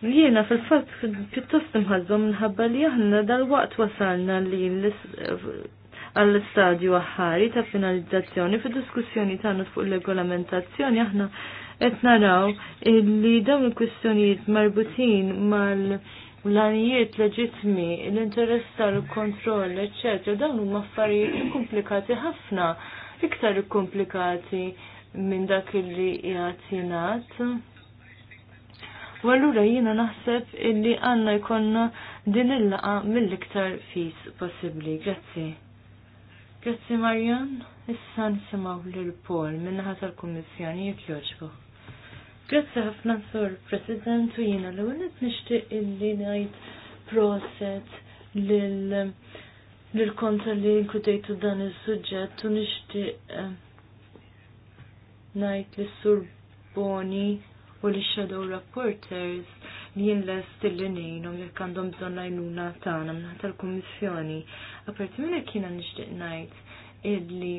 Jiena fil-fatt pjuttost imħazzom minħabba li aħna dal-waqt wasalna li għall-stadju għahari ta' finalizzazzjoni fid diskussjoni tagħna fuq il-regolamentazzjoni aħna qed naraw li dawn il-kwistjonijiet marbutin mal- l-anijiet leġitmi, l-interess tal-kontroll, ecc. dawn huma affarijiet komplikati ħafna, iktar komplikati minn dak li jgħatinat. U allura jiena naħseb illi għanna jkonna din il-laqa mill-iktar fis possibbli. Grazzi. Grazzi Marjan, issa nisimaw l-Pol minnaħat tal-Kommissjoni jek joġbu. Grazzi ħafna sur President u jina l għunet nishtiq illi najt proset lil-konta li inkludejtu dan il-sujġet u nishtiq eh, najt li sur Boni u li shadow reporters li jinlest il-linejnum jek għandhom bżon lajnuna ta' mnaħta tal komissjoni Aparti minna kiena nishtiq najt illi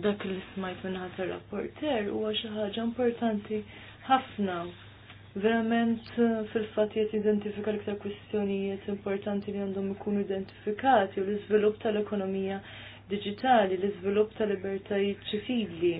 dak li smajt minnħat il-rapporter huwa xi ħaġa importanti ħafna. Verament eh, fil-fatt jett identifika l-iktar kwistjonijiet importanti li għandhom ikunu identifikati u l-iżvilupp tal-ekonomija digitali, l-iżvilupp tal-libertajiet ċivili.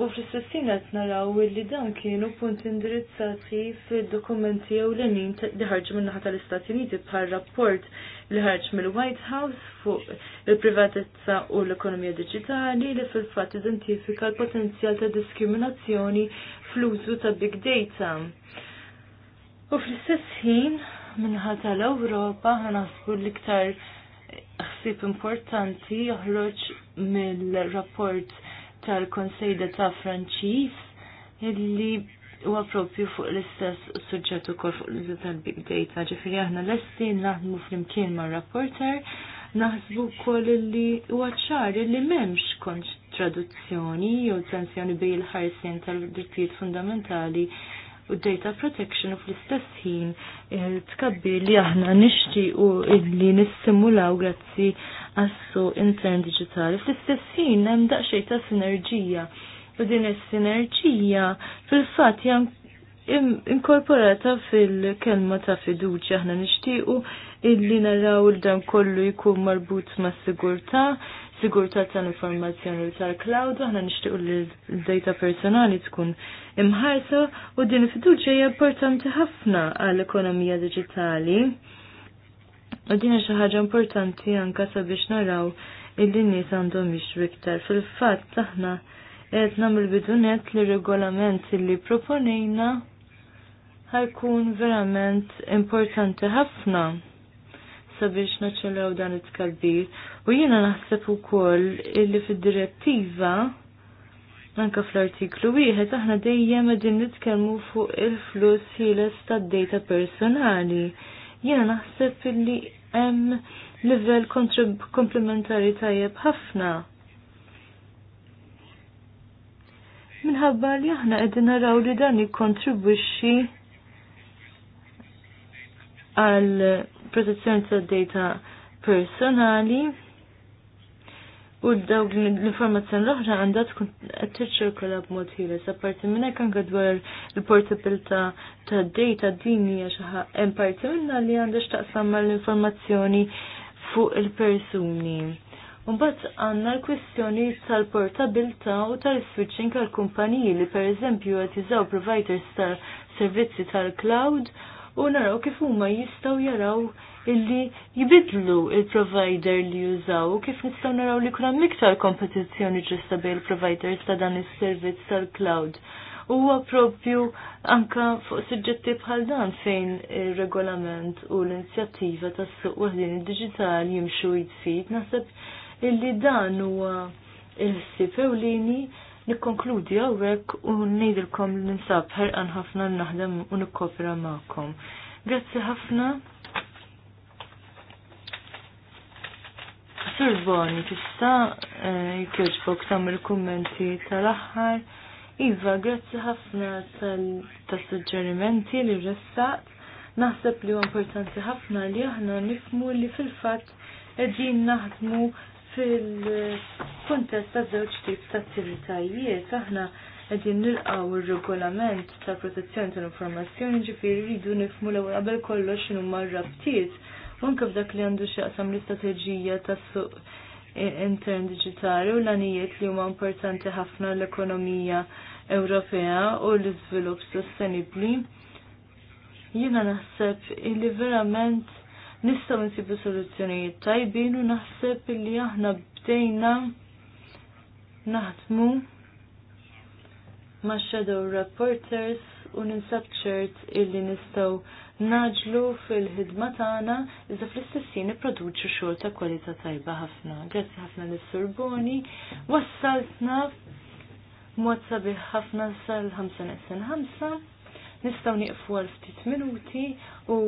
U fl-istessin qed naraw li dan kienu punt indirizzati fil-dokumenti ewlenin li ħarġu minn naħa tal-Istati Uniti bħal rapport li ħarġ mill-White House fuq il-privatezza u l-ekonomija diġitali li fil-fatt identifika l-potenzjal ta' diskriminazzjoni fl-użu ta' big data. U fl-istess ħin minħa tal-Ewropa ħanasbu l-iktar ħsib importanti joħroġ mill-rapport tal konsej ta' Franċiż illi huwa propju fuq l-istess suġġett ukoll fuq l-użu tal-big data, ġifieri aħna lesti naħdmu flimkien mar rapporter, naħsbu wkoll li huwa ċar li m'hemmx kontraduzzjoni jew tensjoni bej il-ħarsien tal-drittijiet fundamentali u data protection u fl-istess ħin tkabbi li aħna nixtiequ illi nissimulaw grazzi għassu intern digitali. Fl-istess ħin hemm daqsxejn ta' sinerġija u din is-sinerġija fil-fatt jam inkorporata fil-kelma ta' fiduċja aħna nixtiequ illi naraw il dan kollu jkun marbut ma' sigurtà, sigurtà tal-informazzjoni tal-cloud, aħna nixtiequ li l-data personali tkun imħarsa u din fiduċja hija importanti ħafna għall-ekonomija diġitali. U din xi ħaġa importanti anke sabiex naraw il-nies għandhom jixtru iktar. Fil-fatt aħna qed nagħmel bidunet li regolament li proponejna ħajkun verament importanti ħafna sabiex naċċellaw dan it-tkalbir. U jiena naħseb ukoll illi fid-direttiva anke fl-artiklu wieħed aħna dejjem qegħdin nitkellmu fuq il-flus ħieles tad-data personali. Jiena naħseb illi hemm livell komplementari tajjeb ħafna. Minħabba li aħna qegħdin naraw li dan jikkontribwixxi għal protezzjoni tad-data personali U dawk l-informazzjoni l-oħra għandha tkun qed tiċċirkola b'mod ħieles. Apparti minn hekk anke dwar il-portabilità ta' data din hija xi hemm parti minnha li għandha x'taqsam mal-informazzjoni fuq il-persuni. U Mbagħad għandna l-kwistjoni tal-portabilità u tal-switching għall kumpaniji li pereżempju qed jużaw providers tal-servizzi tal-cloud u naraw kif huma jistgħu jaraw illi jibidlu il-provider li jużaw u kif nistgħu naraw li kuna miktar kompetizzjoni ġesta bej il-providers ta' dan is-servizz tal-cloud. Huwa propju anka fuq suġġetti bħal dan fejn ir-regolament u l-inizjattiva tas-suq waħdin id-diġitali jimxu jitfid naħseb illi dan huwa il-ħsieb ewlini nikkonkludi għawek u nejdilkom l-insab ħerqan ħafna naħdem u nikkopera ma'kom. Grazzi ħafna. Dottor Boni, tista' eh, jkjoġbok tam il kommenti tal-aħħar. Iva, grazzi ħafna tal-suġġerimenti li ressaqt. Naħseb li huwa importanti ħafna li aħna nifmu li fil-fatt qegħdin naħdmu fil-kuntest ta' żewġ tip ta' attivitajiet aħna qegħdin nilqgħu r regolament ta' protezzjoni tal-informazzjoni ġifieri rridu nifmu l-ewwel qabel kollox r rabtiet Anke f'dak li għandu x'jaqsam l-istrateġija tas-suq intern digitali u l-għanijiet li huma importanti ħafna l-ekonomija Ewropea u l-iżvilupp sostenibbli. Jiena naħseb illi verament nistgħu nsibu soluzzjonijiet tajbin u naħseb illi aħna bdejna naħdmu ma' shadow reporters u ninsab ċert illi nistaw naġlu fil-ħidma tagħna iżda fl istessin jien nipproduċu xogħol ta' kwalità tajba ħafna. Grazzi ħafna lis-Sorboni, wassaltna mod sabiħ ħafna sal-5 nisin 5 nistgħu nieqfu għal ftit minuti u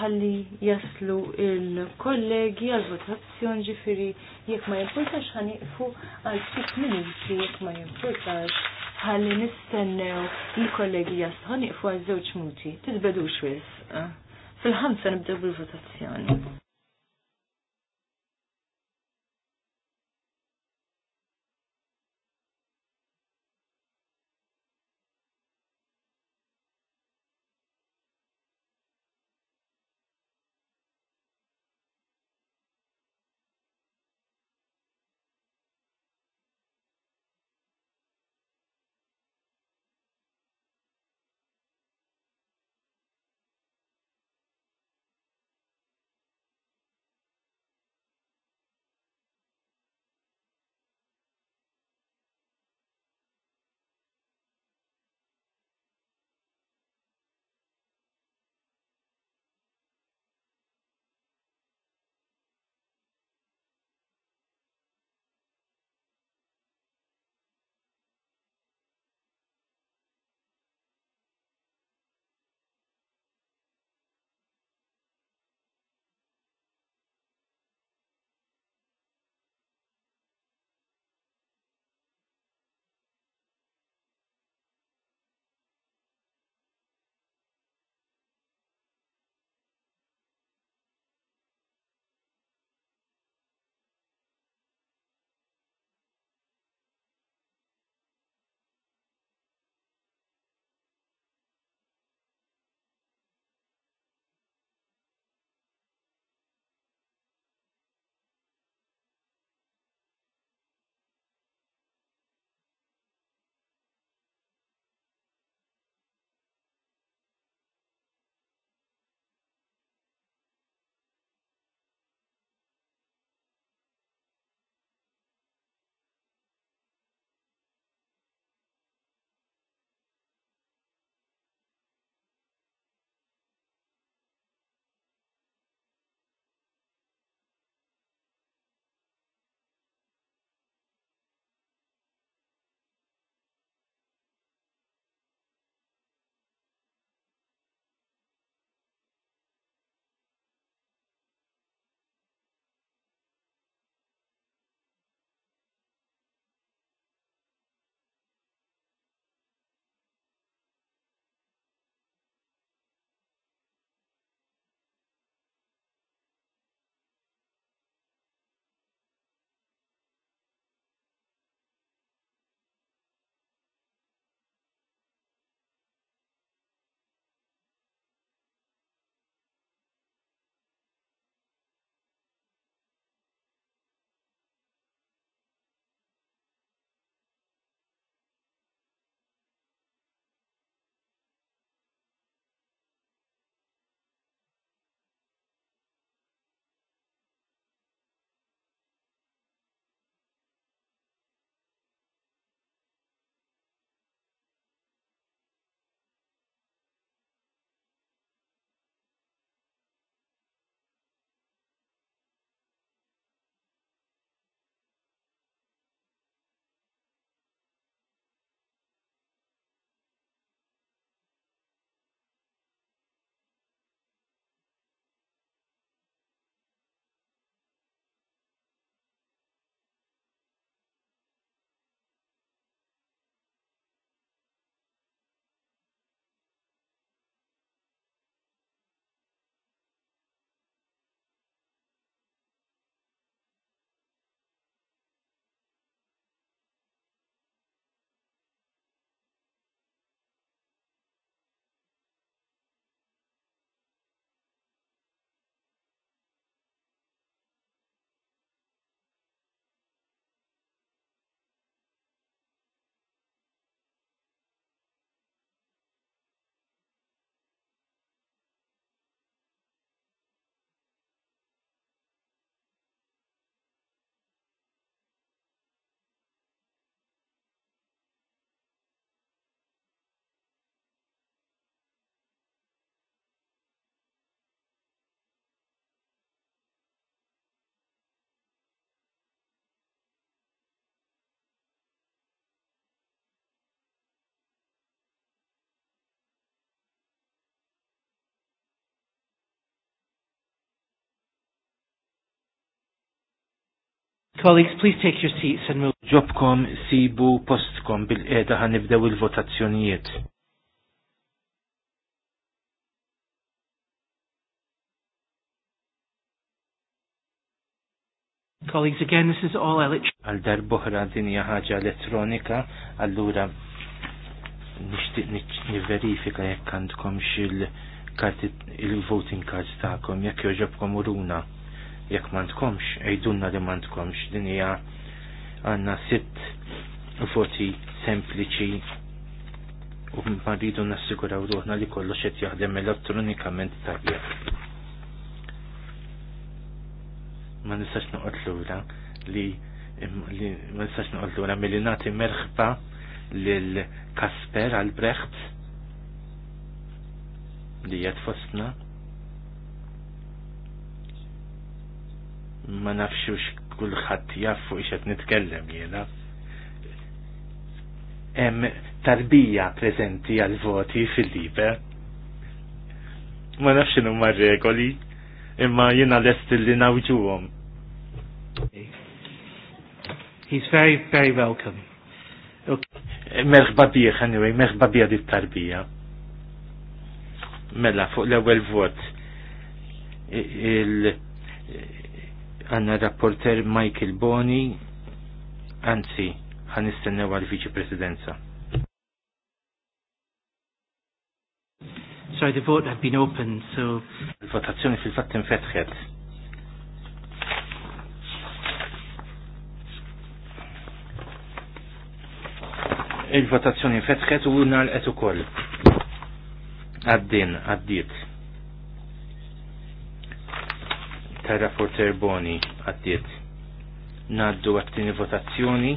ħalli jaslu il-kollegi għal-votazzjoni ġifiri jekk ma jimpurtax ħaniqfu għal ftit minuti jekk ma jimportax ħalli nistennew il-kollegi jasħu fuq għal żewġ muti. Tidbedux xwis. Ah, fil-ħamsa nibdew bil-votazzjoni. Colleagues, please take your seats and move. Ġobkom sibu postkom bil-qeda ħan nibdew il-votazzjonijiet. Colleagues, again, this is all electronic. Għal darbohra din hija ħaġa elettronika, allura nixtieq niverifika jekk għandkom xil-voting cards tagħkom, jekk joġobkom uruna jekk m'għandkomx, ejdunna li ma ntkomx, din hija għandna sitt voti sempliċi u ma rridu nassiguraw ruħna li kollox qed jaħdem elettronikament tajjeb. Ma nistax noqgħod lura li ma nistax noqgħod lura milli nagħti merħba lil Kasper Albrecht li fostna ma nafxux kullħat jaffu ixet nitkellem jena. Em tarbija prezenti għal-voti fil-libe. Ma nafx numma regoli, imma jena lest li nawġuhom. He's very, very welcome. Okay. Merħba bieħ, anyway, merħba bieħ tarbija. Mela, fuq l-ewel vot. il għanna rapporter Michael Boni, anzi, għan istennew għal viċi presidenza. Sorry, the vote had been open, so... Il-votazzjoni fil-fat infetħet. Il-votazzjoni infetħet u nal-etu koll. Għaddin, għaddit. ta' rapporter Boni għaddiet. Naddu għattini votazzjoni.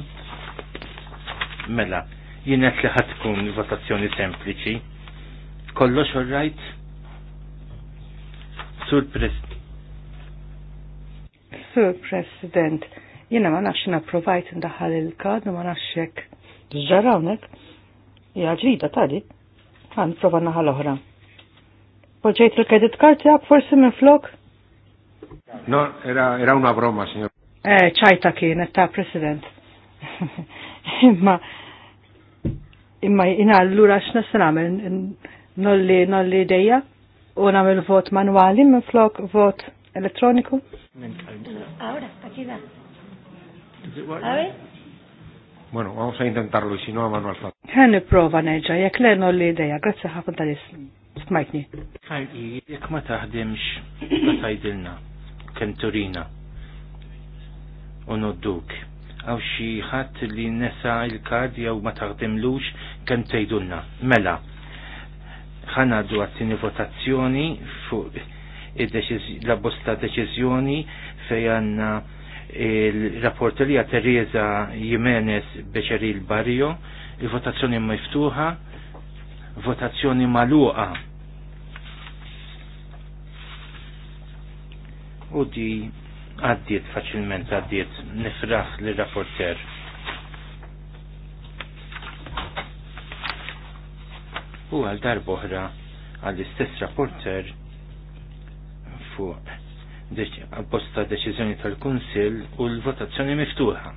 Mela, jienet li ħatkun votazzjoni sempliċi. Kollox orrajt? Sur President. Sur President, jiena ma nafx napprovajt ndaħal il-kad, ma nafx jekk ġġarawnek. Ja tali, għan prova naħal oħra. Poġġejt il-kredit karti għab forsi minn flok? No, era, era una broma, signor. Eh, ċajta kienet ta' president. imma, imma jina l-lura x'na se nagħmel nolli nolli dejja u nagħmel vot manuali, minn flok vot elettroniku. Ahora, aquí kida. A ver. Bueno, vamos a intentarlo, si no a mano alzada. Ħen prova neġa, jekk le nolli dejja, grazzi ħafna tal-ism. Smajtni. Jekk ma taħdimx, ma tajdilna kem turina u nodduk. Għaw xieħat li nesa il-kard jew ma taħdimlux kem tejdulna. Mela, ħanaddu għattini votazzjoni fuq la bosta deċizjoni fej għanna il-rapport li Teresa Jimenez Beċeril Barrio, il-votazzjoni miftuħa, votazzjoni maluqa u di għaddiet faċilment għaddiet nifraħ li rapporter u għal darboħra għall-istess rapporter fuq apposta deċiżjoni tal-Kunsil u l-votazzjoni miftuħa.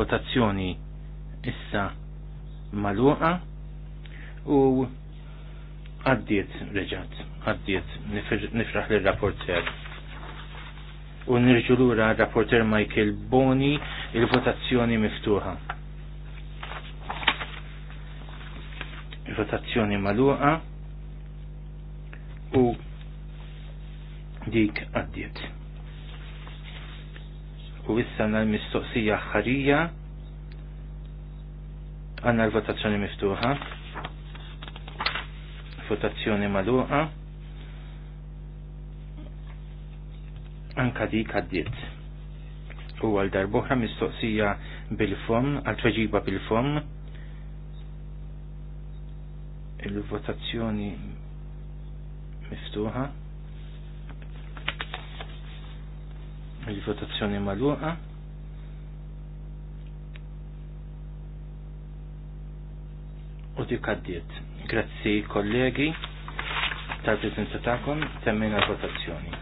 Votazzjoni issa maluqa u għaddiet reġat, għaddiet nifraħ l rapporter U nirġu lura rapporter Michael Boni il-votazzjoni miftuħa. Il-votazzjoni maluqa u dik għaddiet. U issa għanna l-mistoqsija ħarija għanna l-votazzjoni miftuħa votazzjoni maluqa. Anka dik għaddiet. U għal darbuħra mistoqsija bil-fom, għal tweġiba bil-fom. Il-votazzjoni miftuħa. Il-votazzjoni maluqa. u dik għaddiet i kollegi tal-presenza ta'kom, temmina l-votazzjoni.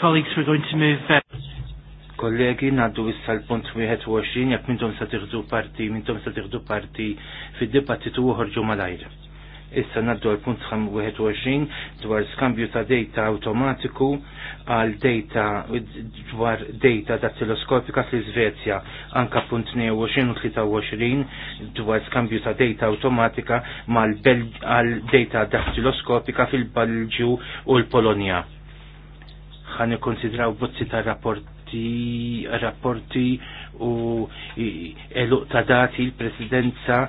Colleagues, we're going to move... Uh, Kollegi, naddu issa l-punt 21, jek mintom sa tiħdu parti, mintom sa tiħdu parti fid-dibattitu uħorġu malajr. Issa naddu l-punt 21 dwar skambju ta' data automatiku għal data dwar data teleskopika fl-Svezja anka punt 22 u 23 dwar skambju ta' data automatika mal għal data teleskopika fil-Belġju u l-Polonja ħan ikkonsidraw bozzi ta' rapporti, rapporti u eluq ta' dati il-presidenza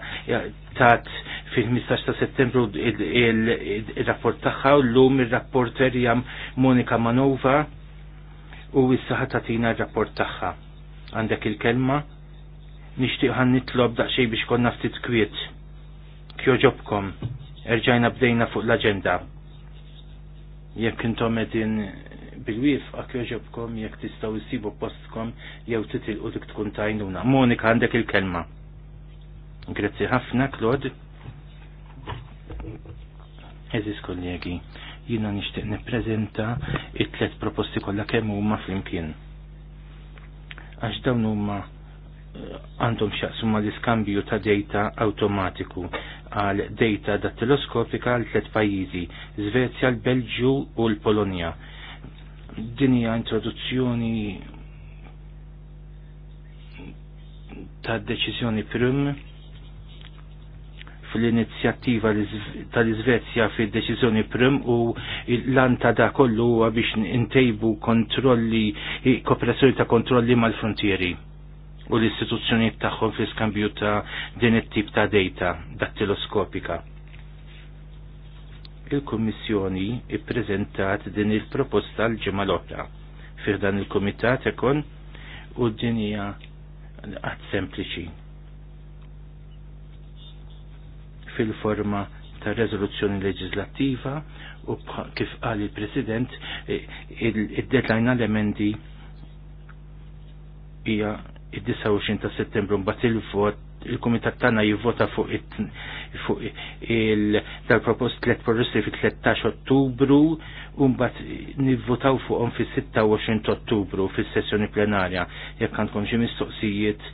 tat fil-15 ta' settembru il-rapport tagħha u llum ir-rapporter jam Monika Manova u issa tina r-rapport tagħha. Għandek il-kelma nixtieq għan nitlob daqsxejn biex konna ftit kwiet. Kjoġobkom, erġajna bdejna fuq l-aġenda jekk intom qegħdin bil għak joġobkom jek tistaw jisibu postkom jew titilqu dik tkun tajnuna. Monika għandek il-kelma. Grazzi ħafna, Klod. Eżis kollegi, jina nishtiq neprezenta it-tlet proposti kollha kemm huma flimkien. Għax dawn huma eh, għandhom xaqsumma l-iskambju ta' data automatiku għal data dattiloskopika għal tliet pajjiżi, Zvezja, l-Belġju u l-Polonja dinja introduzzjoni ta' deċizjoni prim fil-inizjattiva tal-Izvezja fil deċizjoni prim u l-anta da kollu huwa biex intejbu kontrolli, kooperazzjoni ta' kontrolli mal-frontieri u l-istituzzjoni tagħhom fl skambju ta' din it-tip ta' data dattiloskopika il-Kummissjoni ippreżentat din il-proposta l-ġimgħa l-oħra fih dan il-Kumitat ikun u din hija qatt sempliċi. Fil-forma ta' reżoluzzjoni leġislattiva u kif qal il-President e, id-deadline għal-emendi hija id-29 ta' settembru mbagħad il-vot il-Kumitat tagħna jivvota fuq il tal-propost tliet proposti fi 13 Ottubru u mbagħad nivvotaw fuqhom fis-26 Ottubru fis-sessjoni plenarja jekk għandkom xi mistoqsijiet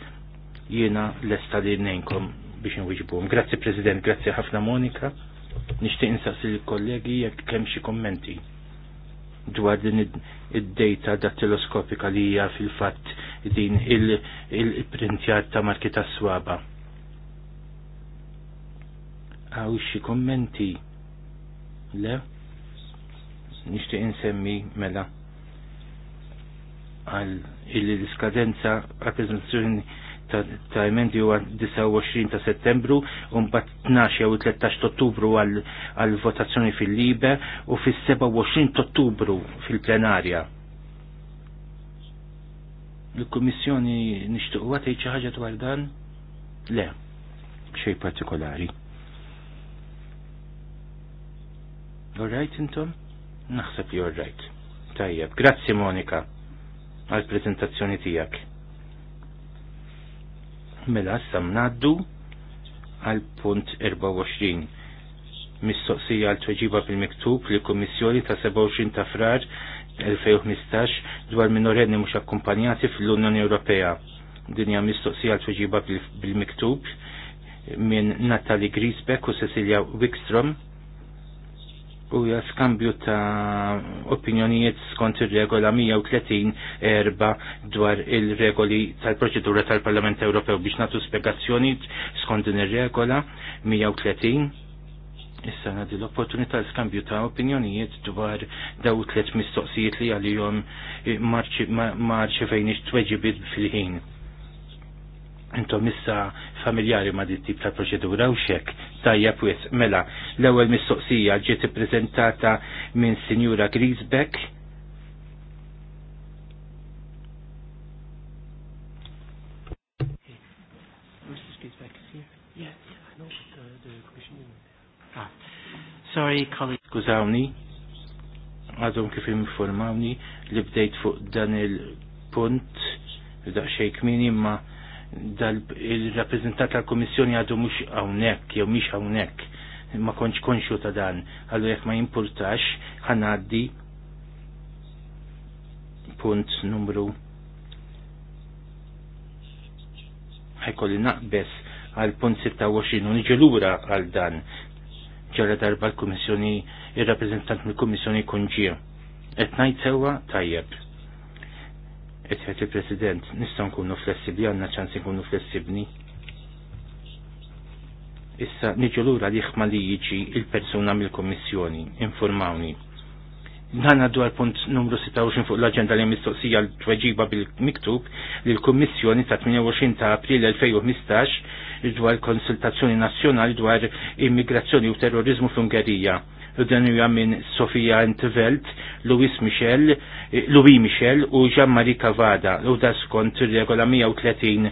jiena lesta li ngħinkom biex nwiġbuhom. Grazzi President, grazzi ħafna Monika. Nixtieq insaqsi l-kollegi jekk kemm xi kommenti dwar din id-data dattiloskopika li hija fil-fatt din il-printjat ta' marki ta' swaba. Għaw xi kommenti? Le? Nixtieq insemmi mela għal il-skadenza għal-prezentazzjoni ta' emendi huwa 29 ta' settembru u mbagħad 12 jew 13 ottubru għal votazzjoni fil-libe u fis-27 ottubru fil-plenarja. Il-Kummissjoni nixtieq huwa tgħid xi ħaġa dwar dan? Le, xej partikolari. All right intom? Naħseb li all right. Tajjeb, grazzi Monika għal prezentazzjoni tijak. Mela sam naddu għal punt 24. Mistoqsija għal tweġiba bil-miktub li kummissjoni ta' 27 ta' frar 2015 dwar minorenni mhux akkumpanjati fl-Unjoni Ewropea. Dinja mistoqsija għal tweġiba bil-miktub minn Natalie Griesbeck u Cecilia Wikstrom u skambju ta' opinjonijiet skont ir-regola 130 erba dwar il-regoli tal-proċedura tal-Parlament Ewropew biex natu spiegazzjoni skont din ir-regola 130 Issa nadi l-opportunità l-skambju ta' opinjonijiet dwar daw tliet mistoqsijiet li għalihom marċi fejn tweġibiet fil-ħin intom issa familjari ma di tip ta' proċedura u xek tajja pwis mela l-ewwel mistoqsija ġiet ippreżentata minn Sinjura Griesbeck uh, ah. Sorry, colleagues. Skużawni, għadhom kif informawni li bdejt fuq dan il-punt daqsxejn kmini ma' il-rappresentant tal-Komissjoni għadu mux għawnek, jew mux għawnek, ma konċ konxu ta' dan, għallu jek ma jimpurtax, ħanaddi punt numru ħajkolli naqbess għal punt 26 u niġu lura għal dan ġara darba l-Komissjoni, il-rappresentant mill-Komissjoni kunġie. Etnajt sewa tajjeb Itħet il-President, nistan nkunu flessibli, għanna ċans nkunu flessibli. Issa niġu lura li xma li jiġi il-persuna mill komissjoni informawni. Dan dwar punt numru 26 fuq l-agenda li mistoqsija l-tweġiba bil-miktub li l komissjoni ta' 28 ta' april 2015 dwar konsultazzjoni nazzjonali dwar immigrazzjoni u terrorizmu fl-Ungerija dan huwa minn Sofija Entvelt, Louis Michel, Louis Michel u Jean-Marie Cavada u da skont regola 130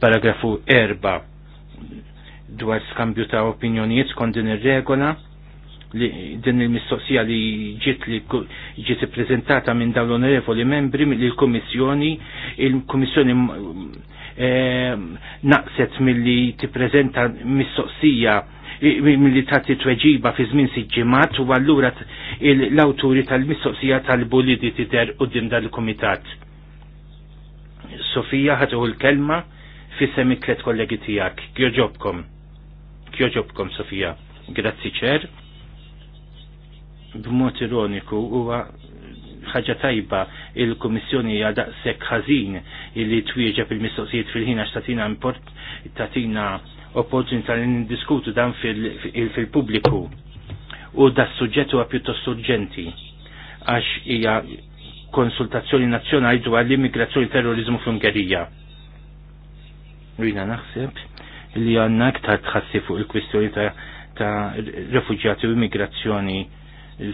paragrafu 4 dwar skambju ta' opinjonijiet skont din ir-regola li din il-mistoqsija li ġiet li ġiet ippreżentata minn dawn l-onorevoli membri li l-Kummissjoni il-Kummissjoni eh, naqset milli tippreżenta mistoqsija milli tagħti tweġiba fi żmien siġġimat u allura l-awturi tal-mistoqsija talbu li di tidher qudiem dal-kumitat. Sofija ħatuħu l-kelma fi semi tlet kollegi tiegħek. Kjoġobkom. Kjoġobkom Sofija. Grazzi ċer. B'mod ironiku huwa ħaġa tajba il-Komissjoni hija daqshekk ħażin li twieġeb il-mistoqsijiet fil-ħin għax tatina import tatina opportunità li nindiskutu dan fil-pubbliku u da suġġett huwa pjuttost urġenti għax hija konsultazzjoni nazzjonali dwar l-immigrazzjoni terrorizmu fl-Ungerija. Rina naħseb li għanna aktar tħassi fuq il-kwistjoni ta', ta u immigrazzjoni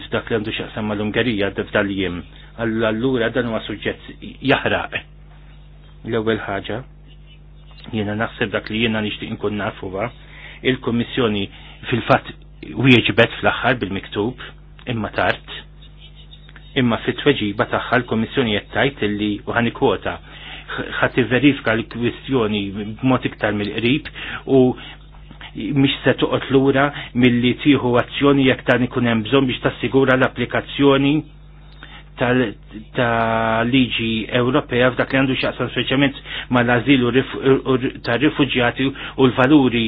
f'dak li għandu xaqsam mal-Ungerija f'dal-jiem. Allura dan huwa suġġett jahraq. L-ewwel ħaġa Jiena naħseb dak li jiena nixtieq inkun nafuha. Il-Kummissjoni fil-fatt wieġbet fl-aħħar bil-miktub imma tard. Imma fit-tweġiba tagħha l-Kummissjoni qed tajt illi u ħani kwota l-kwistjoni b'mod iktar mill-qrib u mhix se toqgħod lura milli tieħu azzjoni jekk dan ikun hemm bżonn biex tassigura l-applikazzjoni tal-liġi Ewropea f'dak li għandu xaqsan speċjalment mal-azil ta' rifugjati u l-valuri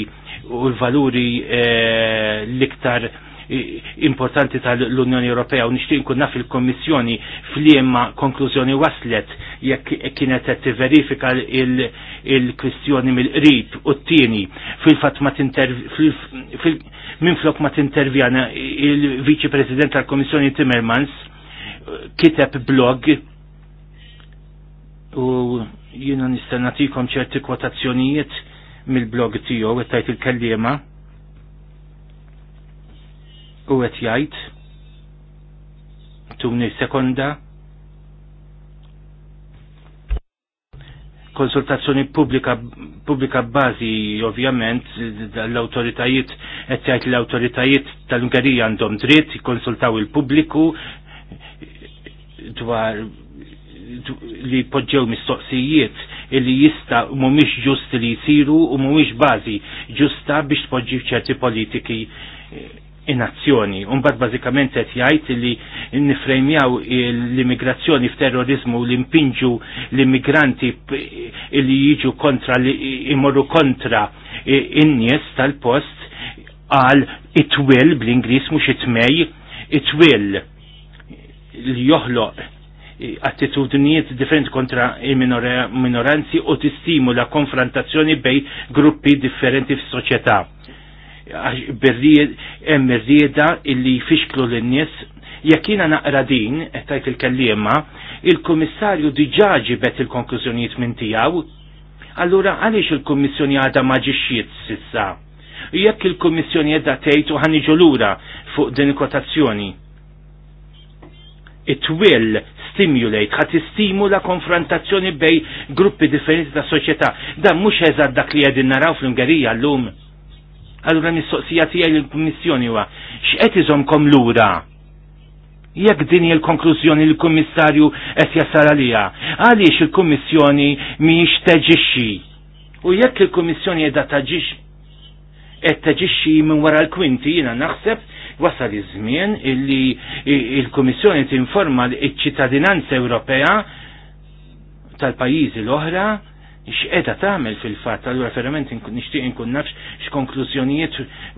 u l-valuri eh, l-iktar eh, importanti tal-Unjoni Ewropea u nixtieq nkun naf il-Kommissjoni fliema konklużjoni waslet jekk kienet qed tiverifika il-kwistjoni mill-qrib u t-tieni fil-fatt ma minflok ma tintervjana il-Viċi President tal-Kommissjoni Timmermans kiteb blog u jina nistennatikom ċerti kwotazzjonijiet mill-blog tiegħu u tajt il-kellima u qed jgħid tuni sekonda konsultazzjoni publika pubblika bażi ovvjament l-awtoritajiet qed jgħid l-awtoritajiet tal-Ungerija għandhom dritt jikkonsultaw il-pubbliku dwar li podġew mistoqsijiet illi jista mumiex ġust li jisiru u mumiex bazi ġusta biex tpoġġi ċerti politiki eh, in azzjoni. Unbat bazikament qed jgħid li nifrejmjaw l-immigrazzjoni f'terrorizmu li impinġu l-immigranti li jiġu kontra li imorru kontra eh, in-nies tal-post għal it twil bl-Ingriż mhux it-tmej it-will li joħloq attitudnijiet differenti kontra il-minoranzi u tistimula konfrontazzjoni bej gruppi differenti fis-soċjetà. Hemm rieda illi jfixklu lin-nies jekk jiena naqra din qed il-kelliema, il-Kummissarju diġaġi bet il-konklużjonijiet minn tiegħu, allura għaliex il-Kummissjoni għadha ma sissa? Jekk il-Kummissjoni għedha tgħid u ħaniġu lura fuq din il-kotazzjoni it will stimulate, ħat istimula konfrontazzjoni bej gruppi differenti ta' soċjetà. Dan mhux eżad dak li qegħdin naraw fl-Ungerija llum. Allura mistoqsija tiegħi lill-Kummissjoni huwa x'qed kom lura? Jekk din dini l-konklużjoni l-Kummissarju qed jasara għaliha, għaliex il-Kummissjoni miex teġixxi. U jekk il-Kummissjoni qiegħda taġix qed teġixxi minn wara l-kwinti jiena naħseb wasal iż-żmien illi il-Kummissjoni tinforma l-ċittadinanza Ewropea tal-pajjiżi l-oħra x'qeda tagħmel fil-fatt allura verament nixtieq inkun nafx x'konklużjonijiet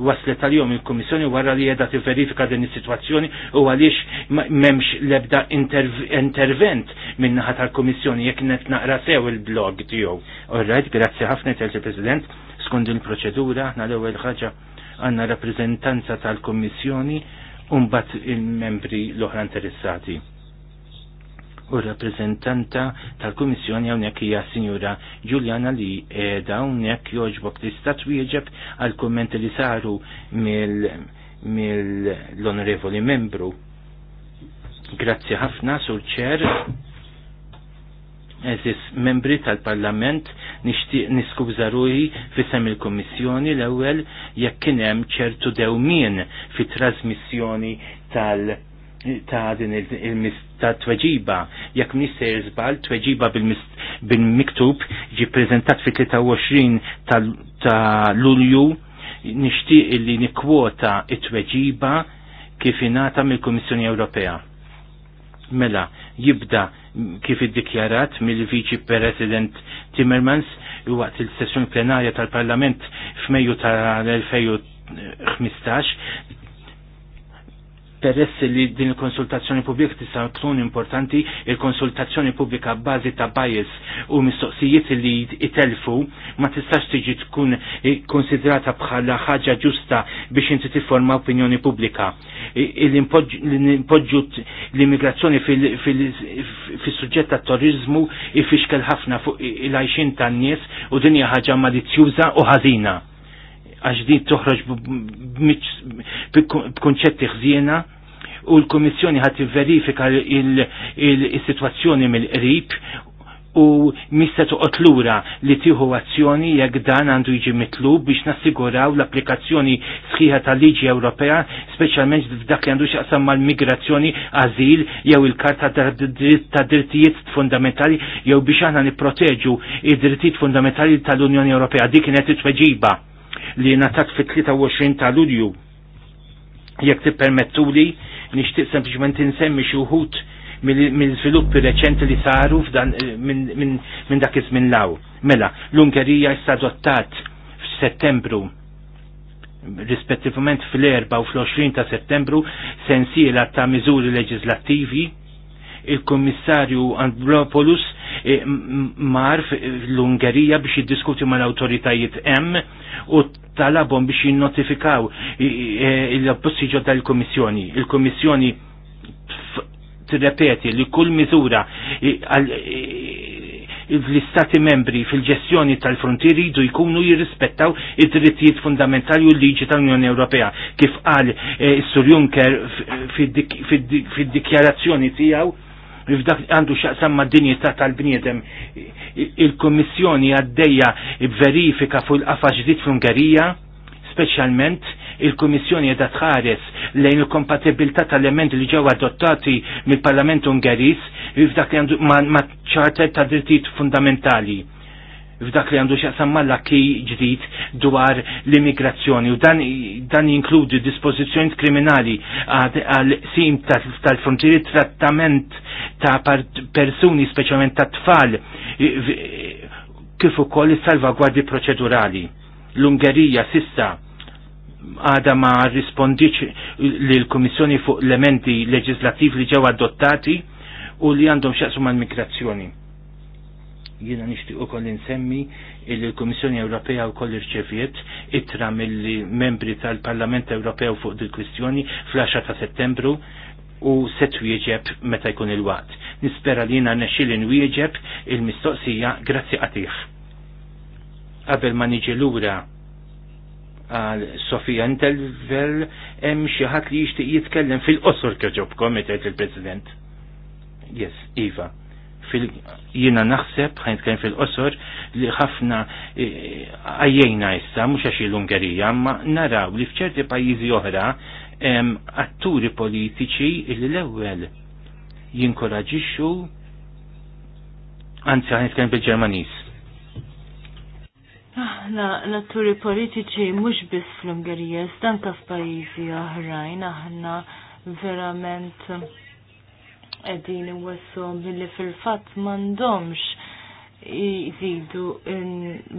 waslet tal-jum il-Kummissjoni wara li qiegħda tivverifika din is-sitwazzjoni u għaliex m'hemmx l-ebda intervent min-naħa tal-Kummissjoni jekk qed naqra sew il-blog tiegħu. All right, grazzi ħafna il-President skont il-proċedura aħna l-ewwel ħaġa għanna rappresentanza tal-Kommissjoni unbat il-membri l-oħra interessati. U rappresentanta tal-Kommissjoni għawnek hija signora Giuliana li edha għawnek joġbok li stat wieġeb għal kommenti li saru mill-onorevoli membru. Grazzi ħafna, sur ċer eżis membri tal-Parlament nixtieq niskuża ruħi fisem il-Kummissjoni l-ewwel jekk kien hemm ċertu dewmien fit trasmissjoni tal- ta' din il-mista tweġiba, jekk minister żbal tweġiba bil-miktub ġi prezentat fi 23 ta' Lulju nixtieq li nikwota it-tweġiba kif ingħata mill-Kummissjoni Ewropea. Mela, jibda kif iddikjarat mill-Viċi President Timmermans waqt il-sessjoni plenarja tal-Parlament f'Mejju tal-2015 peress li din il-konsultazzjoni pubblika tista' tkun importanti, il-konsultazzjoni pubblika bażi ta' bias u mistoqsijiet li itelfu ma tistax tiġi tkun konsidrata bħala ħaġa ġusta biex inti tifforma opinjoni pubblika. L-impoġġu l-immigrazzjoni fis-suġġett tat turizmu ifixkel ħafna fuq il-għajxin tan-nies u dinja ħaġa malizzjuża u ħażina għax din toħroġ kunċetti ħżiena u l-Komissjoni ħat verifika il-situazzjoni mill-qrib u mista toqgħod lura li tieħu azzjoni jekk dan għandu jiġi mitlub biex nassiguraw l-applikazzjoni sħiħa tal-liġi Ewropea, speċjalment f'dak li għandu x'aqsam mal-migrazzjoni, għażil jew il-karta ta' drittijiet fundamentali jew biex aħna nipproteġu id-drittijiet fundamentali tal-Unjoni Ewropea. Dik kienet it-tweġiba li natat fit-23 ta' Lulju. Jekk tippermettuli nixtieq sempliċement insemmi xi wħud mill-sviluppi reċenti li saru eh, minn dak iż-żmien law. Mela, l-Ungerija issa adottat f'Settembru rispettivament fl-4 u fl-20 ta' settembru sensiela ta' miżuri leġislattivi il kummissarju Andropoulos E, mar l-Ungerija biex jiddiskuti ma l-autoritajiet hemm u talabhom biex jinnotifikaw e, l-appossiġġo tal kummissjoni il kummissjoni tirrepeti li kull miżura l-istati membri fil-ġestjoni tal-frontieri jdu jkunu jirrispettaw id-drittijiet fundamentali u l-liġi tal-Unjoni Ewropea. Kif qal e, Sur Juncker fid-dikjarazzjoni tiegħu li f'dak għandu xaqsam ma' dinjità tal-bniedem. il komissjoni għaddejja verifika fuq il-qafa ġdid fl-Ungerija, speċjalment il-Kummissjoni edha tħares lejn il-kompatibilità tal-elementi li ġew adottati mill-Parlament Ungeris f'dak li għandu ma' ċarter ta' drittijiet fundamentali f'dak li għandu xaqsam mal-lakki ġdid dwar l-immigrazzjoni u dan, dan jinkludi dispozizjoni kriminali għal sim tal-frontieri trattament ta' persuni, speċjalment ta' tfal, kif ukoll salvagwardi proċedurali. L-Ungerija sissa għada ma rispondiċ l-Komissjoni fuq l-elementi leġislativi li ġew adottati u li għandhom xaqsu mal-migrazzjoni Jiena u ukoll insemmi il l-Kummissjoni Ewropea wkoll irċeviet ittra mill-membri tal-Parlament Ewropew fuq dil kwistjoni fl-10 ta' Settembru u set wieġeb meta jkun il-waqt. Nispera li jiena nexxil wieġeb il-mistoqsija grazzi għatiħ. Qabel ma niġi lura għal Sofija Intelvel hemm xi ħadd li jixtieq jitkellem fil-qosor kieġobkom qed il-President. Yes, Iva fil jiena naħseb, ħajn fil-qosor, li ħafna e, għajjejna issa, mhux għax l-Ungerija, ma naraw li fċerti pajjiżi oħra atturi politiċi li l-ewwel jinkoraġixxu anzi ħan nitkellem bil-Ġermaniż. Aħna ah, natturi atturi politiċi mhux biss fl-Ungerija, stanka f'pajjiżi oħrajn aħna verament qegħdin iwassom li fil-fatt m'għandhomx jizidu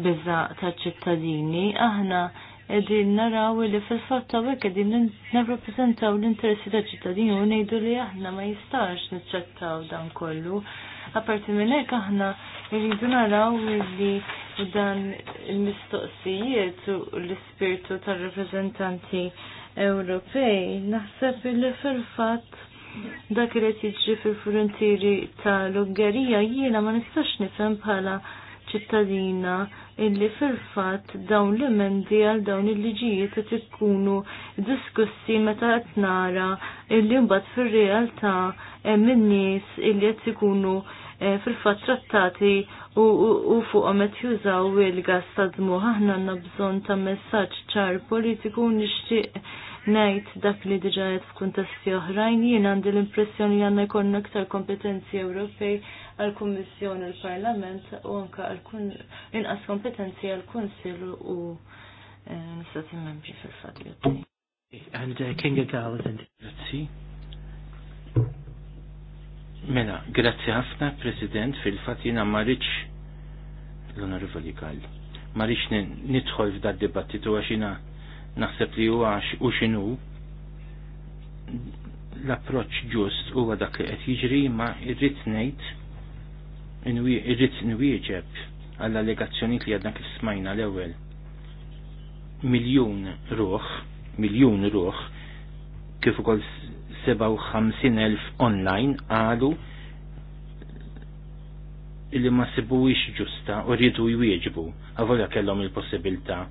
biża taċ-ċittadini, aħna qegħdin naraw li fil-fatt hawnhekk qegħdin nirrappreżentaw l-interessi ta' ċittadini u ngħidu li aħna ma jistax niċċettaw dan kollu. Apparti minn hekk aħna rridu naraw li dan il-mistoqsijiet u l-ispirtu tar reprezentanti Ewropej, naħseb li fil-fatt dak li qed jiġri fil-frontieri tal-Ungerija jiena ma nistax nifhem bħala ċittadina illi fil-fatt dawn l-emendi għal dawn il-liġijiet qed ikunu diskussi meta qed nara illi mbagħad fir-realtà hemm in-nies illi qed ikunu eh, fil-fatt trattati u fuqhom qed jużaw il-gas ta' dmu aħna għandna bżonn ta' messaġġ ċar politiku nixtieq nejt dak li diġa għed f'kuntesti oħrajn, jien għandi l-impressjoni li għanna jkun aktar kompetenzi Ewropej għal-Kummissjoni l-Parlament u anka inqas kompetenzi għal-Kunsil u nistati eh, membri fil-fat li And uh, Kinga Gall is in Grazzi. Mela, grazzi ħafna, President, fil-fat jina marriċ l-Onorevoli Gall. Marriċ nidħol f'dat dibattitu għaxina naħseb li huwa u x'inhu l-approċċ ġust huwa dak li qed jiġri ma irrid ngħid irrid nwieġeb għall allegazzjonijiet li għadna kif smajna l-ewwel. Miljun ruħ, miljun ruħ kif ukoll 57,000 online għalu li ma sibuwix ġusta u rridu jwieġbu, għavolja kellhom il-possibilità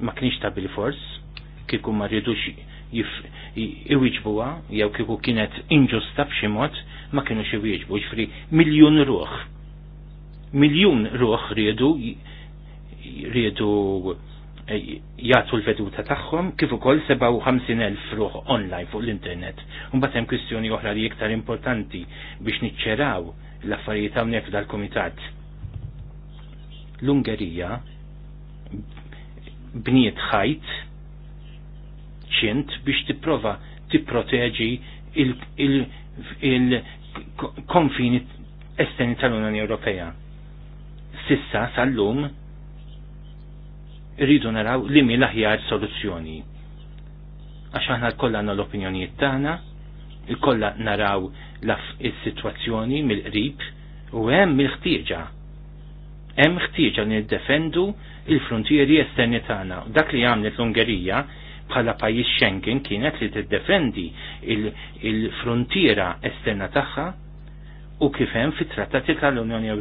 ma kienx ta' bil-fors, kieku ma rridux iwieġbuha jew kieku kienet inġusta b'xi mod, ma kienux iwiġbu, ġifri miljun ruħ. Miljun ruħ riedu riedu jgħatu eh, l-veduta tagħhom kif ukoll 57,000 ruħ online fuq l-internet. Mbagħad hemm kwistjoni oħra li iktar importanti biex niċċeraw l-affarijiet hawnhekk dal-kumitat. L-Ungerija bniet ħajt ċint biex tipprova tipproteġi il-konfini esteni tal-Unjoni Ewropea. Sissa sal-lum rridu naraw li mi laħjar aħjar soluzzjoni. Għax aħna kollha għandna l-opinjonijiet tagħna, kollha naraw is-sitwazzjoni mill-qrib u hemm mill-ħtieġa hemm ħtieġa li niddefendu il-frontieri esterni tagħna. Dak li għamlet l-Ungerija bħala pajjiż Schengen kienet li tiddefendi il-frontiera il esterna tagħha u kif hemm fit-trattati tal-Unjoni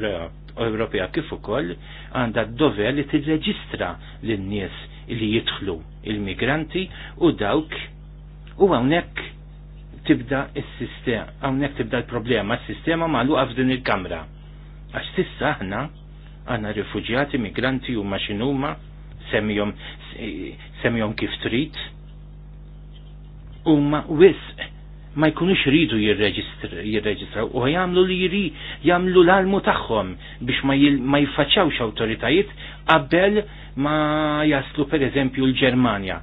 Ewropea kif ukoll għandha d-dover li tirreġistra lin-nies li jidħlu il-migranti u dawk u hawnhekk tibda s-sistema, hawnhekk tibda l-problema, s-sistema magħluqa f'din il-kamra. Għax tissa aħna għanna rifugjati, migranti u maċinuma, semjom, semjom kif trit, u ma wis ma jkunux ridu jirreġistraw u jagħmlu li jiri jagħmlu l-almu tagħhom biex ma jifacċawx awtoritajiet qabel ma jaslu pereżempju l-Ġermanja.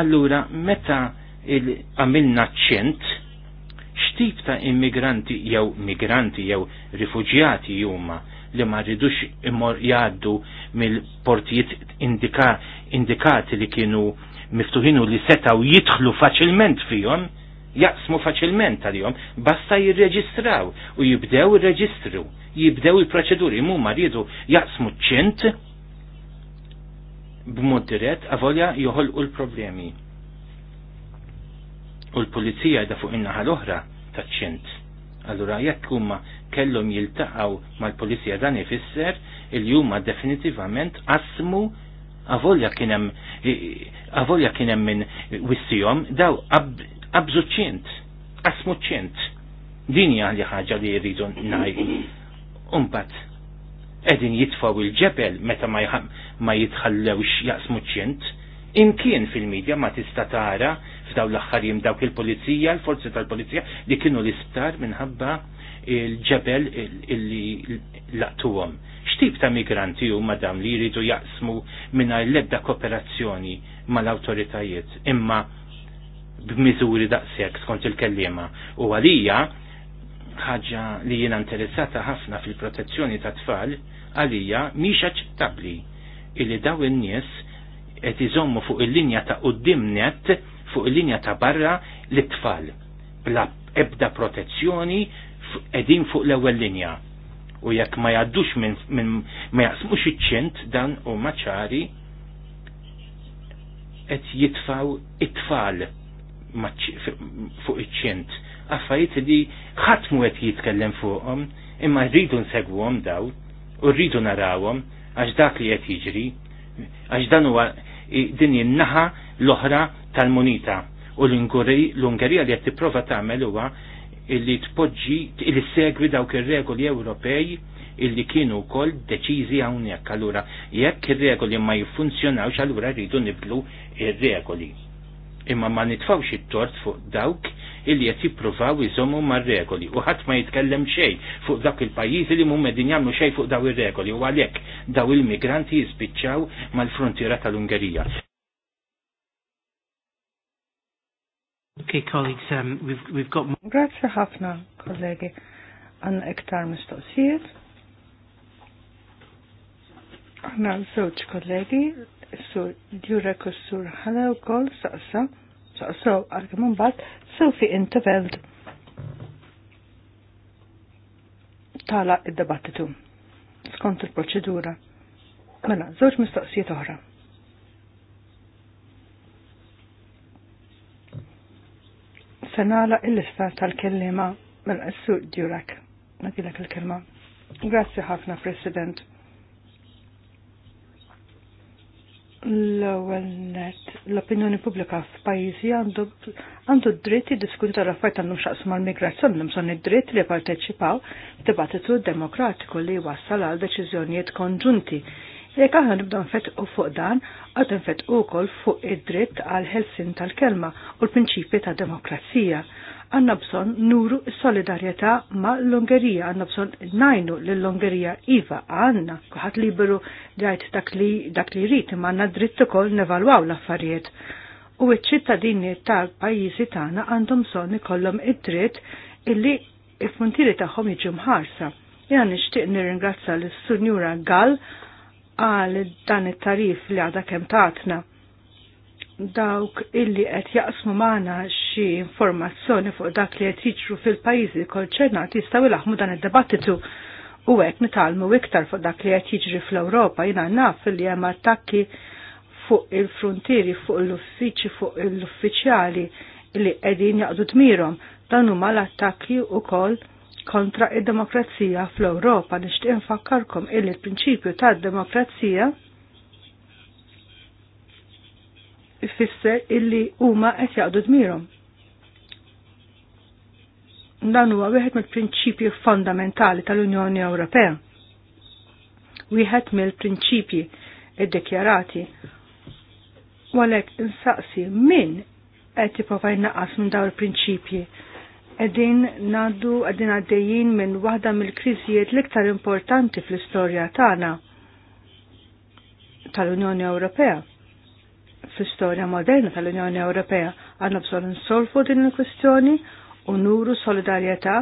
Allura meta għamilna ċent x'tip ta' immigranti jew migranti jew rifuġjati huma li ma rridux immor jgħaddu mill-portijiet indika, indikati li kienu miftuħinu li setaw jitħlu faċilment fihom, jaqsmu faċilment tal-jom, basta jirreġistraw u jibdew il-reġistru, jibdew il-proċeduri, mu rridu jaqsmu ċint b'mod dirett avolja joħolqu l-problemi. U l-pulizija da fuq in-naħa l-oħra taċ-ċint Allura jekk huma kellhom jiltaqgħu mal pulizija dan ifisser il huma definitivament qasmu avolja kien hemm avolja kien hemm minn wissihom daw qabżu ċint, qasmu ċint. Din hija li ħaġa li jridu ngħidu. mbagħad qegħdin jitfaw il-ġebel meta ma jitħallewx jaqsmu ċint, imkien fil-medja ma tista' tara f'daw l-aħħar dawk il-polizija, l-forzi tal-polizija li kienu l-isptar minħabba il-ġebel illi laqtuhom. X'tip ta' migranti huma dawn li jridu jaqsmu mingħajr l-ebda kooperazzjoni mal-awtoritajiet imma b'miżuri daqshekk skont il-kellima. U għalija ħaġa li jiena interessata ħafna fil-protezzjoni ta' tfal għalija mhix aċċettabbli illi daw in-nies qed iżommu fuq il-linja ta' qudimnet net fuq il-linja ta' barra l-tfal bla ebda protezzjoni edin fuq l-ewwel linja. U jekk ma jgħaddux minn min, ma jaqsmux iċ-ċint dan u maċari qed jitfaw it-tfal fuq iċ-ċint. Affarijiet li ħadd mu qed jitkellem fuqhom, imma rridu nsegwhom daw u rridu narawhom għax dak li qed jiġri, għax dan huwa din in-naħa l-oħra tal-munita u l-Ungerija li qed tipprova tagħmel huwa illi tpoġġi illi segwi dawk ir-regoli Ewropej illi kienu wkoll deċiżi hawnhekk. Allura jekk ir-regoli ma jiffunzjonawx allura rridu nibdlu ir-regoli. Imma ma nitfawx it-tort fuq dawk illi qed jippruvaw iżommu mar-regoli u ħadd ma jitkellem xejn fuq dawk il-pajjiżi li mhum qegħdin jagħmlu xejn fuq daw ir-regoli u għalhekk daw il-migranti jispiċċaw mal-frontiera tal-Ungerija. Okay, colleagues, um, we've, we've got... Grazie ħafna, kollegi. Għanna Ektar mistoqsijiet. Għanna l kollegi, sur Djurek u sur Halew kol saqsa, saqsa għal-kemun bat, Sofi intervelt. Tala id-debattitu skont il-proċedura. Mela, żewġ mistoqsijiet oħra. senala il-lista tal-kellima mill-qessu Djurak. Nadilek il-kelma. Grazzi ħafna, President. L-ewwel net, l-opinjoni pubblika f'pajjiżi għandu għandu dritt jiddiskuti tal-affarijiet għandhom xaqsu mal-migrazzjoni l-imson id-dritt li parteċipaw f'dibattitu demokratiku li wassal għal deċiżjonijiet konġunti Jekk aħna nibda nfetqu fuq dan, għad nfetqu wkoll fuq id-dritt għal ħelsin tal-kelma u l-prinċipji ta' demokrazija. Għanna bżon nuru solidarjetà ma' l-Ungerija, għanna bżon najnu l-Ungerija iva għanna, kuħat liberu għajt dak li rrit, ma' għanna dritt ukoll nevalwaw l-affarijiet. U iċ-ċittadini tal-pajjiżi tagħna għandhom bżonn ikollhom id-dritt illi il funtiri tagħhom jiġu mħarsa. Jena nixtieq nirringrazzja l-Sunjura Gall għal dan it-tarif li għadha kemm tatna. Dawk illi qed jaqsmu maħna xi informazzjoni fuq dak li qed jiġru fil-pajjiżi konċernati jistgħu ħmu dan id debattitu u hekk nitalmu iktar fuq dak li qed jiġri fl-Ewropa jiena naf li hemm attakki fuq il-frontieri fuq l-uffiċi fuq l-uffiċjali li qegħdin jaqdu tmirom. dan huma l-attakki wkoll kontra id-demokrazija fl-Ewropa. Nixtieq infakkarkom illi l-prinċipju tad-demokrazija ifisser illi huma qed jaqdu dmirhom. Dan huwa wieħed mill-prinċipji fondamentali tal-Unjoni Ewropea. Wieħed mill-prinċipji iddikjarati. għalhekk insaqsi min qed jippova jnaqas minn dawn il-prinċipji Edin naddu għadin għaddejjin minn waħda mill-kriżijiet l-iktar importanti fl-istorja tagħna tal-Unjoni Ewropea. Fl-istorja moderna tal-Unjoni Ewropea għandna bżonn insolfu din il-kwistjoni u nuru solidarjetà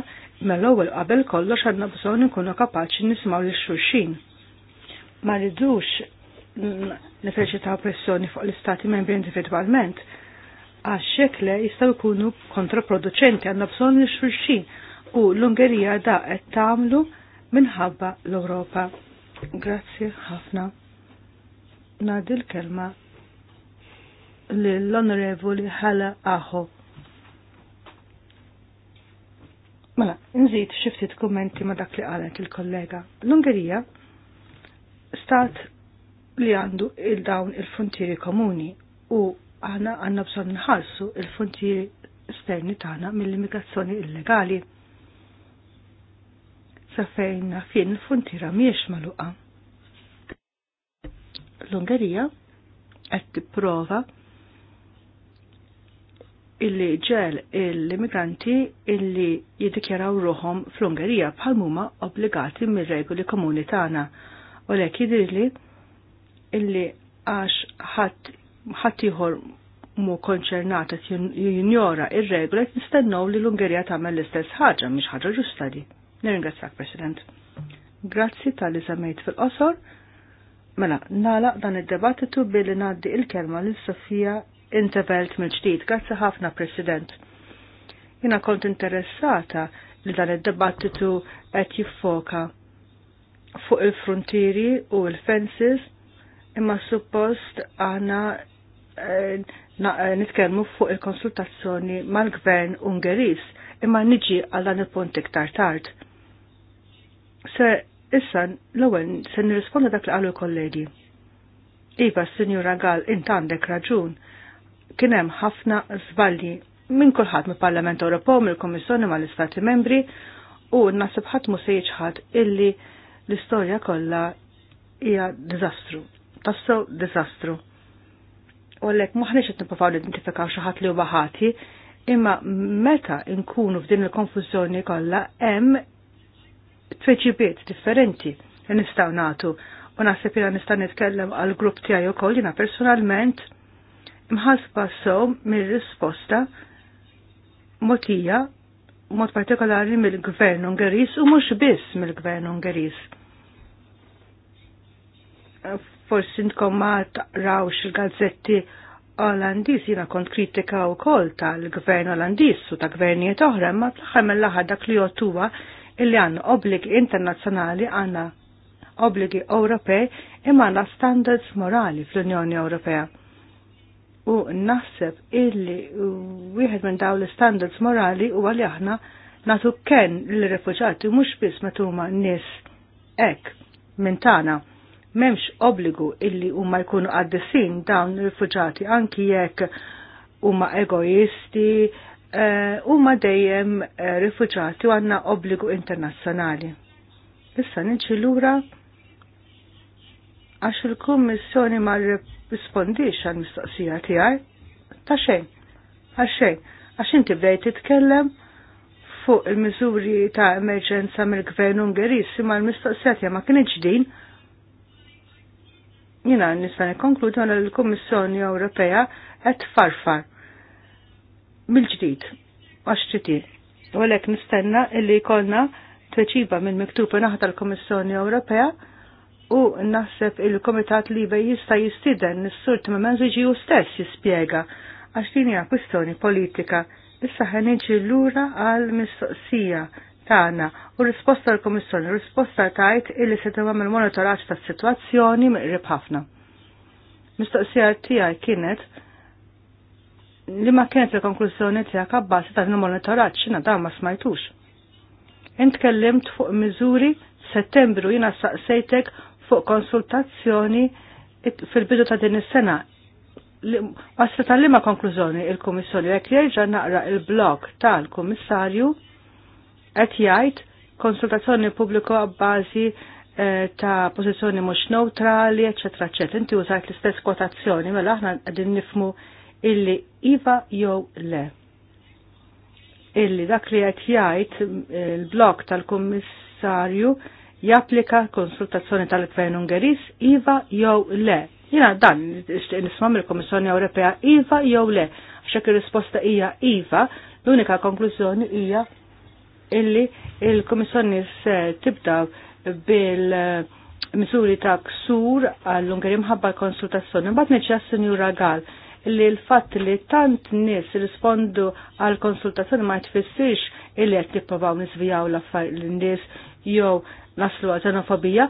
mill-ewwel qabel kollox għandna bżonn inkunu kapaċi nismaw lil xulxin. Ma rridux nifreċitaw pressjoni fuq l-istati membri individwalment għax xekle jistaw jkunu kontraproducenti għanna bżon xulxin u l-Ungerija da qed tagħmlu minħabba l-Ewropa. Grazzi ħafna. Nadi l-kelma l-Onorevoli ħala Aħo. Mela, nżid xiftit kummenti ma dak li qalet il-kollega. L-Ungerija stat li għandu il-dawn il-frontieri komuni u aħna għanna bżon nħalsu il-frontieri esterni tagħna mill-immigrazzjoni illegali. Sa fejn fin frontiera miex maluqa. L-Ungerija qed tipprova illi ġel l-immigranti illi jiddikjaraw ruħom fl-Ungerija bħal obbligati mir-regoli komuni tagħna. U lek illi għax ħadd ħattijħor mu konċernat qed jinjora ir-regola qed nistennew li l-Ungerija tagħmel l-istess ħaġa miex ħaġa ġusta di. Nirringrazzjak President. Grazzi tal-li fil-qosor. Mela, nalaq dan id-debattitu billi ngħaddi il-kelma lil Sofija Intervelt mill-ġdid. Grazzi ħafna President. Jina kont interessata li dan id-debattitu qed jiffoka fuq il-frontieri u l-fences Imma suppost aħna eh, eh, nitkellmu fuq il-konsultazzjoni mal-gvern Ungeris imma niġi għal dan il-punt iktar tard. Se issa l-ewwel se nirrisponda dak li qalu kollegi. Iva, Sinjura Gall, int għandek raġun. Kien hemm ħafna żbalji minn kulħadd mill-Parlament Ewropew, mill-Kummissjoni mal-Istati Membri u naħseb ħadd mu se jiġħad illi l-istorja kollha hija diżastru Tasso disastru. U għalek maħniċ qed nippruvaw identifikaw xi ħadd li huwa ħati, imma meta nkunu f'din il-konfużjoni kollha hemm tweġibiet differenti li nistgħu nagħtu u nasib jena nista' nitkellem għal grupp tiegħi koll jena personalment imħasba sew mir-risposta motija mod partikolari mill-gvern Ungeris u mhux biss mill-gvern Ungeris forsi intkom ma taqrawx il-gazzetti Olandiż jina kont kritika u kol tal-gvern Olandiż u ta' gvernijiet oħra, ma fl-aħħar mill-aħħar dak li jottuwa illi għandna obbligi internazzjonali għandna obbligi Ewropej imma għandna standards morali fl-Unjoni Ewropea. U naħseb illi wieħed minn dawn l-standards morali huwa li aħna nagħtu ken l-refuġati mhux biss meta huma nies hekk minn tagħna memx obbligu illi huma jkunu għaddisin dawn rifuġati anki jekk huma egoisti, eh, huma uh, dejjem uh, rifuġati u għandna obbligu internazzjonali. Issa niġi lura għax il-Kummissjoni ma rispondix għal mistoqsija tiegħi ta' xejn, għal xejn, għax inti bdejt titkellem fuq il-miżuri ta' emerġenza mill-Gvern Ungeris imma l-mistoqsija ma kienx din jina nista' nikkonkludu għal l kummissjoni Ewropea qed farfar mill-ġdid għax ġdid. U għalhekk nistenna illi jkollna tweċiba minn miktuba naħa tal-Kummissjoni Ewropea u naħseb il-Komitat Libe jista' jistiden nis-sur Timmermans iġi stess jispjega għax din hija kwistjoni politika. Issa ħeniġi lura għal mistoqsija tagħna u risposta l-Komissjoni, risposta tajt illi se tagħmel il-monitoraġġ tas-sitwazzjoni miqrib ħafna. Mistoqsija tiegħi kienet li ma kienet il-konklużjoni tiegħek abbażi ta' il monitoraċ xina da' ma smajtux. Int kellimt fuq miżuri settembru jiena saqsejtek fuq konsultazzjoni fil-bidu ta' din is-sena Għasra li ma konklużjoni il-Komissjoni jekk jieġa naqra il-blog tal-Kummissarju qed jgħid konsultazzjoni pubbliku bbażi eh, ta' pożizzjoni mhux neutrali, eċetera, eċetera. Inti użajt l-istess kwotazzjoni, mela aħna qegħdin nifmu illi iva jew le. Illi dak li qed jgħid eh, il-blok tal-Kummissarju japplika konsultazzjoni tal-Gvern Ungeris iva jew le. Jina dan nisma' mill kummissjoni Ewropea iva jew le. Għaxek ir-risposta hija iva, l-unika konklużjoni hija illi il-Komissjoni se tibda bil misuri ta' ksur għall-Ungerim mħabba konsultazzjoni. Mbagħad niċċa Sinjura Gall illi l-fatt li tant nis rispondu għal konsultazzjoni ma tfissirx illi qed tippavaw nisvijaw l-nies jew naslu għal xenofobija,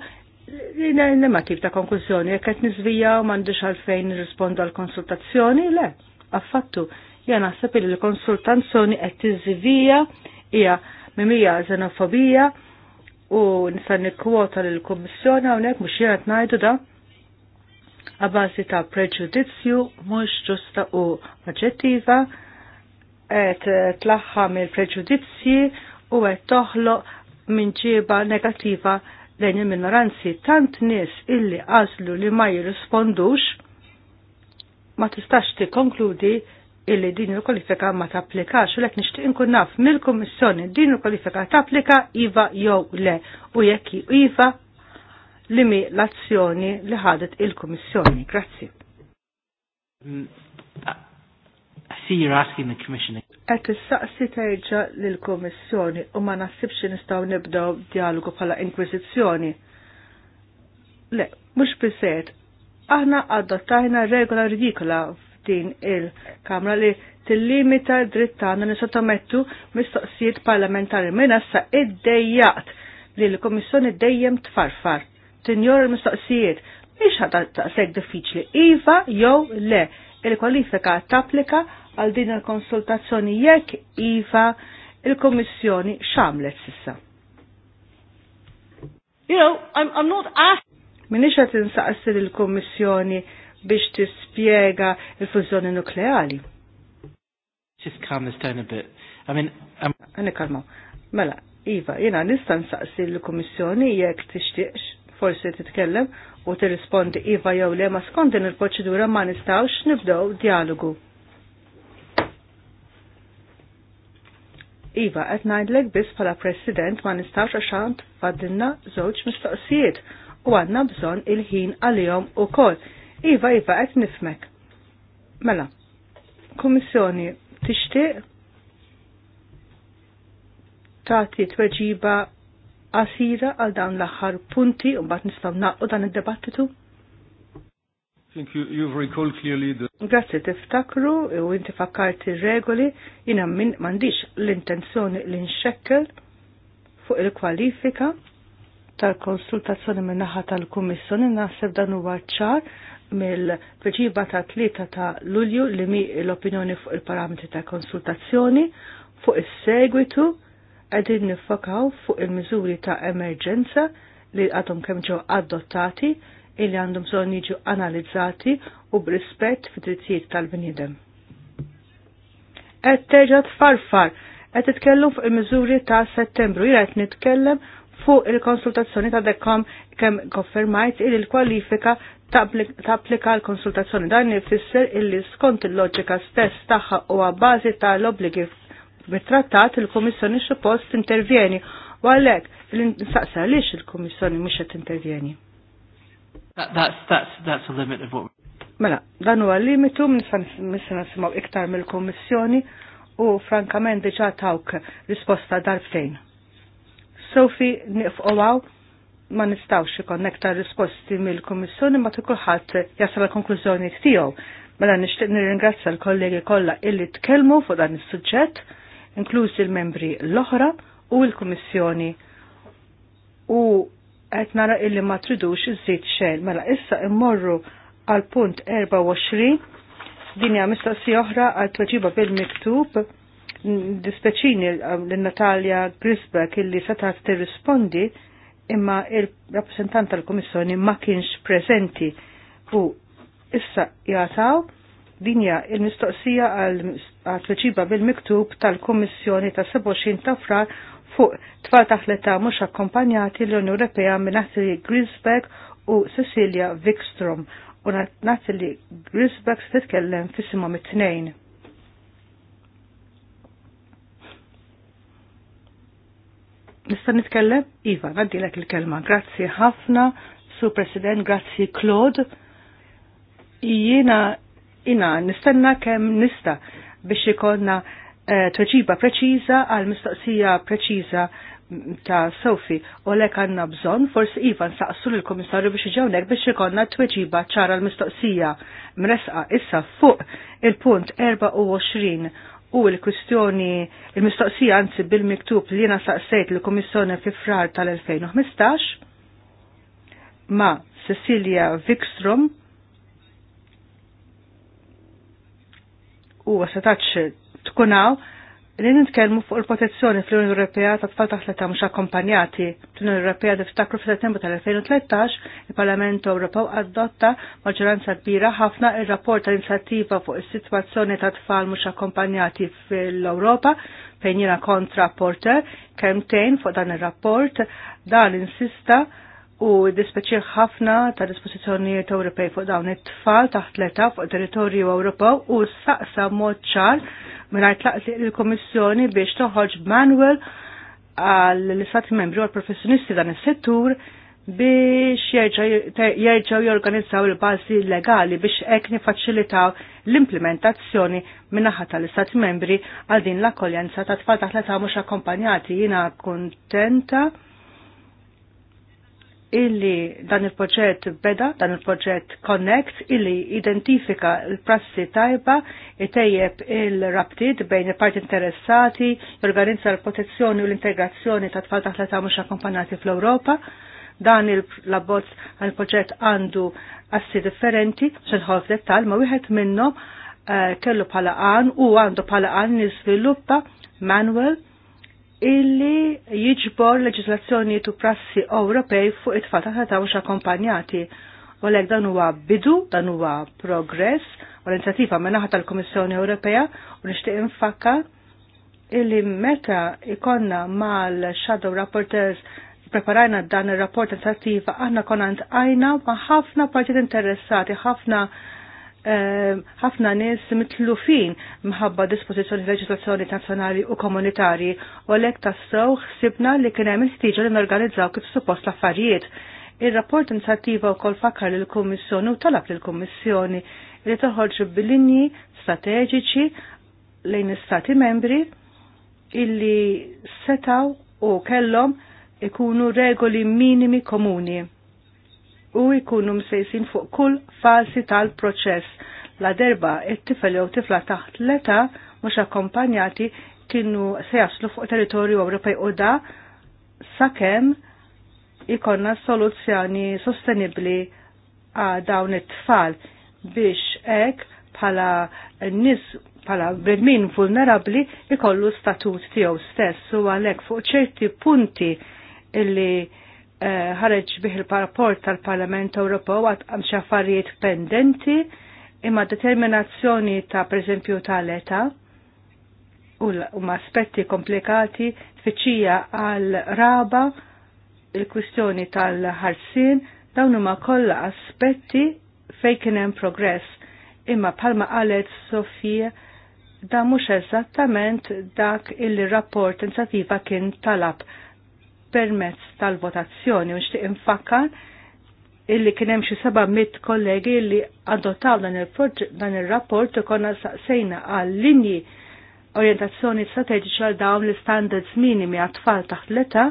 nemma tip ta' konklużjoni, jekk qed nisvijaw m'għandix għalfejn nirrispondu għal konsultazzjoni, le, affattu. Jena naħseb li l-konsultazzjoni qed tiżvija hija mimija xenofobija u nistan nikkwota lill kummissjoni hawnhekk mhux jiena najdu da għabasi ta' preġudizzju mhux ġusta u oġġettiva qed tlaħħam il-preġudizzji u qed toħloq minġiba negattiva lejn il-minoranzi tant nies illi għażlu li ma jirrispondux ma tistax tikkonkludi konkludi illi din il-kwalifika ma tapplikax u lek nixtieq inkun naf mill-Kummissjoni din il-kwalifika tapplika iva jew le u jekk iva li mi l-azzjoni li ħadet il-Kummissjoni. Grazzi. Mm, I see you're asking the Commissioner. Qed issaqsi kummissjoni u ma naħsibx nistgħu nibdew dialogu bħala inkwiżizzjoni. Le, mhux biżejjed. Aħna adottajna regola ridikola din il-Kamra li tillimita dritt tagħna li sottomettu mistoqsijiet parlamentari minn issa iddejjaqt li l-Komissjoni dejjem tfarfar. Tinjor il-mistoqsijiet mhix ħadd taqseg diffiċli iva jew le il-kwalifika tapplika għal din il-konsultazzjoni jekk iva il-Komissjoni xamlet sissa. You know, I'm, I'm not asking. Minix għat insaqsir il-Komissjoni biex tispjega il-fużjoni nukleali. Just calm this down a bit. I mean, um, I'm... kalmo. Mela, Iva, jena nista nsaqsi l-Komissjoni jekk tixtieqx, forsi titkellem u tirrispondi Iva jew le ma skont din il-proċedura ma nistgħux nibdew dialogu. Iva, qed ngħidlek biss bħala President ma nistawx għaxant fadilna żewġ mistoqsijiet u għandna bżonn il-ħin għalihom ukoll Iva, iva, għet nifmek. Mela, kommissjoni tixtieq tagħti tweġiba għasira għal dawn l-aħħar punti u bat nistgħu naqqu dan id debattitu Thank you, you've recalled clearly the... Grazzi tiftakru u inti fakkarti regoli jina min mandiċ l-intenzjoni li inxekkel fuq il-kwalifika tal-konsultazzjoni minnaħa tal-Kummissjoni naħseb dan huwa ċar mill-tweġiba ta' tlieta ta' Lulju li mi l-opinjoni fuq il-parametri ta' konsultazzjoni fuq is-segwitu qegħdin nifokaw fuq il-miżuri ta' emerġenza li għadhom kemm ġew adottati illi għandhom bżonn jiġu analizzati u b'rispett fid-drittijiet tal-bniedem. Qed terġa' tfarfar qed titkellem fuq il-miżuri ta' Settembru, jiena qed nitkellem fuq il-konsultazzjoni ta' dekkom kemm konfermajt il kwalifika tapplika l-konsultazzjoni dan jifisser illi skont il-loġika stess tagħha u għabbażi tal-obligi bit trattat il-Komissjoni suppost intervjeni u għalhekk l-insaqsa lix il-Komissjoni mhux qed intervjeni. Mela, dan huwa limitu nista' nisimgħu iktar mill-Kummissjoni u frankament diġà tawk risposta darbtejn. Sofi nifqgħu ma nistawx ikon nektar risposti mill komissjoni ma ta' kulħadd jasal l-konklużjoni tiegħu. Mela nixtieq nirringrazzja l-kollegi kollha illi tkellmu fuq dan is-suġġett, inkluż il-membri l-oħra u l-Kummissjoni. U qed nara illi ma tridux iżid xejn. Mela issa immorru għal punt 24 din hija mistoqsija oħra għal tweġiba bil-miktub dispeċini l-Natalja Grisbeck illi setat tirrispondi rispondi imma il-rappresentant tal-Komissjoni ma kienx prezenti u issa jataw dinja il-mistoqsija għal-tweċiba bil-miktub tal-Komissjoni ta' 27 ta' frar fuq tfal ta' fleta mux akkompanjati l-Unjoni Ewropea minn Natalie Grisbeck u Cecilia Wikstrom u Natalie Grisbeck se titkellem fissimhom it-tnejn. Nista' nitkellem? Iva, għaddilek il-kelma. Grazzi ħafna, Sur President, grazzi Claude. Jiena jina, nistenna kemm nista' biex ikonna eh, tweġiba preċiża għal mistoqsija preċiża ta' Sofi u lek għanna bżon forsi Iva nsaqsu l-komissarju biex ġewnek biex ikonna tweġiba ċara l-mistoqsija mresqa issa fuq il-punt 24 u l-kwistjoni il-mistoqsija anzi bil-miktub li jena saqsejt l-Komissjoni fi frar tal-2015 ma Cecilia Wikstrom u wasataċ tkunaw Li nitkellmu fuq il-protezzjoni fl-Unjoni Ewropea ta' tfal taħt l-età mhux akkompanjati. L-Unjoni Ewropea tiftakru f'Settembru tal-2013 il-Parlament Ewropew adotta maġġoranza kbira ħafna ir-rapport tal-inizjattiva fuq is-sitwazzjoni ta' tfal mhux akkompanjati fl-Ewropa fejn kontra porter kemmtejn fuq dan ir-rapport dan insista u dispeċir ħafna ta' dispożizzjonijiet Ewropej fuq dawn it-tfal taħt l-età fuq territorju Ewropew u saqsa mod ċar mingħajr tlaqsiq lill-Kummissjoni biex toħroġ manual għall istati membri u għall professjonisti dan is-settur biex jerġaw jorganizzaw il-bazi legali biex ek nifaċilitaw l-implementazzjoni min-naħa tal-istati membri għal din l-akkoljenza ta' tfal taħla l mhux akkompanjati. Jiena kontenta illi dan il-proġett beda, dan il-proġett Connect, illi identifika l-prassi tajba, itejjeb il-rabtid bejn il-parti interessati, jorganizza l-protezzjoni u l-integrazzjoni ta' tfal taħt ta' mhux akkompanjati fl-Ewropa. Dan il-labbozz il proġett għandu assi differenti, xedħol f'dettal, ma wieħed minnhom eh, kellu pala għan u għandu pala għan niżviluppa manual illi jiġbor leġislazzjoni tu prassi Ewropej fuq it-tfal ta' mux akkompanjati. U għalhekk dan huwa bidu, dan huwa progress, u l-inizjattiva menaħa tal-Kummissjoni Ewropea u nixtieq infakka illi meta ikonna mal-Shadow Rapporteurs preparajna dan il-rapport inizjattiva aħna konna ntqajna ma' ħafna partit interessati, ħafna Ehm, ħafna nies mitlufin mħabba dispożizzjoni leġislazzjoni nazzjonali u komunitarji u għalhekk tassew xsibna li kien hemm il-ħtieġa li norganizzaw kif suppost l-affarijiet. Ir-rapport inizjattiva wkoll fakkar lill kummissjoni u talab lill kummissjoni li toħorġ bil-linji strateġiċi lejn istati membri illi setaw u kellhom ikunu regoli minimi komuni u jkunu msejsin fuq kull fasi tal-proċess. La derba it-tifel jew tifla taħt l-età mhux akkompanjati kienu se jaslu fuq territorju Ewropej u da sakemm ikonna soluzzjoni sostenibbli għal dawn it-tfal biex hekk bħala nis bħala bredmin vulnerabli ikollu statut tiegħu stess u għalhekk fuq ċerti punti illi ħareġ bih il-rapport tal-Parlament Ewropew għad xi affarijiet pendenti imma determinazzjoni ta' preżempju tal eta u um aspetti komplikati tfittxija għal raba il-kwistjoni tal-ħarsin dawn huma kollha aspetti fejn kien hemm progress imma palma qalet Sofija da mhux eżattament dak il-rapport inzattiva kien talab permezz tal-votazzjoni. Nixtieq infakkar illi kien hemm xi seba' mit kollegi li adottaw dan ir-rapport konna saqsejna għal linji orientazzjoni strateġiċi għal dawn l-standards minimi għat-tfal taħt l-età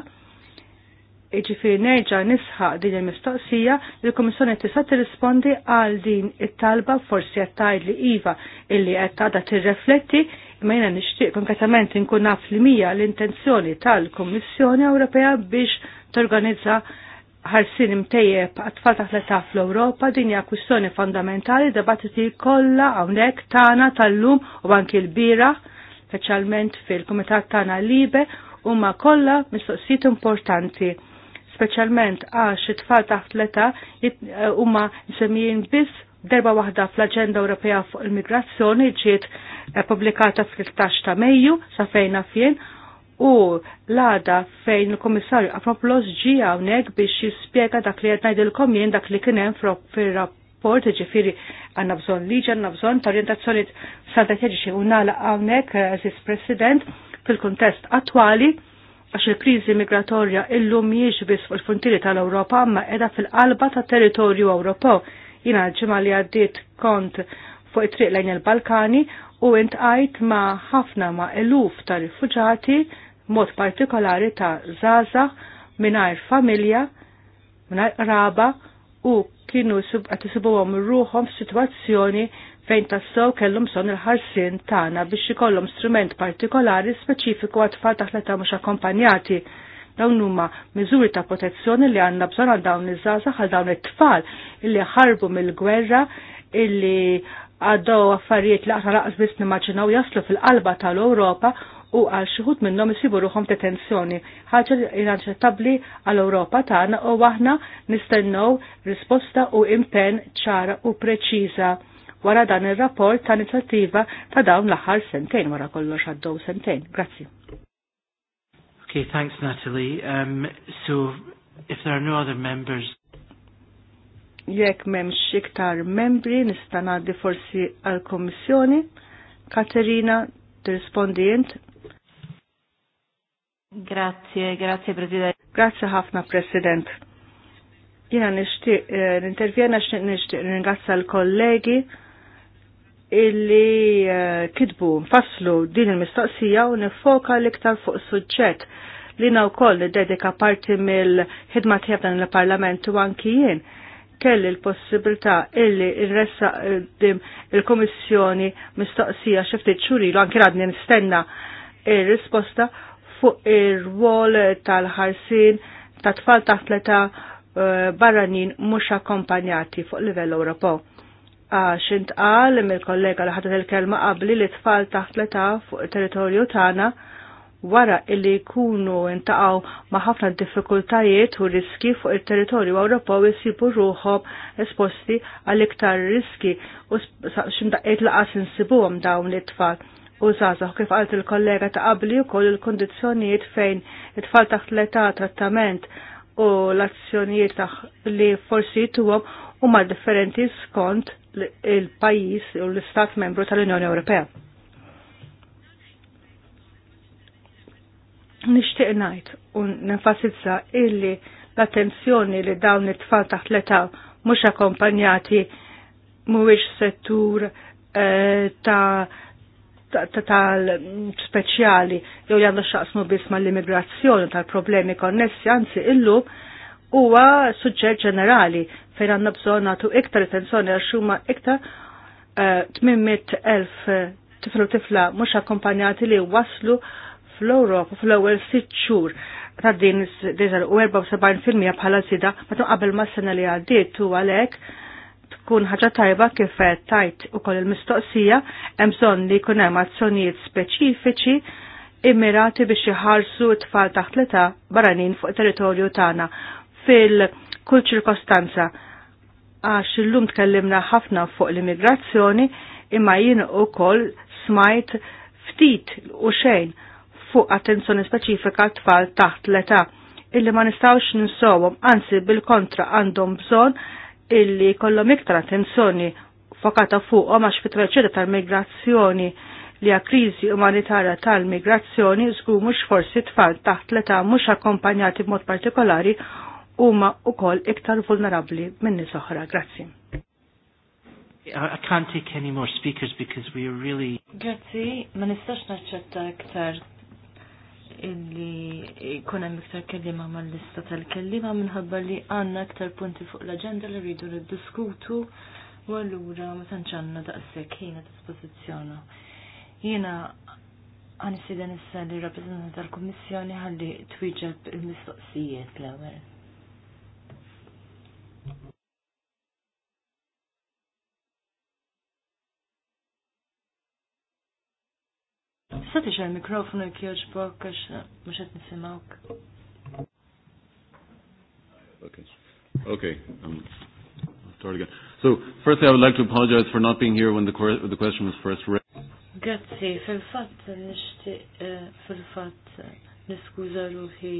Iġifieri nerġa nisħaq din il-mistoqsija, il kummissjoni tista' tirrispondi għal din it-talba forsi qed li iva illi qed għadha tirrefletti Ma jena nishtiq konkretament inkun naf li mija l-intenzjoni tal-Kommissjoni Ewropea biex torganizza ħarsin imtejjeb għatfall taħt l-età fl-Ewropa din hija kwistjoni fondamentali debattiti kollha hawnhekk tagħna tal-lum u anki l-bira, speċjalment fil-Kumitat tagħna Libe, huma kollha mistoqsijiet importanti speċjalment għax it-tfal taħt l-età huma msemmijin biss Derba waħda fl-Aġenda Ewropea fuq il-Migrazzjoni ġiet eh, pubblikata fl 16 ta' Mejju sa fejna fien u l-għada fejn il-Komissarju Afroplos ġi hawnhekk biex jispjega dak li qed ngħidilkom jien dak li kien hemm fir-rapport ġifiri għandna bżonn liġi għanna bżonn ta' orientazzjoni strateġiċi u nagħlaq hawnhekk eżis eh, President fil-kuntest attwali għax il-kriżi migratorja illum mhijiex biss fuq il-frontieri tal-Ewropa ma qiegħda fil-qalba tat-territorju Ewropew Jina ġimma li għaddit kont fuq it-triq lejn il-Balkani u intqajt ma' ħafna ma' eluf ta' rifuġati, mod partikolari ta' zaza, minnajr familja, minnajr raba u kienu għatisibuwom ruħom situazzjoni fejn tassew kellhom son il-ħarsin tagħna biex ikollhom strument partikolari speċifiku għat-tfal taħt l mhux akkompanjati Dawn huma miżuri ta' protezzjoni li għandna bżonn għal dawn iż-żgħażagħ għal dawn it-tfal illi ħarbu mill-gwerra illi għaddew affarijiet li aħna laqas biss nimmaġinaw jaslu fil-qalba tal-Ewropa u għal xuħut minnom jisibu ruħom detenzjoni. ħaġa inaċċettabbli għal Ewropa tagħna u aħna nistennew risposta u impenn ċara u preċiża wara dan ir-rapport ta' inizjattiva ta' dawn l-aħħar sentejn wara kollox għaddew sentejn. Grazzi. Okay, thanks, Natalie. Um, so, if there are no other members... Jekk m'hemmx iktar membri nista' ngħaddi forsi għall kommissjoni Katerina, tirrispondi int. Grazie, grazie President. Grazie ħafna President. Jiena nixtieq eh, nintervjena nixtieq ringrazza l-kollegi illi eh, kidbu nfasslu din il-mistoqsija u nifoka l-iktar fuq suġġett li na wkoll dedika parti mill-ħidma tiegħek dan il-Parlament u anki jien kelli l-possibilità illi irressa eh, dim il-Komissjoni mistoqsija xiftit xurilu anki radni nistenna ir-risposta fuq ir-rwol tal-ħarsin ta' tfal taħtleta eh, barranin mhux akkompanjati fuq livell Ewropew għax intqal mill-kollega li ħadet il-kelma qabli li tfal taħt l-età fuq territorju tagħna wara illi jkunu intaqgħu ma' ħafna diffikultajiet u riski fuq il-territorju Ewropew isibu ruħhom esposti għal iktar riski u x'imdaqqiet laqas insibuhom dawn it-tfal. U zazax kif għalt il-kollega ta' qabli koll il-kondizzjonijiet fejn it-tfal taħt l-età trattament u l-azzjonijiet li forsi jituhom huma differenti skont il-pajis u l-Istat membru tal-Unjoni Ewropea. Nixtieq ngħid u nenfasizza illi l-attenzjoni li dawn it-tfal taħt l-età mhux akkompanjati mhuwiex settur eh, ta' tal-speċjali jew jagħmlu xaqsmu biss mal-immigrazzjoni tal-problemi konnessi, anzi illum huwa suġġett ġenerali fejn għandna bżonn nagħtu iktar attenzjoni għax huma iktar 800,000 eh, tifel u tifla mhux akkompanjati li waslu fl-Ewropa fl-ewwel sitt xhur ta' din u 74% bħala sida, ma qabel ma' sena li għaddiet u għalhekk tkun ħaġa tajba kif tajt ukoll il-mistoqsija hemm bżonn li jkun hemm azzjonijiet speċifiċi immirati biex iħarsu t-tfal taħt l-età barranin fuq territorju tagħna fil-kull ċirkostanza. Għax illum tkellimna ħafna fuq l-immigrazzjoni imma jien kol smajt ftit u xejn fuq attenzjoni speċifika tfal taħt l-età illi ma nistawx ninsowhom, anzi bil-kontra għandhom bżonn illi kollhom iktar attenzjoni fokata fuqhom għax fit-traċeda tal-migrazzjoni li għal kriżi umanitarja tal-migrazzjoni żgur mhux forsi tfal taħt l-età mhux akkompanjati b'mod partikolari huma wkoll iktar vulnerabbli minn nies oħra. Grazzi. I can't take any more speakers because we are really Grazzi, ma nistax naċċetta iktar illi jkun hemm iktar kelliema mal-lista tal kelliema minħabba li għandna iktar punti fuq l-aġenda li rridu niddiskutu u allura ma tantx għandna daqshekk ħina dispożizzjoni. Jiena għan issa li rappresentant tal-Kummissjoni ħalli twieġeb il-mistoqsijiet l-ewwel. Sati xa l-mikrofonu jkjoġbok għax muxet nisimawk. Ok, ok, Um, I'll start again. So, firstly, I would like to apologize for not being here when the, the question was first raised. Grazie, fil fat nishti, fil-fatt eh, fat niskuża ruħi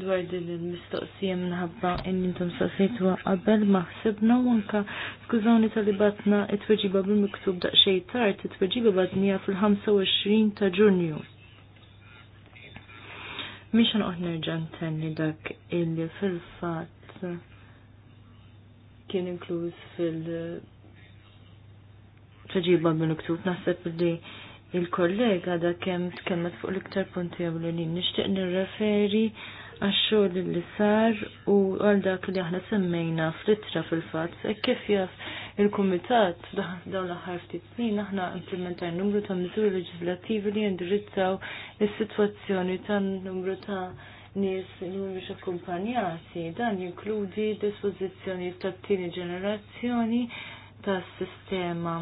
dwar din il-mistoqsija minħabba in nintom saqsejtu qabel maħsibna wanka u anka skużawni tal-li it-tweġiba bil-miktub daqxej tard, it-tweġiba batnija fil-25 ta' Ġunju. Miex għanqot nerġa' ntenni dak illi fil fat kien inkluz fil- tweġiba bil-miktub naħseb li il-kollega da kem tkellmet fuq l-iktar punti għamlunin. Nixtieq nirreferi għax-xogħol li sar u għal dak li aħna semmejna fritra fil-fatt e kif jaf il-kumitat dawn l-aħħar ftit snin aħna implementar numru ta' miżuri leġislattivi li jindirizzaw is-sitwazzjoni ta' numru ta' nies li mhumiex akkumpanjati. Dan jinkludi dispożizzjoni tat-tieni ġenerazzjoni tas-sistema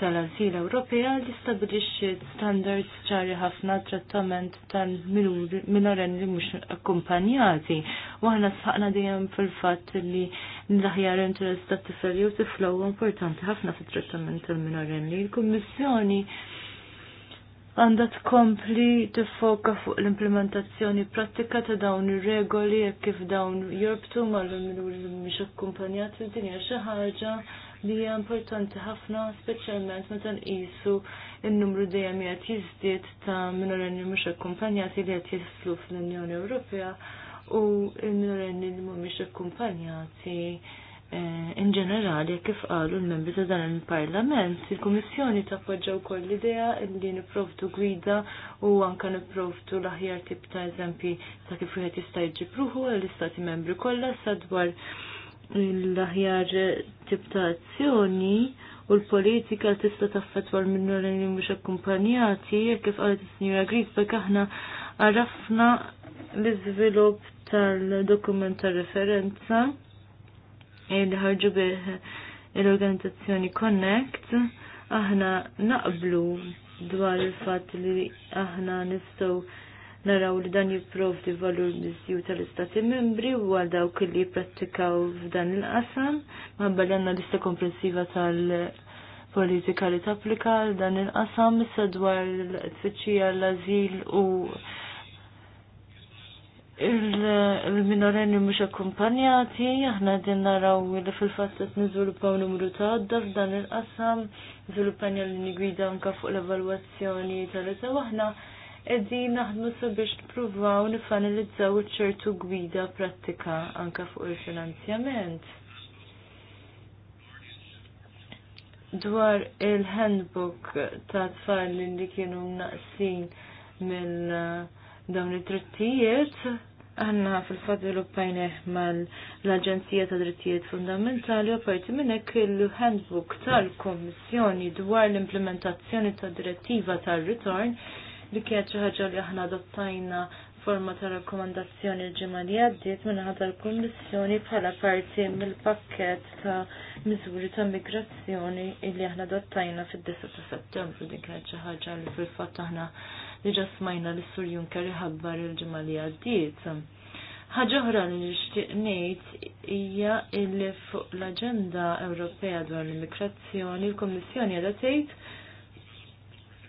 tal-Azil Ewropea li stabilixxiet standards ċari ħafna trattament tal-minoren li mhux akkumpanjati. U aħna sħaqna dejjem fil-fatt li l-aħjar interess ta' tifel jew t importanti ħafna fit-trattament tal-minoren li l-Kummissjoni għandha tkompli tiffoka fuq l-implementazzjoni pratika ta' dawn ir-regoli jekk kif dawn jorbtu mal-minuri li mux akkumpanjati dinja xi ħaġa li hija importanti ħafna speċjalment meta nqisu n-numru dejjem qed jiżdied ta' minorenni mhux akkumpanjati li qed jislu fl-Unjoni Ewropea u l-minorenni li mhumiex akkumpanjati eh, in ġenerali kif qalu l-membri ta' dan il-Parlament, il-Kummissjoni tappoġġaw koll l-idea li niprovdu gwida u anka niprovdu l-aħjar tip ta' eżempi ta' kif wieħed jista' jġibruħu għall-Istati membri kollha sadwar dwar l-aħjar tiptazzjoni u l-politika tista' taffetwa l-minnori li akkumpanjati jekk kif qalet is-Sinjura Grisbeck aħna għarafna l-iżvilupp tal-dokument ta' referenza li ħarġu bih l-organizzazzjoni Connect aħna naqblu dwar il-fatt li aħna nistgħu naraw li dan jipprovdi valur miżju tal-istati membri u għaldaw dawk li jipprattikaw f'dan il-qasam, ma li lista komprensiva tal- politika li tapplika għal dan il-qasam issa dwar l-tfittxija l-azil u il-minorenni mhux akkumpanjati, aħna din naraw li fil fattat qed niżviluppaw numru ta' għadda f'dan il-qasam, żviluppanja l nigwida anka fuq l-evalwazzjoni tal-isa waħna qegħdin naħdmu sabiex nippruvaw nifanalizzaw ċertu gwida prattika anke fuq il-finanzjament. Dwar il-handbook ta' tfal li kienu naqsin mill uh, dawn it trittijiet Għanna fil-fat l mal aġenzija ta' Drittijiet Fundamentali u parti minnek il-handbook tal-Kommissjoni dwar l-implementazzjoni ta' direttiva tal-ritorn li kienet xi ħaġa li aħna adottajna forma ta' rakkomandazzjoni l-ġimgħa li għaddiet minħabba l kummissjoni bħala parti mill-pakkett ta' miżuri ta' migrazzjoni li aħna adottajna fid 10 ta' Settembru li kienet xi ħaġa li fil-fatt aħna diġà smajna li Sur Juncker iħabbar il-ġimgħa li għaddiet. Ħaġa oħra li nixtieq ngħid hija li fuq l-Aġenda Ewropea dwar l-Immigrazzjoni l-Kummissjoni għadha tgħid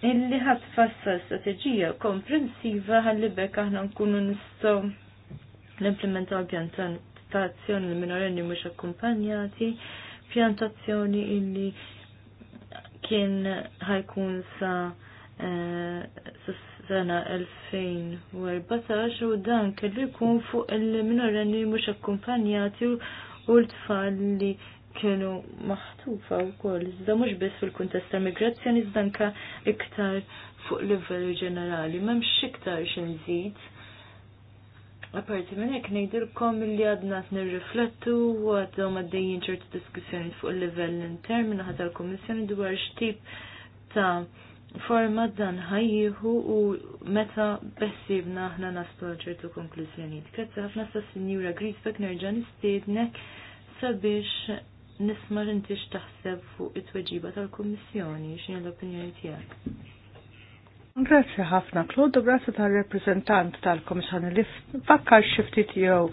illi ħat fassa strategija komprensiva ħalli bekk aħna nkunu nistgħu l-implementaw pjantan li minorenni mhux akkumpanjati, pjantazzjoni illi kien ħajkun sa eh, sena 2014 u dan kellu jkun fuq il-minorenni mhux akkumpanjati u l-tfal li kienu maħtufa u koll, iżda mux biss fil-kuntest ta' migrazzjoni, iżda nka iktar fuq livell ġenerali, memx iktar xinżid. parti minn hekk ngħidilkom li għadna qed nirriflettu u għadhom għaddejjin ċertu diskussjoni fuq livell intern minn ħadd tal-Kummissjoni dwar x'tip ta' forma dan ħajjiħu u meta bessibna aħna naslu ċertu konklużjonijiet. Grazzi ħafna sa' Sinjura Grisbeck nerġa' nistiednek sabiex nisma inti x'taħseb fuq it-tweġiba tal-Kummissjoni x'inhi l-opinjoni tiegħek. Grazzi ħafna, Klodo, grazzi tal-reprezentant tal kommissjoni li fakkar xiftit jew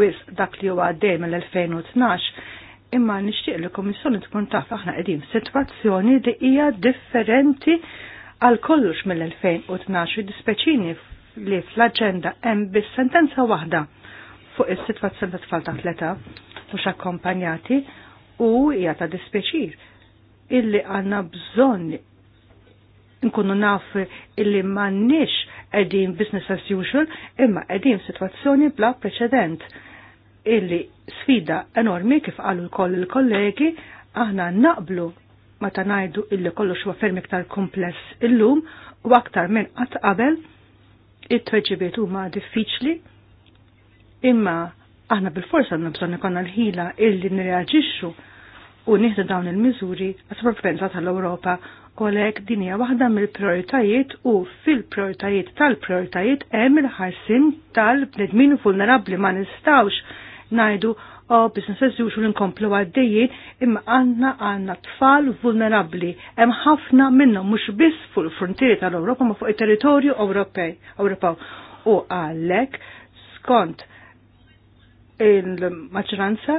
wis dak li huwa għaddej mill-2012 imma nixtieq li l tkun taf aħna qegħdin f'sitwazzjoni li hija differenti għal kollox mill-2012 dispeċini li fl-aġenda hemm bis sentenza waħda fuq is-sitwazzjoni ta' tfal ta' tleta mhux akkompanjati u hija ta' dispeċir illi għanna bżonn nkunu naf illi m'għandniex qegħdin business as usual imma qegħdin f'sitwazzjoni bla preċedent illi sfida enormi kif qalu l-koll il-kollegi aħna naqblu ma ta' najdu illi kollu xwa ferm ktar kompless illum u aktar minn qatt qabel it-tweġibiet huma diffiċli imma Aħna bil-forsa għandna bżonn konna l-ħila illi nirreaġixxu u nieħdu dawn il-miżuri għas propenza tal-Ewropa u għalek din hija waħda mill-prioritajiet u fil-prioritajiet tal-prioritajiet hemm il ħarsim tal-bnedmin vulnerabbli ma nistawx ngħidu o oh, business as usual inkomplu għaddejjien imma għanna għanna tfal vulnerabli. Hemm ħafna minnhom mhux biss fuq il-frontieri tal-Ewropa ma fuq it-territorju Ewropej Ewropew. U għalek skont il-maġranza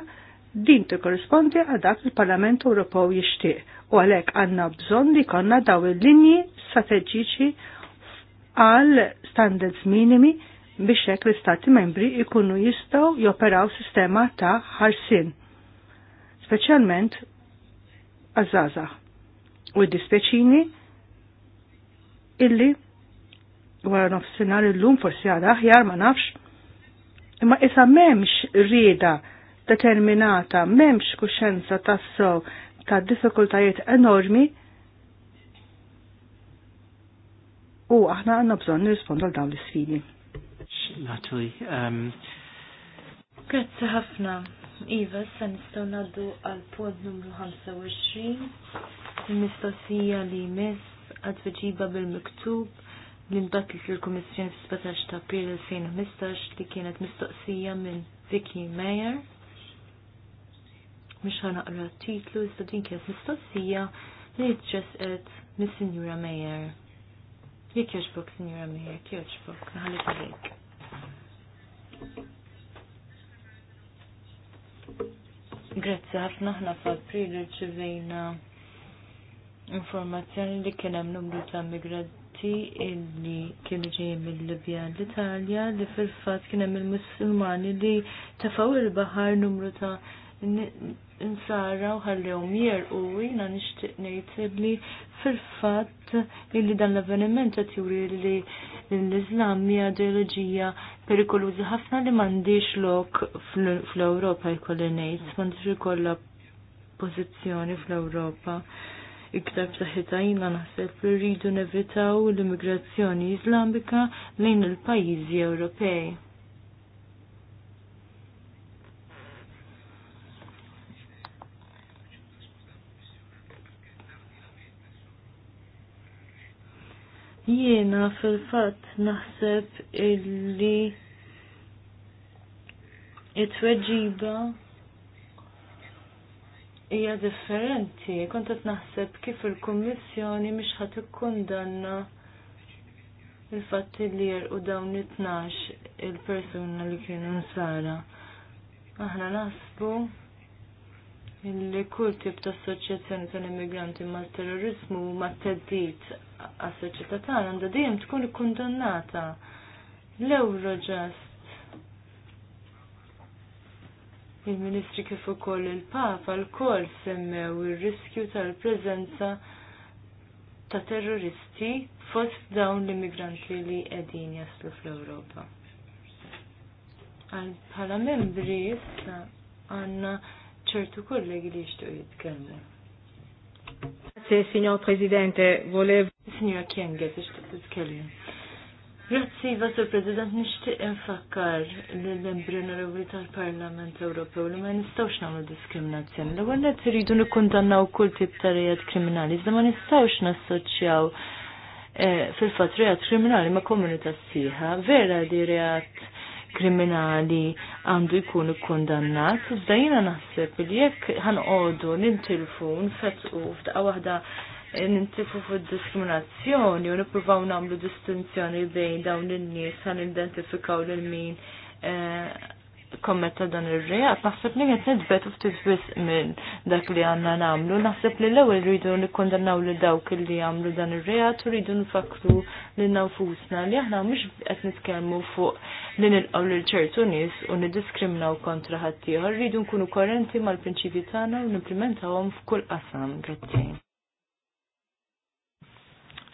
din tikkorrispondi għal dak il-Parlament Ewropew jixtieq u għalhekk għandna bżonn li konna daw il-linji strateġiċi għal standards minimi biex hekk l-istati membri jkunu jistgħu joperaw sistema ta' ħarsin, speċjalment għażaża u dispeċini illi wara nofsinhar illum forsi għada aħjar ma nafx Imma issa memx rieda determinata, memx kuxenza tas-sew ta' diffikultajiet enormi u aħna għanna bżon nirrispondu għal dawn l-sfidi. Natuli, um, Grazzi ħafna. Iva, sa nistaw naddu għal pod numru 25, Nistaw mistoqsija li mis għadveġiba bil-miktub l-inbat l-Komissjoni f-17 ta' april 2015 li kienet mistoqsija minn Vicky Mayer. Mux għra titlu, jista din kienet mistoqsija li ġesqet minn Signora Mayer. Jek joġbok, Signora Mayer, joġbok, naħalli għalik. Grazzi ħafna ħna f-april irċivejna informazzjoni li kienem numru ta' migranti migranti illi kienu ġejjin mill-Libja l-Italja li fil-fatt kien hemm il-Musulmani li tafaw il-baħar numru ta' insara u ħallewhom u jina nixtieq ngħid li fil-fatt illi dan l-avveniment qed juri li l-Islam hija ideoloġija perikolużi ħafna li m'għandix lok fl-Ewropa jkolli ngħid, m'għandix ikollha pożizzjoni fl-Ewropa iktar b'saħħitajna naħseb li rridu nevitaw l-immigrazzjoni Islamika lejn il-pajjiżi Ewropej. Jiena fil-fatt naħseb illi it-tweġiba hija differenti. Kont qed naħseb kif il-Kummissjoni mhix ħadd ikkundanna il-fatt li jerqu dawn it il-persuna li kienu nsara. Aħna naħsbu li kull tip ta' assoċjazzjoni tal-immigranti ma' terrorizmu ma' teddit għas-soċjetà tagħna għandha dejjem tkun ikkundannata. L-Eurojust il-Ministri kif ukoll il-Papa l-koll semmew ir-riskju tal-preżenza ta' terroristi fost dawn l-immigranti li qegħdin jaslu fl-Ewropa. Bħala membri issa għandna ċertu kollegi li jixtuq jitkellmu. Grazie, signor Presidente, volevo. Signor Kienge, tixtuq titkellem. Grazzi, Vasur President, nishtiq infakkar l-membri onorevoli tal-Parlament Ewropew li ma nistawx nagħmlu diskriminazzjoni. L-ewwel qed iridu nikkundannaw kull tip ta' rejat kriminali, iżda ma nistawx nassoċjaw eh, fil-fatt rejat kriminali ma' komunità sieħa. Vera li rejat kriminali għandu jkun ikkundannat, iżda jiena naħseb li jekk ħanqogħdu nintilfu nfettqu f'daqqa waħda nintifu fuq diskriminazzjoni u nippruvaw nagħmlu distinzjoni bejn dawn in-nies għan identifikaw lil min eh, kommetta dan ir-reat. Naħseb li qed nitbetu ftit biss minn dak li għandna nagħmlu. Naħseb li l-ewwel rridu nikkondannaw lil dawk li jagħmlu dan ir-reat u rridu nfakru lil nafusna li aħna mhux qed nitkellmu fuq li nilqgħu lil ċertu nies u niddiskriminaw kontra ħaddieħor. Rridu nkunu korrenti mal prinċipju tagħna u nimplementawhom f'kull qasam. Grazie.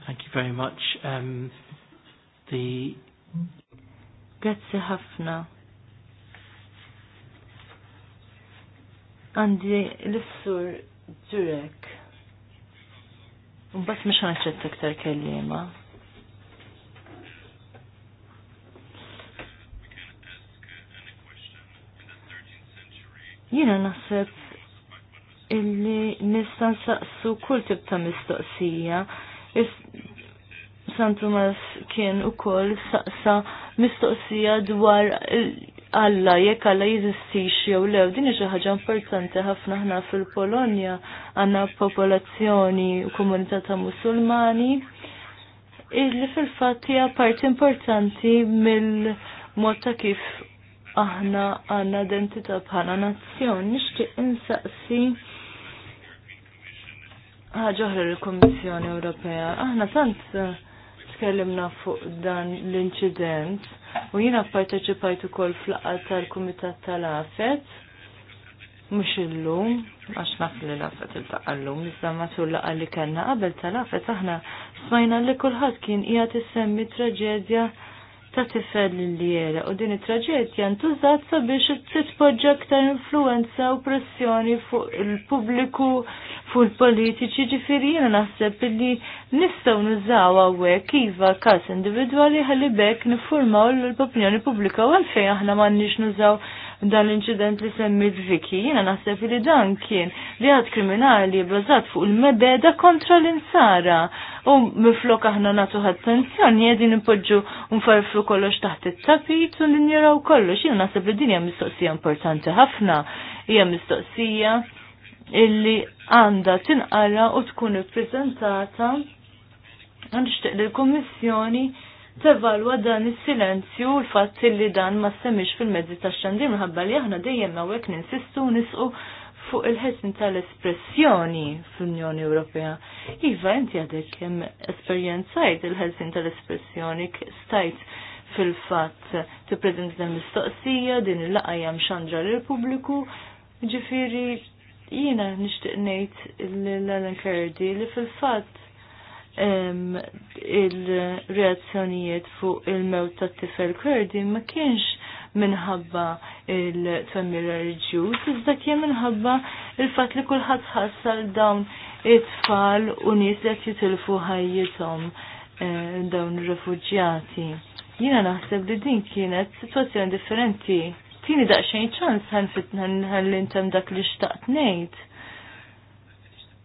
Thank you very much. Um, the Grazzi ħafna. Għandi l-sur Ġurek. Mbagħad mhux ħanaċċett iktar kellima. Jina naħseb illi nistan saqsu kull tip ta' mistoqsija San Tomas kien u koll saqsa mistoqsija dwar Alla jekk Alla jiżistix jew lew din xi ħaġa importanti ħafna ħna fil-Polonja għandna popolazzjoni u komunità ta' Musulmani illi fil-fatt hija parti importanti mill-mod ta' kif aħna għandna identità bħala nazzjon. Nixtieq insaqsi ħagħuħra l-Komissjoni Ewropea. Aħna tant eh, tkellimna fuq dan l-inċident u jina parteċipajtu ukoll fl-qqa tal-Kumitat tal-Afet mhux illum għax naf li l-afet il-taqallum, iżda matul laqgħa li kellna qabel tal-afet aħna smajna li kulħadd kien jgħat semmi traġedja ta' tifel li jela u din it-traġedja ntużat sabiex titpoġġa aktar influenza u pressjoni fuq il-pubbliku fuq il-politiċi ġifiri jena naħseb li nistaw nużaw għawek kiva kas individuali ħalli bekk nifurmaw l-opinjoni pubblika u għalfej aħna ma nix nużaw dan l-inċident li semmi viki jena naħseb li dan kien għad kriminali bbażat fuq il-mebeda kontra l-insara. U miflok aħna natu attenzjoni jedin nipoġġu nfarflu kollox taħt it-tapit u ninjaraw kollox. Jena naħseb li din hija mistoqsija importanti ħafna, hija mistoqsija illi għanda tinqara u tkun ippreżentata għandix li l-Kummissjoni tevalwa dan is-silenzju u l-fatt li dan ma semmix fil-mezzi tax-xandir minħabba li aħna dejjem wek ninsistu nisqu fuq il-ħesin tal-espressjoni fl-Unjoni Ewropea. Iva, inti għadek jem esperienzajt il-ħesin tal-espressjoni stajt fil-fat t-prezent dan mistoqsija din il-laqajam xandra l-Republiku, ġifiri jina nishtiqnejt l lenkerdi Kerdi li fil-fat il-reazzjonijiet fuq il-mewt ta' tifel kurdi ma kienx minħabba il-twemmir reliġjuż, iżda kien minħabba il-fatt li kulħadd ħassal dawn it-tfal u nies li qed jitilfu ħajjithom eh, dawn ir-refuġjati. Jiena naħseb li din kienet sitwazzjoni differenti. Tini daqsxejn ċans ħanfitna l intem dak li xtaqt ngħid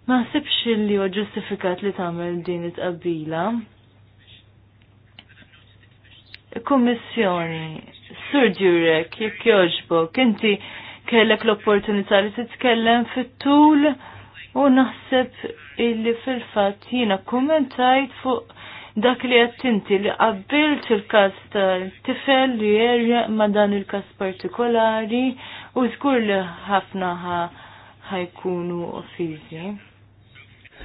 Ma ħsibx li huwa ġustifikat li tagħmel din it-qabila. Kummissjoni, Sur Durek, jekk jogħġbok, inti kellek l-opportunità li titkellem fit-tul u naħseb illi fil-fatt jiena kummentajt fuq dak li qed inti li qabbilt il-każ tal tifel li jerja ma' dan il-każ partikolari u żgur li ħafna ħajkunu offiżi.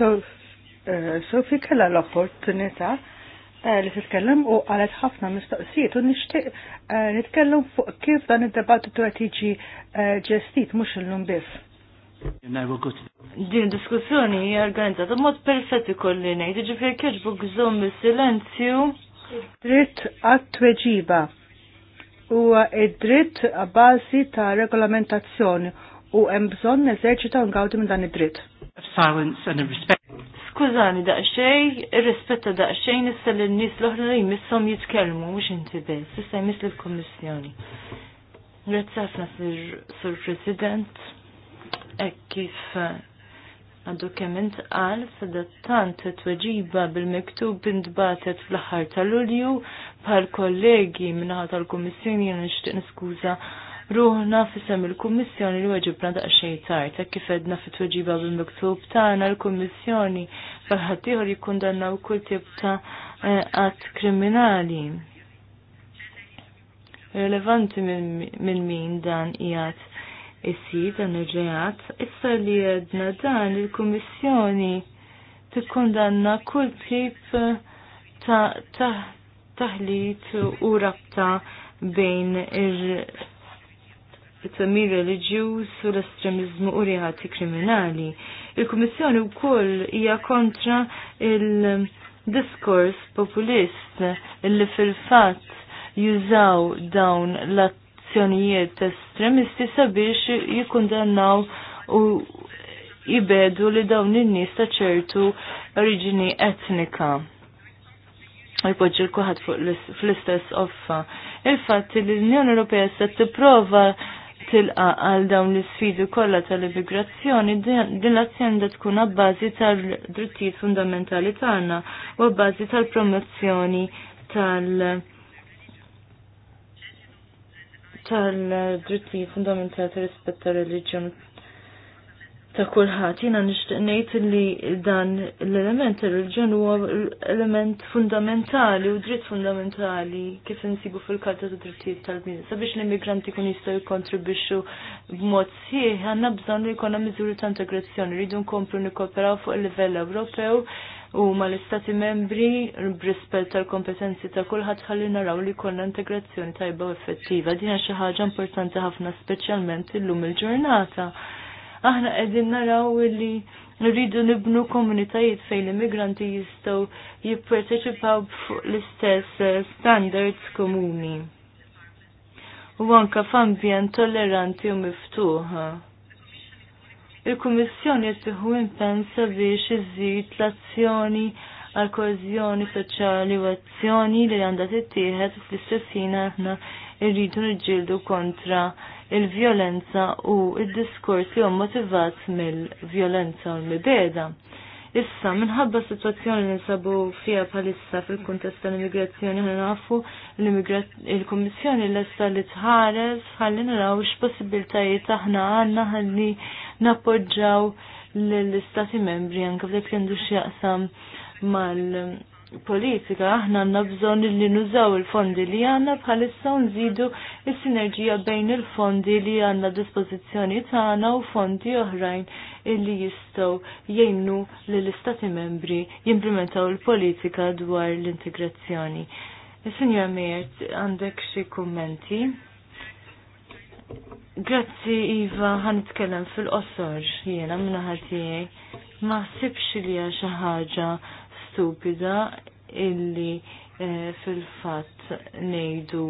Eh, fi kella l-opportunità eh, li titkellem u għalet ħafna mistoqsijiet u nixtieq eh, nitkellem fuq kif dan id-debattitu qed jiġi ġestit mhux illum biss. Din diskussjoni hija organizzata mod perfett ikolli ngħid, jiġifieri kieġbok żomm is-silenzju. Dritt għat-tweġiba huwa id-dritt bażi ta' regolamentazzjoni u hemm bżonn neżerċitaw ngawdi minn dan id-dritt. Skużani ir irrispetta daqsxejn issa l nies l-oħra li jmissom jitkellmu mhux inti biss, issa jmiss lill-Kummissjoni. Grazzi ħafna sur President. Hekk kif eh, għandu qal, intqal tant tweġiba bil-miktub b'intbatet fl-aħħar tal-Ulju bħal kollegi minnaħa tal-Kummissjoni jien nixtieq niskuża ruħna fissem il-Kummissjoni li pranda għaxħej tard, hekk kif edna fit-tweġiba bil-miktub tagħna l-Kummissjoni bħalħadd ieħor jikkundannaw kull tip ta' għat eh, kriminali. Relevanti minn min dan qiegħed isir dan ir-reat, issa li għedna dan il-Kummissjoni tikkundanna kull tip eh, ta' taħlit u rabta bejn ir it-twemmir reliġjuż u l-estremizmu u riħati kriminali. Il-Kummissjoni wkoll hija kontra il-diskors populist illi fil-fatt jużaw dawn l-azzjonijiet estremisti sabiex jikkundannaw u jibedu li dawn in-nies ta' ċertu oriġini etnika jpoġġi l-kuħat fl-istess offa. Il-fatt li l-Unjoni Ewropea se tipprova tilqa għal dawn l-sfidi kollha tal-immigrazzjoni, din l-azzjoni da tkun għabbażi tal-drittijiet fundamentali tagħna u għabbażi tal-promozzjoni tal- tal-drittijiet fundamentali tal-rispett tal-reliġjon ta' kulħadd. Jiena nixtieq ngħid li dan l-element il-reġjon huwa element fundamentali u dritt fundamentali kif insibu fil-Karta ta' Drittijiet tal-Bniedem. Sabiex l-immigranti kun jistgħu jikkontribwixxu b'mod sħiħ għandna bżonn li jkollna miżuri ta' integrazzjoni, rridu nkomplu nikkooperaw fuq il-livell Ewropew u mal-istati membri b'rispett tal-kompetenzi ta' kulħadd ħalli naraw li jkollna integrazzjoni tajba u effettiva. Dina xi ħaġa importanti ħafna speċjalment illum il-ġurnata. il ġurnata aħna qegħdin naraw li rridu nibnu komunitajiet fejn l-immigranti jistgħu jipparteċipaw fuq l-istess eh, standards komuni. U anka f'ambjent tolleranti u miftuħ. Il-Kummissjoni qed tieħu biex iżid l-azzjoni għal koeżjoni soċjali u azzjoni li għandha tittieħed fl-istess ħin aħna rridu niġġieldu kontra il-violenza u il-diskors li motivat mill-violenza u l-mibeda. Issa, minħabba situazzjoni li nsabu fija bħalissa fil-kontest tal-immigrazzjoni għan nafu il-Kommissjoni l-essa li tħares ħalli naraw x-possibiltajiet aħna għanna ħalli nappoġġaw l-Istati membri anke f'dak li għandu x'jaqsam mal- politika aħna għanna bżon li nużaw il-fondi li għanna bħalissa nżidu il-sinerġija bejn il-fondi li għanna dispozizjoni tagħna u fondi oħrajn illi jistaw jgħinu li l-istati membri jimplementaw il-politika dwar l-integrazzjoni. Signor Mejert, għandek xie kommenti? Grazzi Iva, ħanitkellem fil-qosor jiena minna ħatijaj. Ma sibx li għaxa ħaġa stupida illi eh, fil-fatt nejdu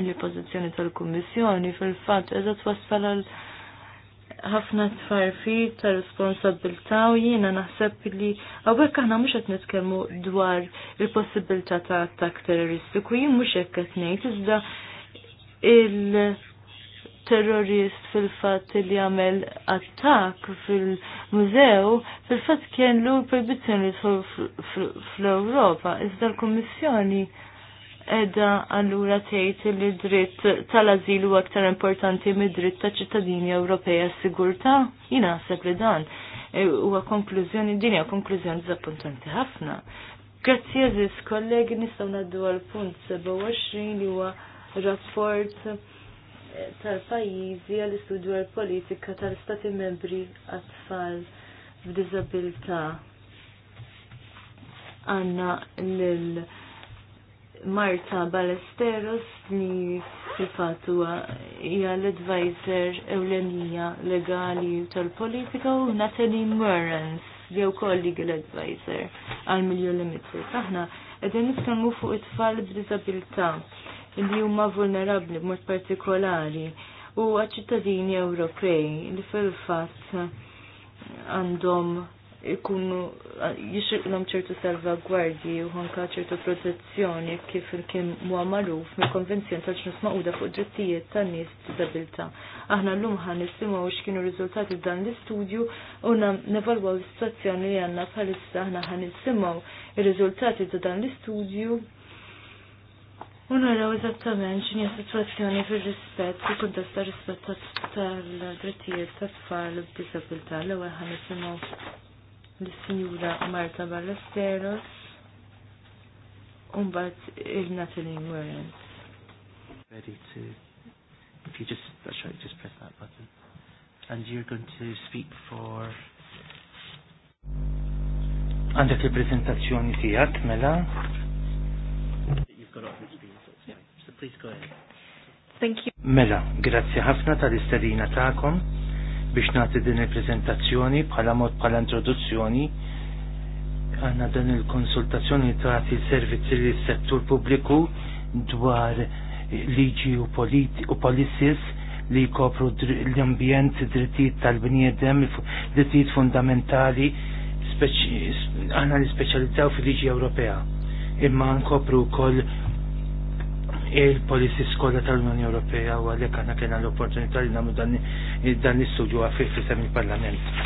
illi pozizjoni tal-Kummissjoni fil-fatt eżat wasfal għal ħafna tfarfir ta' responsabilta u jiena naħseb li għawek aħna mhux qed nitkellmu dwar il-possibilità ta' attak terroristiku jien mhux hekk qed ngħid iżda il- terrorist fil-fat li għamel attak fil-mużew, fil-fat kien l proibizzjoni fl-Europa. Iżda l-Kommissjoni edha allura tgħid li dritt tal-azil huwa aktar importanti mid-dritt ta' ċittadini Ewropeja sigurta, sigurtà Jina naħseb li dan e, huwa konklużjoni din hija konklużjoni żappuntanti ħafna. Grazzi eżis kollegi nistgħu ngħaddu għal punt 27 li huwa rapport tal-pajjiżi għall-istudju għall-politika tal-istati membri għat-tfal b'diżabilità. Għanna lil Marta Balesteros li fil-fatu hija l-advisor ewlenija legali tal-politika u Natalie Murrens li kolli l advisor għal Milju Limited. Aħna qegħdin nitkellmu fuq it-tfal b'diżabilità li huma vulnerabbli b'mod partikolari u għaċ-ċittadini Ewropej li fil-fatt għandhom ikunu jixriqlhom ċertu salvagwardji u anke ċertu protezzjoni kif kien huwa magħruf mill-Konvenzjoni tal-Ġnus Maquda fuq drittijiet tan-nies b'disabilità. Aħna llum ħan nisimgħu x'kienu riżultati dan l-istudju u nevalwaw is-sitwazzjoni li għandna bħalissa aħna ħa nisimgħu ir-riżultati ta' dan l-istudju U eżattament xinja situazzjoni fil rispett u kuntest ta' rispett tal-drittijiet tat-tfal u b'disabilità l-ewwel ħa nisimgħu lis-Sinjura Marta Ballesteros u mbagħad il-Natalie Warren. Ready to if you just that's oh, right, just press that button. And you're going to speak for għandek il-prezentazzjoni tijak, mela, please go ahead. Thank you. Mela, grazzi ħafna tal-istadina ta'kom biex nagħti din il prezentazzjoni bħala mod bħala introduzzjoni għanna dan il-konsultazzjoni ta' servizzi li settur pubbliku dwar liġi u, u policies li kopru l-ambjent, drittijiet tal-bniedem, drittijiet fundamentali, għanna li specializzaw fil-liġi Ewropea. Imma nkopru kol il polisi skola tal-Unjoni Ewropea u għalhekk aħna kellna l-opportunità li nagħmlu dan l-istudju fi fisem il-Parlament.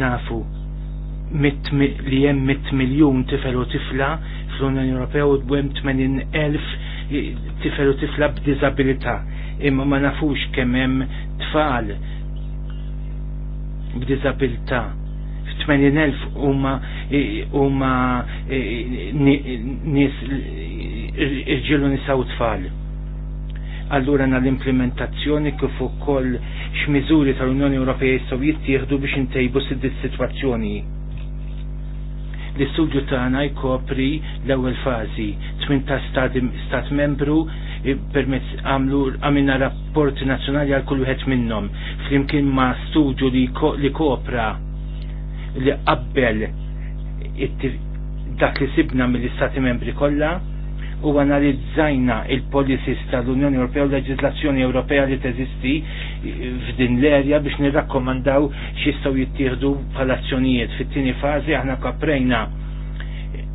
Nafu li hemm 8 miljun tifel u tifla fl-Unjoni Ewropea u hemm 80,000 tifel u tifla b'diżabilità. Imma ma nafux kemm hemm tfal b'diżabilità 80.000 huma eh, huma eh, irġilu nisa u tfal. Allura na l-implementazzjoni kif ukoll x'miżuri tal-Unjoni Ewropea jistgħu jittieħdu biex intejbu sid-sitwazzjoni l-istudju tagħna jkopri l-ewwel fażi 18 stat membru eh, permezz għamlu għamina rapporti nazzjonali għal kull wieħed minnhom flimkien ma' studju li kopra li qabbel dak li sibna mill-Istati membri kollha u analizzajna il-policies tal-Unjoni Ewropea u l leġislazzjoni Ewropea li teżisti f'din l-erja biex nirrakkomandaw x'jistgħu jittieħdu bħal azzjonijiet. Fit-tieni fażi aħna kaprejna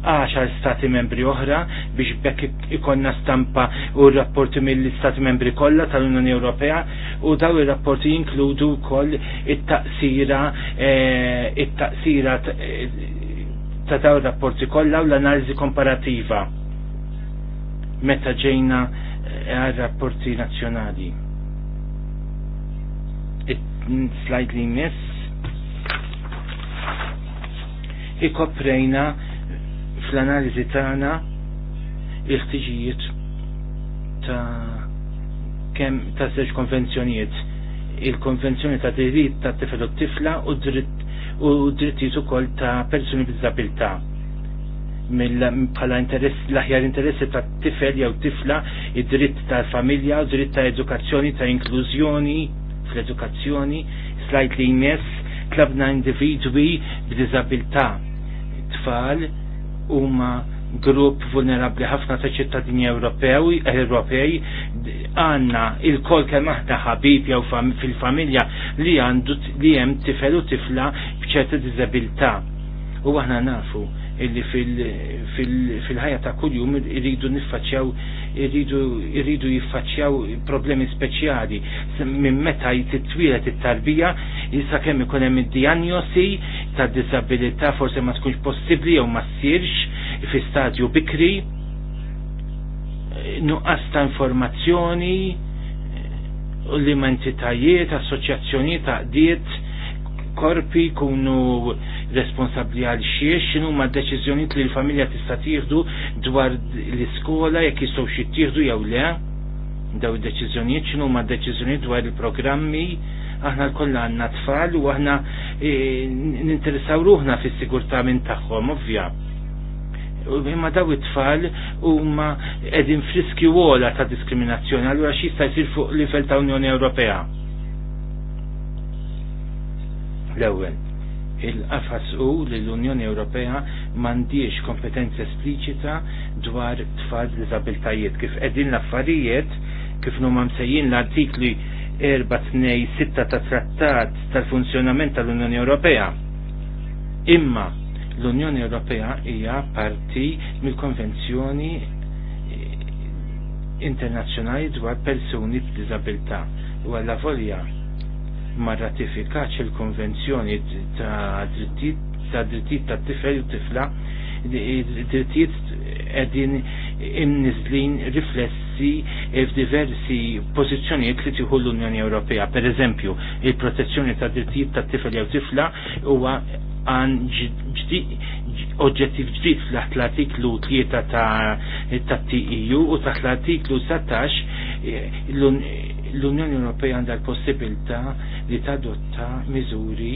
għaxar stati membri oħra biex bekk ikonna stampa u rapporti mill-stati membri kollha tal-Unjoni Ewropea u daw ir-rapporti jinkludu wkoll it-taqsira eh, it-taqsira ta' daw ir-rapporti kollha u l-analiżi komparativa meta ġejna eh, għal rapporti nazzjonali. Slide li jmiss ikoprejna fl-analiżi tagħna il-ħtiġijiet ta' kemm ta' żewġ konvenzjonijiet il-konvenzjoni ta' diritt ta' tifel u tifla u dritt u drittijiet ukoll ta' persuni b'disabilità bħala interess l-aħjar interessi ta' tifel jew tifla, id-dritt ta' familja, dritt ta' edukazzjoni, ta' inklużjoni fl-edukazzjoni, slightly li klabna individwi b'diżabilità tfal, huma grupp vulnerabli ħafna ta' ċittadini Ewropewi Ewropej, għanna il-kol kemm aħna ħabib jew fil-familja li għandu li hemm tifel u tifla b'ċerta diżabilità. U aħna nafu illi fil-ħajja ta' kuljum irridu niffaċċjaw irridu jiffaċċjaw problemi speċjali minn meta jtitwilet it-tarbija issa kemm ikun hemm id-dijanjosi ta' disabilità forse ma tkunx possibbli jew ma ssirx fi stadju bikri nuqqas ta' informazzjoni u li ma entitajiet, assoċjazzjonijiet, taqdiet korpi jkunu responsabbli għal xiex xinu ma deċiżjonijiet li l-familja tista' tieħdu dwar l-iskola jekk jistgħu xi tieħdu jew le daw id-deċiżjonijiet xinu ma deċiżjonijiet dwar il-programmi aħna l kolla għanna tfal u aħna e, ninteressaw ruħna fis sigurtà minn tagħhom ovvja. Imma daw it-tfal huma qegħdin friski wola ta' diskriminazzjoni, allura xi jista' jsir fuq livell ta' Unjoni Ewropea L-ewwel, il-qafas u li l-Unjoni Ewropea m'għandiex kompetenza espliċita dwar tfal diżabiltajiet. Kif qegħdin l-affarijiet, kif ma msejjin l artikli 4.2.6 ta' trattat tal-funzjonament tal-Unjoni Ewropea. Imma l-Unjoni Ewropea hija parti mill-Konvenzjoni internazzjonali dwar persuni b'diżabilità u għalla volja ma ratifikax il-konvenzjoni ta' drittijiet ta' drittijiet ta' tifel u tifla drittijiet għedin imnizlin riflessi f'diversi pożizzjonijiet li tieħu l-Unjoni Ewropea. Per eżempju, il-protezzjoni ta' drittijiet ta' tifel jew tifla huwa għan oġġettiv ġdid fl-aħt l-artiklu 3 ta' TIU e u taħt l-artiklu 17 l-Unjoni Ewropea għandha l-possibilità li tadotta miżuri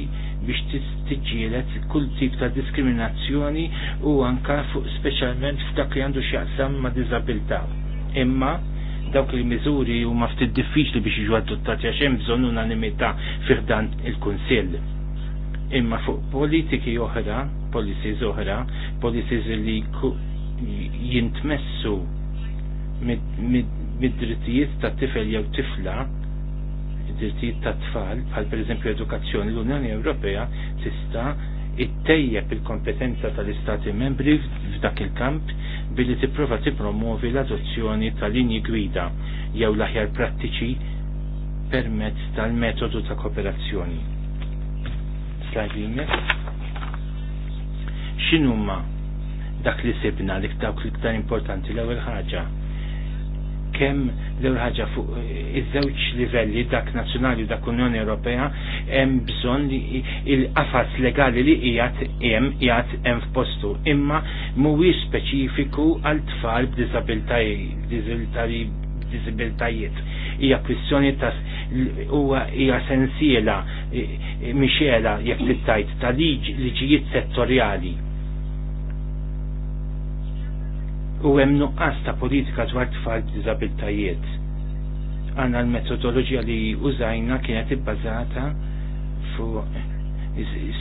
biex tiġġielet kull tip ta' diskriminazzjoni u anka fuq speċjalment f'dak li għandu x'jaqsam ma' diżabilità. Imma dawk il miżuri huma ftit diffiċli biex jiġu adottati għax hemm bżonn unanimità fih dan il-Kunsill. Imma fuq politiki oħra, policies oħra, policies li jintmessu mid-drittijiet ta' tifel jew tifla id-drittijiet ta' tfal bħal pereżempju edukazzjoni l-Unjoni Ewropea tista' ittejjeb il-kompetenza tal-Istati membri f'dak il-kamp billi tipprova tippromovi l-adozzjoni tal-linji gwida jew l-aħjar prattiċi permezz tal-metodu ta' kooperazzjoni. Slajdimet. X'inhuma dak li sibna li dawk li ktar importanti l-ewwel ħaġa kemm l-ewwel ħaġa fuq eh, iż-żewġ livelli dak nazzjonali u dak Unjoni Ewropea hemm bżonn li il-qafas legali li qiegħed hemm qiegħed hemm f'postu, imma mhuwiex speċifiku għal tfal b'diżabiltajiet. Hija kwistjoni ta' huwa hija sensiela eh, eh, mixela jekk tittajt ta' liġijiet settorjali u hemm nuqqas ta' politika dwar tfal b'diżabiltajiet. Għanna l-metodoloġija li użajna kienet ibbażata fuq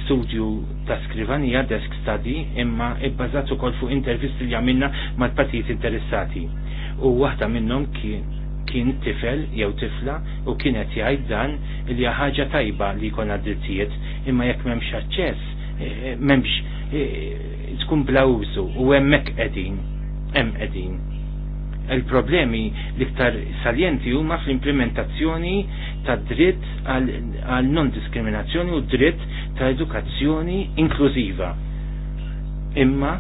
studju ta' skrivanija desk study imma ibbażat ukoll fuq intervisti li għamilna mal-partijiet interessati. U waħda minnhom kien kien tifel jew tifla u kienet jgħid dan li ħaġa tajba li jkollna drittijiet imma jekk m'hemmx aċċess eh, m'hemmx eh, tkun bla użu u hemmhekk qegħdin hemm qegħdin. Il-problemi l-iktar saljenti huma fl-implementazzjoni ta' dritt għal non-diskriminazzjoni u dritt ta' edukazzjoni inklużiva. Imma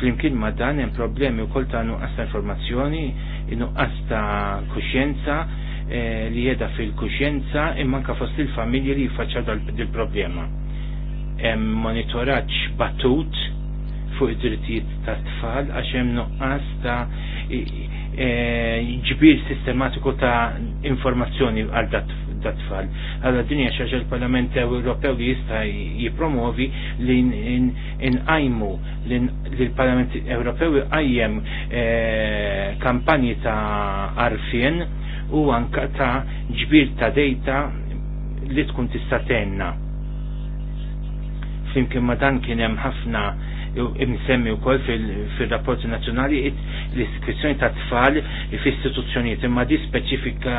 flimkien ma' dan hemm problemi wkoll ta' nuqqas ta' informazzjoni, nuqqas ta' kuxjenza, eh, li jeda fil-kuxjenza imma ka fost il-familji li jifacċa dal-problema. Monitoraċ battut fuq id-drittijiet ta' tfal għax hemm nuqqas ta' e, ġbir sistematiku ta' informazzjoni għal dat tfal. Għalla xi ħaġa l-Parlament Ewropew li jista' jippromovi li nqajmu li l-Parlament Ewropew jqajjem e, kampanji ta' arfien u anka ta' ġbir ta' dejta li tkun tista' tenna flimkien ma dan kien hemm ħafna imsemmi wkoll fil-rapporti nazzjonali l-iskrizzjoni ta' tfal f'istituzzjonijiet imma di speċifika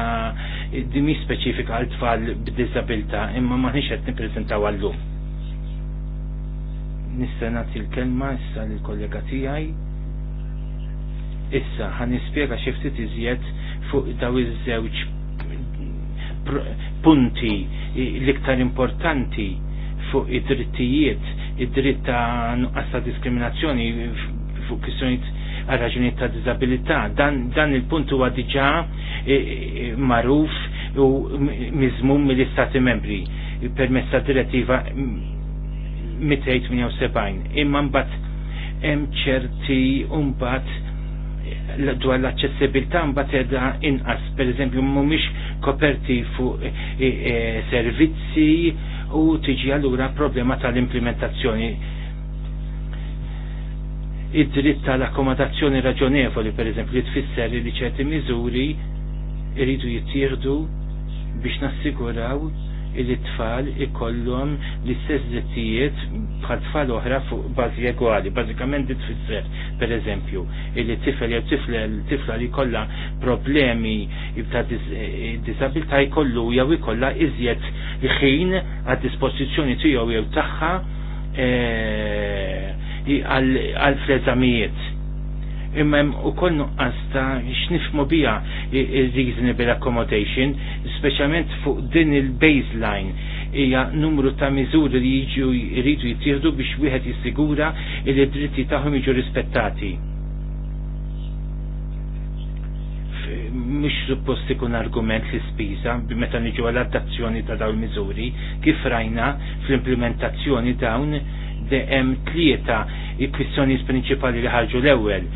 di mi speċifika għal tfal b'diżabilità imma ma' qed nippreżentaw għallum. Nista' nagħti l-kelma issa lill-kollega tiegħi. Issa għan nispjega xi ftit iżjed fuq daw iż-żewġ punti l-iktar importanti fuq id-drittijiet id-dritt ta' nuqqas ta' diskriminazzjoni fuq kwistjonijiet għal raġunijiet ta' diżabilità. Dan, dan il-punt huwa diġà e, e, magħruf u miżmum mill-Istati Membri permezz ta' direttiva 278. Imma mbagħad hemm ċerti mbagħad dwar l-accessibilità mbagħad edha inqas, pereżempju mhumiex koperti fuq e, servizzi u tiġi allura problema tal-implementazzjoni id-dritt tal-akkomodazzjoni raġonevoli per eżempju li tfisser li ċerti miżuri iridu jittieħdu biex nassiguraw il-tfal ikollhom l-istess drittijiet bħal tfal oħra fuq bażi egwali. Bażikament dit tfisser, per eżempju, il-tifel jew tifla tifla li kollha problemi ta' disabilità jkollu jew ikollha iżjed ħin għad dispożizzjoni tiegħu jew tagħha eh, għal freżamijiet eżamijiet imma hemm ukoll nuqqas ta' x'nifhmu biha reasonable accommodation, speċjalment fuq din il-baseline hija numru ta' miżuri li jiġu jridu jittieħdu biex wieħed jissigura li d-dritti tagħhom jiġu rispettati. mhux suppost ikun argument li spiża meta niġu għall adattazzjoni ta' dawn il-miżuri kif rajna fl-implementazzjoni dawn hemm tlieta il-kwistjonijiet prinċipali li ħarġu l-ewwel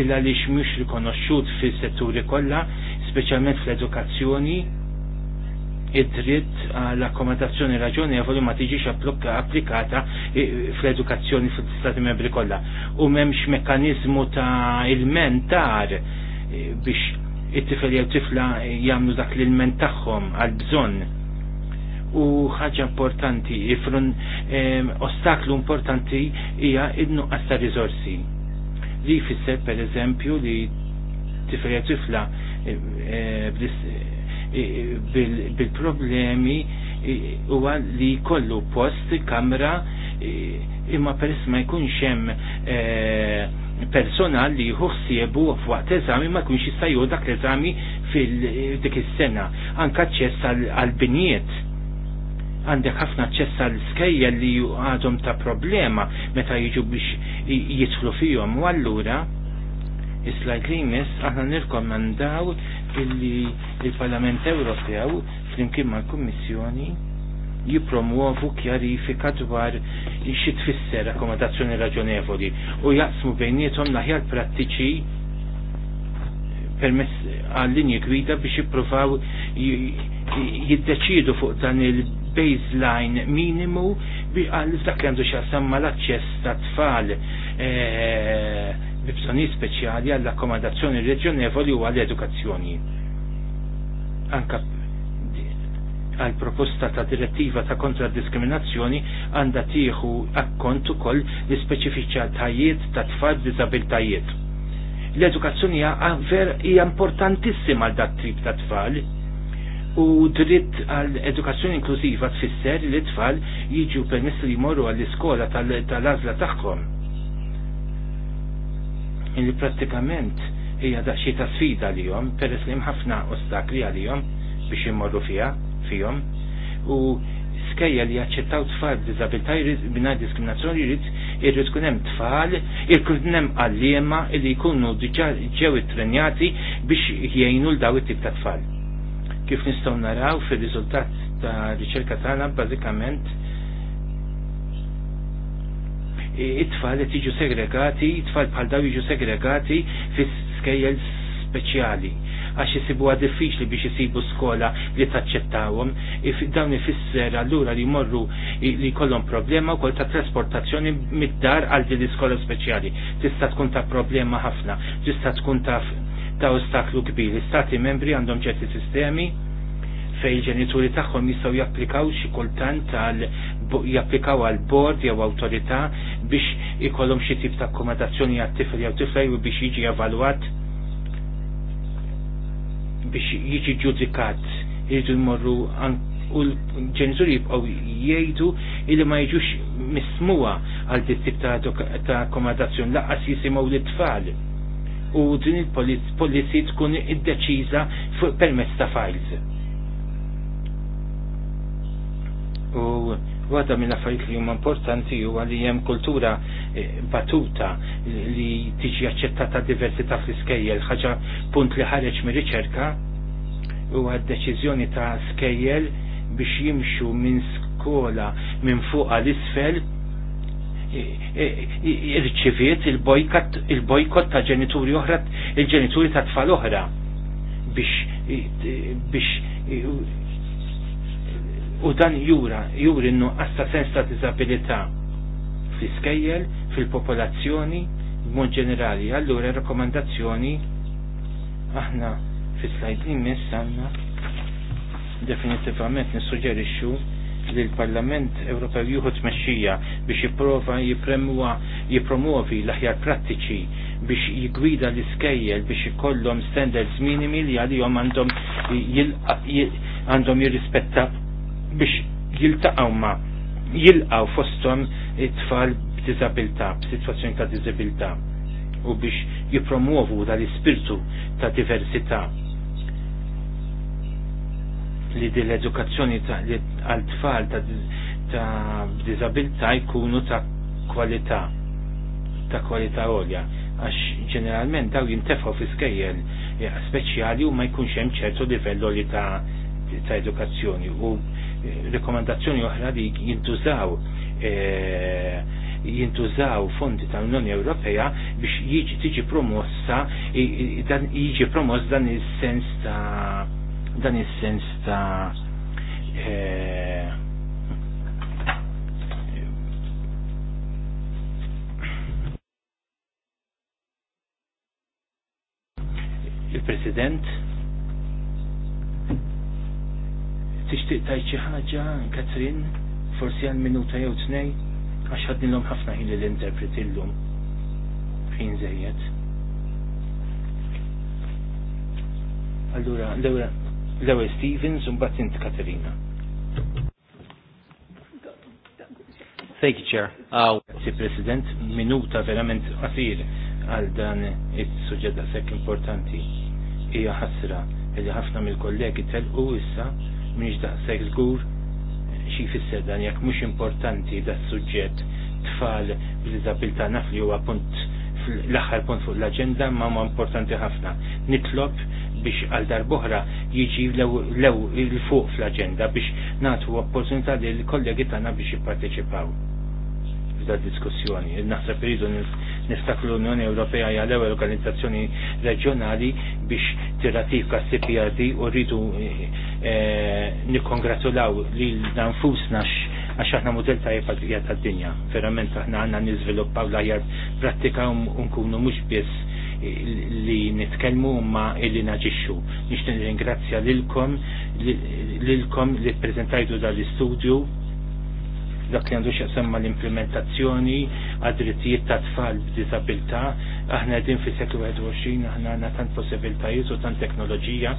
illa li mhux rikonoxxut fis-setturi kollha, speċjalment fl-edukazzjoni, id-dritt għall akkomodazzjoni għavoli ma tiġix applikata eh, fl-edukazzjoni fl-Stati membri kollha. U m'hemmx mekkaniżmu ta' il-mentar eh, biex it-tifel jew tifla eh, jagħmlu dak l-ilment tagħhom għal bżonn u ħaġa importanti, ifrun ostaklu importanti hija idnu nuqqas ta' Li jfisser per eżempju li tifrija tifla eh, eh, eh, bil-problemi huwa li kollu post, kamra, imma peress ma jkunx hemm personal li jħuħsiebu f'waqt eżami ma jkunx jista' dak l-eżami fil-dik is-sena. Anka ċess għal-binijiet għandek ħafna ċessa l-skejja li għadhom ta' problema meta jiġu biex jidħlu fihom u allura is-slajd li jmiss aħna nirkomandaw illi il-Parlament Ewropew flimkien mal-Kummissjoni jipromuovu kjarifika dwar xi tfisser akkomodazzjoni raġonevoli u jaqsmu bejniethom l-aħjar prattiċi permess għal linji gwida biex jippruvaw jiddeċidu fuq dan il- baseline minimu bi għal dak li għandu xasam l aċċess ta' tfal e, bibżoni speċjali għall akkomandazzjoni reġjonevoli u għall edukazzjoni Anka għal proposta ta' direttiva ta' kontra diskriminazzjoni għanda tieħu akkont ukoll l speċifiċa tajiet ta' tfal b'diżabiltajiet. L-edukazzjoni hija importantissima għal dat trip ta' tfal u dritt għal edukazzjoni inklużiva tfisser li t tfal jiġu permess li jmorru għall-iskola tal azla tagħhom. Illi prattikament hija daqsxi ta' sfida jom, peress li hemm ħafna ostakli għalihom biex jmorru fiha fihom u skejja li jaċċettaw tfal b'diżabilità mingħajr diskriminazzjoni jrid irrid kunem hemm tfal, irrid għal hemm illi li jkunu ġew ittrenjati biex jgħinu l dawit it-tip ta' tfal Kif nistgħu naraw fir-riżultat ta' riċerka tagħna bażikament it-tfal qed jiġu segregati, it-tfal bħal daw jiġu segregati fi skejjel speċjali għax jisibu diffiċli biex jisibu skola li taċċettawhom, dawn ifisser allura li jmorru li kollhom problema wkoll ta' trasportazzjoni mid-dar għal din l-iskola speċjali. Tista' tkun ta' problema ħafna, tista' tkun ta' ta' ostaklu kbir. Stati membri għandhom ċerti sistemi fej ġenituri tagħhom jistgħu japplikaw xi kultant għal japplikaw għal bord jew awtorità biex ikollhom xi tip ta' akkomodazzjoni għat-tifel jew tifla jew biex jiġi evalwat biex jiġi ġudikat jridu jmorru u l-ġenituri jibqgħu jgħidu illi ma jiġux mismuwa għal dit tip ta' akkomodazzjoni laqqas jisimgħu l-tfal u din il-policy tkun id deċiza permezz ta' files. U għada minn affarijiet li huma importanti huwa li hemm kultura eh, batuta li tiġi aċċettata diversita fl skejjel ħaġa punt li ħareġ mir-riċerka u għad-deċiżjoni ta' skejjel biex jimxu minn skola minn fuq għal isfel irċiviet il-bojkot ta' ġenituri oħra, il-ġenituri ta' tfal oħra biex biex u dan jura, juri innu ta' sens ta' disabilità fl fil-popolazzjoni, b'mod ġenerali. Allura rakkomandazzjoni aħna fis-slajd li għandna definitivament nissuġġerixxu li l-Parlament Ewropew jieħu tmexxija biex jipprova jipromuovi l-aħjar prattiċi biex jigwida l-iskejjel biex ikollhom standards minimi li għalihom għandhom għandhom jirrispetta biex jiltaqgħu ma jilqgħu fosthom it-tfal b'diżabilità, b'sitwazzjoni ta' diżabilità u biex jipromuovu dal-ispirtu ta' diversità li din l-edukazzjoni għal tfal ta' b'diżabilità jkunu ta' kwalità ta' kwalità għolja għax ġeneralment daw jintefgħu fi skejjel e, speċjali u ma jkunx hemm ċertu livello li ta' ta' edukazzjoni u e, rekomandazzjoni oħra li jintużaw e, jintużaw fondi tal-Unjoni Ewropea biex jiġi tiġi promossa dan jiġi promoss dan is-sens ta' dan is-sens ta' e, il-President tixtieq tajt xi ħaġa Katrin forsi għal minuta jew tnej għax ħadnilhom ħafna ħin l interpreti llum ħin żejjed. Allura, l Lewe Stevens un Batint Katerina. Thank you, Chair. Uh, Aw, si President, minuta verament qasir għal dan il sujġedda sekk importanti. Hija ħasra li ħafna mill-kollegi telqu issa minix daqshekk żgur xi fisser dan jekk mhux importanti da suġġett tfal b'diżabilità naf li huwa punt l-aħħar punt fuq l-aġenda ma ma importanti ħafna. Nitlob biex għal darbohra jiġi l-ew il-fuq fl-aġenda biex natu opportunità li l-kollegi tagħna biex jipparteċipaw f'da diskussjoni. Naħseb iridu niftakru l-Unjoni Ewropea hija l-ewwel organizzazzjoni reġjonali biex tirratifika CPRD u rridu eh, eh, nikkongratulaw lil nanfusna x għax aħna mudell tajjeb għal ta' tad-dinja. Verament aħna għanna niżviluppaw l-ajjar prattika u nkunu mhux biss li nitkellmu ma illi naġixxu. Nixtieq ringrazzja lilkom lilkom li prezentajdu dal-istudju dak li għandu xaqsamma l-implementazzjoni għad-drittijiet ta' tfal b'disabilta, aħna għedin fis seklu 21, aħna għanna tant possibiltajiet u tant teknoloġija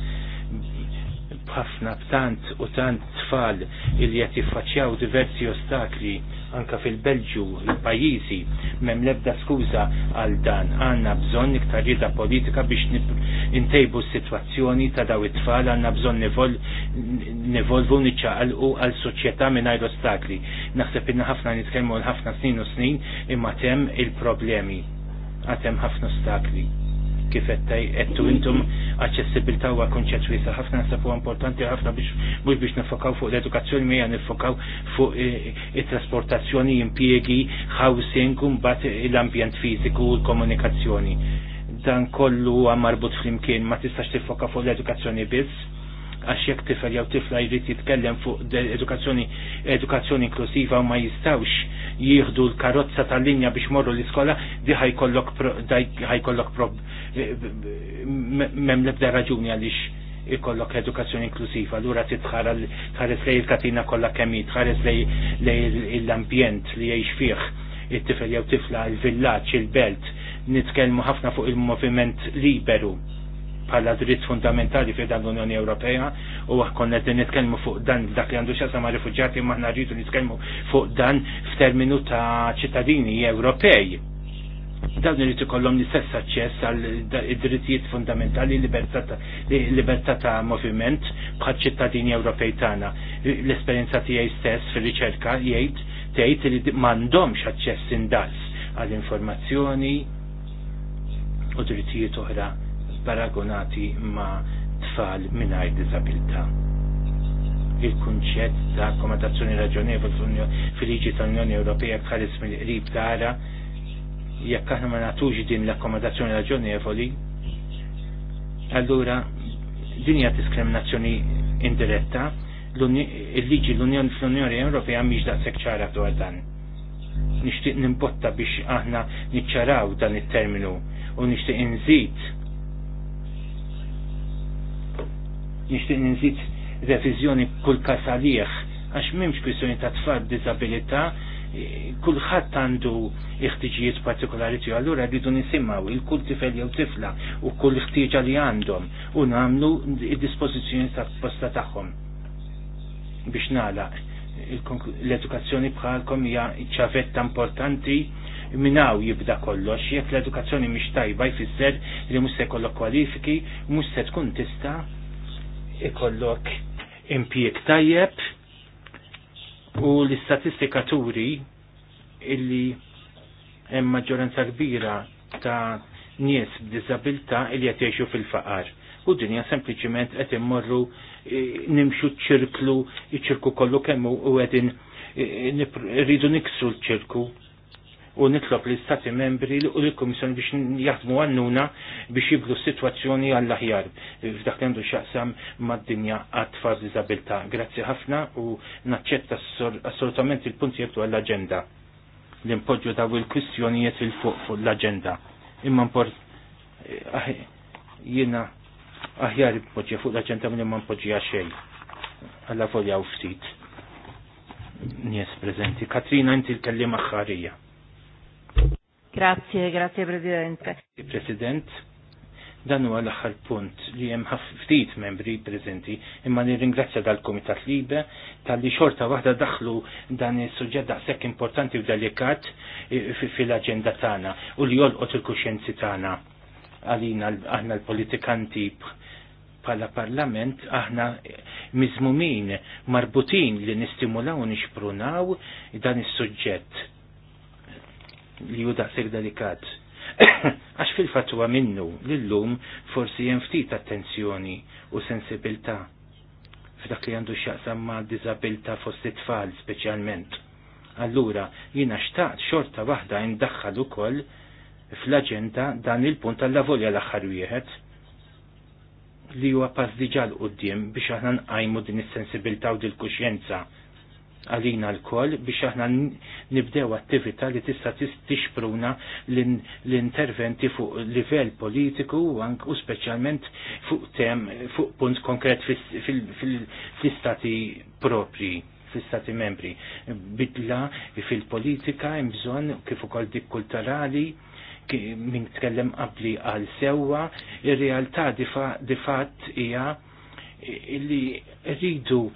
bħafna b'tant u tant tfal il qed jiffaċċjaw diversi ostakli anka fil-Belġu, il-pajjiżi, m'hemm l-ebda skuża għal dan. Għandna bżonn iktar rieda politika biex intejbu s-sitwazzjoni ta' daw it-tfal, għandna bżonn nivolvu niċċaqalqu għal soċjetà mingħajr ostakli. Naħseb inna ħafna nitkellmu għal ħafna snin u snin imma tem il-problemi. Għatem ħafna ostakli kif qed intom aċċessibilità huwa kunċett wiesa' ħafna nasab huwa importanti ħafna biex mhux biex nifokaw fuq l-edukazzjoni mija nifokaw fuq it-trasportazzjoni, impjiegi, housing, u mbagħad l-ambjent fiżiku u l-komunikazzjoni. Dan kollu huwa marbut flimkien ma tistax tifokaw fuq l-edukazzjoni biss għax jekk tifel jew tifla jrid jitkellem fuq edukazzjoni edukazzjoni inklusiva u ma jistawx jieħdu l-karozza tal-linja biex morru l-iskola di ħajkollok prob memlek da raġuni għaliex ikollok edukazzjoni inklusiva, l-ura titħara tħares lej il-katina kollha kemm tħares lej l-ambjent li jgħix fih it-tifel jew tifla il-villaġġ, il-belt, nitkellmu ħafna fuq il-moviment liberu bħala dritt fundamentali fi dan l-Unjoni Ewropea u konna qed nitkellmu fuq dan dak li għandu xa ma' rifugġati ma rridu nitkellmu fuq dan f'terminu ta' ċittadini Ewropej. Dan irid ikollhom l-istess aċċess għal id-drittijiet fundamentali libertà ta' moviment bħal ċittadini Ewropej tagħna. L-esperjenza tiegħi stess fir-riċerka jgħid tgħid li m'għandhomx aċċess indaqs għall informazzjoni u drittijiet oħra paragonati ma' tfal mingħajr disabilità. Il-kunċett ta' akkomodazzjoni raġonevoli fil-liġi tal-Unjoni Ewropea bħalis mill-qrib tara jekk aħna ma nagħtux din l-akkomodazzjoni raġonevoli, allura din hija diskriminazzjoni indiretta il-liġi l-Unjoni fl-Unjoni Ewropea mhix daqshekk ċara dwar dan. Nixtieq nimbotta biex aħna niċċaraw dan it-terminu u nixtieq inżid nixtieq ninżid reviżjoni kull kas għalih għax m'hemmx kwistjoni ta' tfal b'diżabilità e, kulħadd għandu iħtiġijiet partikolari tiegħu allura rridu nisimgħu il kull tifel jew tifla u kull ħtieġa li għandhom u nagħmlu id-dispożizzjoni ta' posta tagħhom biex nagħlaq l-edukazzjoni bħalkom hija ċavetta importanti minnaw jibda kollox, jekk l-edukazzjoni mhix tajba jfisser li mhux se jkollok kwalifiki, mhux se tkun tista' ikollok impjieg tajjeb u l-istatistika turi illi hemm maġġoranza kbira ta' nies b'diżabilità illi qed jgħixu fil-faqar. U dinja sempliċiment qed immorru e, nimxu ċ-ċirklu, iċ-ċirku kollu kemm u qegħdin e, e, rridu niksru l-ċirku u nitlob li stati membri u l-Komissjoni biex jaħdmu għannuna biex jiblu situazzjoni għall-aħjar f'dak li għandu xaqsam mad-dinja għat-tfal disabilta. Grazzi ħafna u naċċetta assolutament il-punti jibtu għall-agenda li npoġġu daw il-kwistjonijiet il-fuq fuq l-agenda. Imma mport eh, jiena aħjar impoġġi fuq l-agenda minn imma impoġġi xejn għalla folja u ftit nies prezenti. Katrina inti l-kellim aħħarija. Grazie, grazie Presidente. President, dan huwa l-aħħar punt li hemm ftit membri preżenti, imma nirringrazzja dal-Kumitat Libe tal-li xorta waħda daħlu dan is-suġġett daqshekk importanti u delikat eh, fil-aġenda tagħna u li jolqot il-kuxjenzi tagħna għalina aħna l-politikanti bħala parlament aħna mizmumin marbutin li nistimulaw u nixprunaw dan is-suġġett li ju daqseg delikat. Għax fil-fatt huwa minnu lillum forsi hemm ftit attenzjoni u sensibilità f'dak li għandu x'jaqsam ma' diżabilità fost it-tfal speċjalment. Allura jiena xtaqt xorta waħda ndaħħal ukoll fl-aġenda dan il-punt tal-lavolja l-aħħar wieħed li huwa pass diġà l qudiem biex aħna nqajmu din is-sensibilità u din il-kuxjenza għalina l-koll biex aħna nibdew attività li tista' tixpruna l-interventi fuq livell politiku u speċjalment fuq tem fuq punt konkret fl-istati propri fl-istati membri. Bidla fil-politika hemm kif ukoll dik kulturali min tkellem qabli għal sewwa, ir-realtà di fatt hija illi rridu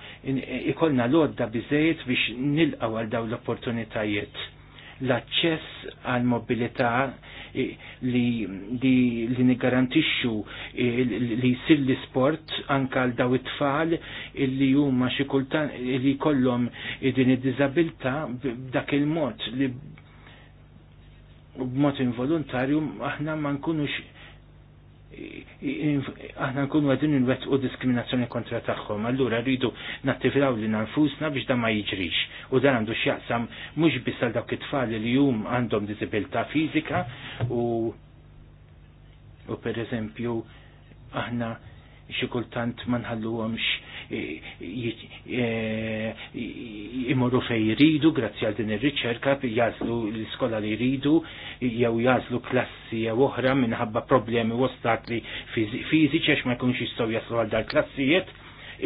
ikolna lodda biżejjed biex nilqaw għal daw l-opportunitajiet. L-aċċess għal mobilità li, li, li nigarantixxu li jsir l-isport anke għal daw it-tfal illi huma xi kultant li jkollhom din id-diżabilità b'dak il-mod li b'mod involontarju aħna ma nkunux aħna nkunu għadin n-wet u diskriminazzjoni kontra tagħhom. Allura rridu nattivraw li nanfusna biex da ma jiġrix. U dan għandu x'jaqsam mhux biss għal dawk it-tfal li jum għandhom diżabilità fizika u u per eżempju aħna xi kultant ma nħalluhomx E, imorru fej jridu grazzi għal din ir-riċerka jazlu l-iskola li jridu jew jazlu klassi jew oħra minħabba problemi ostakli fiżiċi għax ma jkunx jistgħu jaslu għal dar klassijiet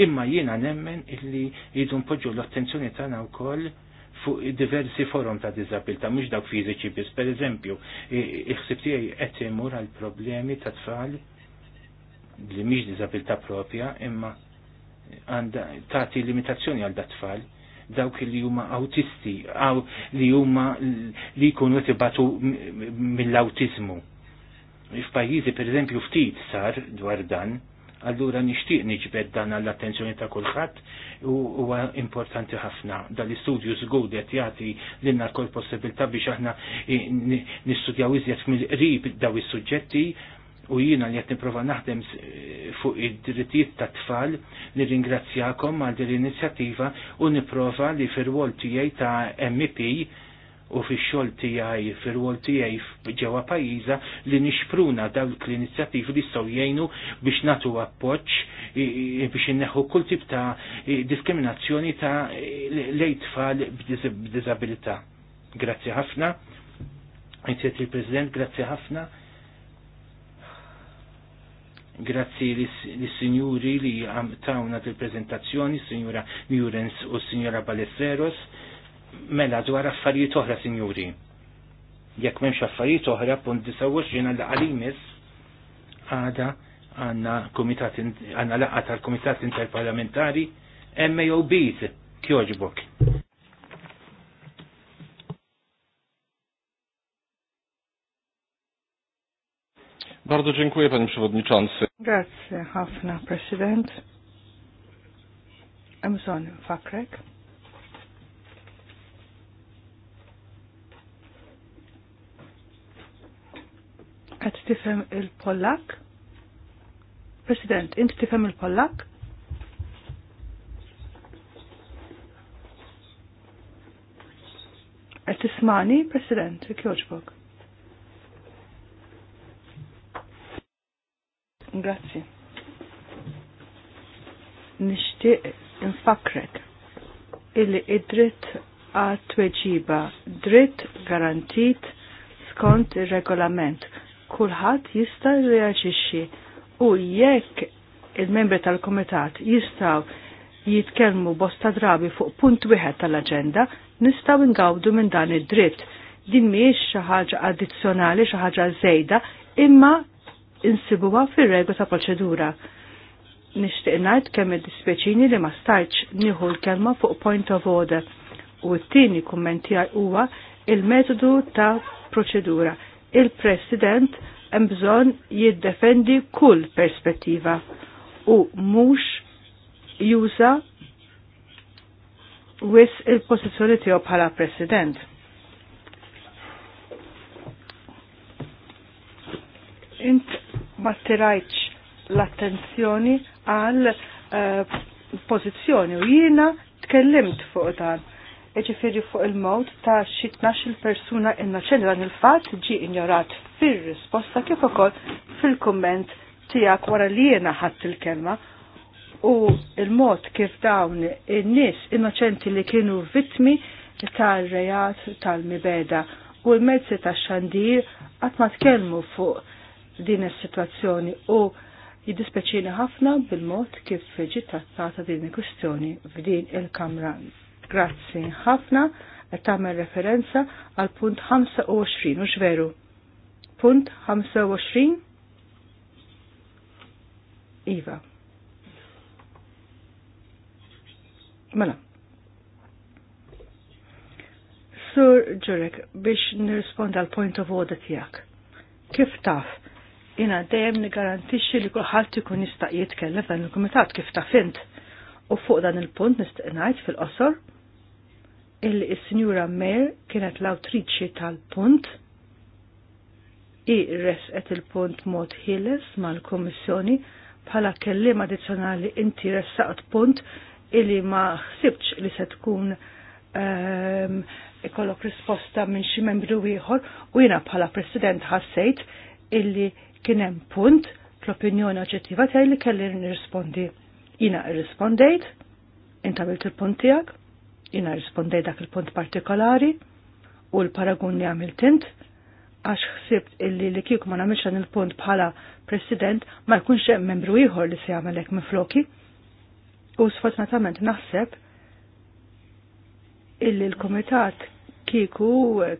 imma jiena nemmen illi jridu npoġġu l-attenzjoni tagħna wkoll fuq diversi forum ta' disabilta, mux dawk fiziċi bis, per eżempju, iħsib tiegħi qed imur għal problemi ta' tfal li mhix diżabilità propja, imma tagħti limitazzjoni għal dat-tfal dawk li huma autisti aw li huma li jkunu tibatu mill-autizmu. F'pajjiżi pereżempju ftit sar dwar dan, allura nixtieq niġbed dan għall attenzjoni ta' kulħadd u huwa importanti ħafna. Dal-istudju żgur qed jagħti lilna l-kol possibilità biex aħna nistudjaw iżjed mill-qrib daw is-suġġetti u jina li qed nipprova naħdem fuq id-drittijiet ta' tfal li ringrazzjakom għal din l-inizjattiva u nipprova li fir-wol tijaj ta' MEP u fi xol tijaj, fil-wol tijaj ġewa pajiza li nixpruna dawk l inizjattiva li staw jgħinu biex natu appoċ, biex inneħu kull tip ta' diskriminazzjoni ta' lej tfal b'dizabilita. Grazzi ħafna, jtiet il-President, grazzi ħafna Grazzi li sinjuri li għamtawna til-prezentazzjoni, signora Murens u signora Balesteros. Mela, dwar affarijiet oħra, Sinjuri. Jekk memx affarijiet oħra, punt ġena l għalimis għada għanna komitat għanna laqqa tal-komitat interparlamentari MAOB kjoġbok. Bardzo dziękuję panie przewodniczący. Grazie hafna, prezydent. Emson Fakrek. Et tifhem il-Pollak? Prezydent, inti tifhem il-Pollak? Et tismani, President, kjoġbok. Grazzi. Nishtiq infakrek illi id-dritt għat tweġiba dritt garantit skont il-regolament. Kulħadd jista' reaġixxi u jekk il-membri tal-komitat jistaw jitkellmu bosta drabi fuq punt wieħed tal-aġenda, nistaw ingawdu minn dan id-dritt. Din mhijiex xi ħaġa addizzjonali, xi ħaġa żejda, imma insibuwa fil-regu ta' proċedura. Nishtiq najt kemm il dispeċini li ma stajċ nieħu l-kelma fuq point of order u t-tieni kummenti huwa il-metodu ta' proċedura. Il-President hemm bżonn jiddefendi kull perspettiva u mhux juża wis il-pożizzjoni tiegħu bħala President. Int ma tirajċ l-attenzjoni għal eh, pozizjoni u jiena tkellimt fuq dan. Eġifiri fuq il-mod ta' xitnax il persuna innoċenti dan il-fatt ġi ignorat fir-risposta kif ukoll fil-kumment tiegħek wara li jiena ħadd il-kelma u il-mod kif dawn in-nies innoċenti li kienu vittmi tal-rejat tal-mibeda u l-mezzi tax xandir qatt ma tkellmu fuq din is-sitwazzjoni u jiddispjaċini ħafna bil-mod kif ġiet trattata din il-kwistjoni f'din il-Kamra. Grazzi ħafna qed tagħmel referenza għal punt 25 u xveru. Punt 25 Iva. Mela. Sur Ġurek, biex nirrisponda għal point of order tiegħek, Kif taf jina dejjem nigarantixxi li kulħadd ikun jista' jitkellem f'dan il-kumitat kif ta' fint. U fuq dan il-punt nistaq ngħid fil-qosor illi s-Sinjura Mer kienet l-awtriċi tal-punt i resqet il-punt mod ħieles mal-Kummissjoni bħala kelliem addizzjonali inti ressaqt punt illi ma ħsibx li se tkun ehm, ikollok risposta minn xi membru ieħor u jiena bħala President ħassejt illi kien hemm punt fl-opinjoni oġġettiva tiegħi li kelli nirrispondi. Jina irrispondejt, intabilt il-punt tiegħek, jina irrispondejt dak il-punt partikolari u l-paragun li għamilt int għax ħsibt illi li kieku ma nagħmilx dan il-punt bħala president ma jkunx hemm membru ieħor li se jagħmel hekk mifloki. U sfortunatament naħseb illi l-komitat kieku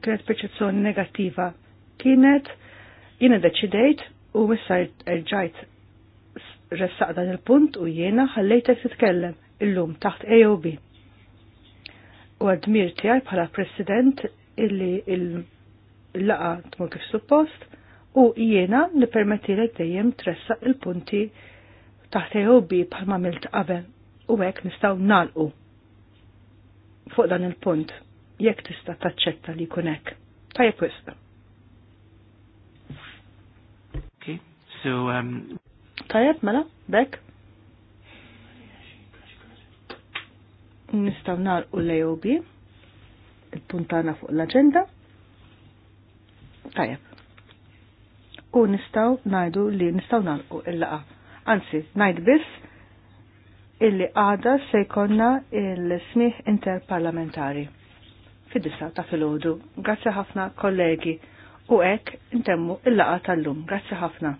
kienet perċezzjoni negattiva kienet Jiena deċidejt u issa rġajt ressaq dan il-punt u jiena ħallejtek titkellem illum taħt AOB. U għadmir tijaj bħala president illi il-laqa tmur kif suppost u jiena nipermettilek dejjem tressaq il-punti taħt AOB bħalma milt qabel u hekk nistgħu nalqu fuq dan il-punt jekk tista' taċċetta li jkun hekk. Tajjeb wisq. to... Um... Tayeb mela, Beck. Nistaw nar u l-AOB, il-puntana fuq l-agenda. Tajab. U nistaw najdu li nistaw nar u il-laqa. Anzi, najd biss illi għada se il-smiħ interparlamentari. fid ta' fil-ħodu. Grazie ħafna kollegi. U ek intemmu il-laqa tal-lum. Grazie ħafna.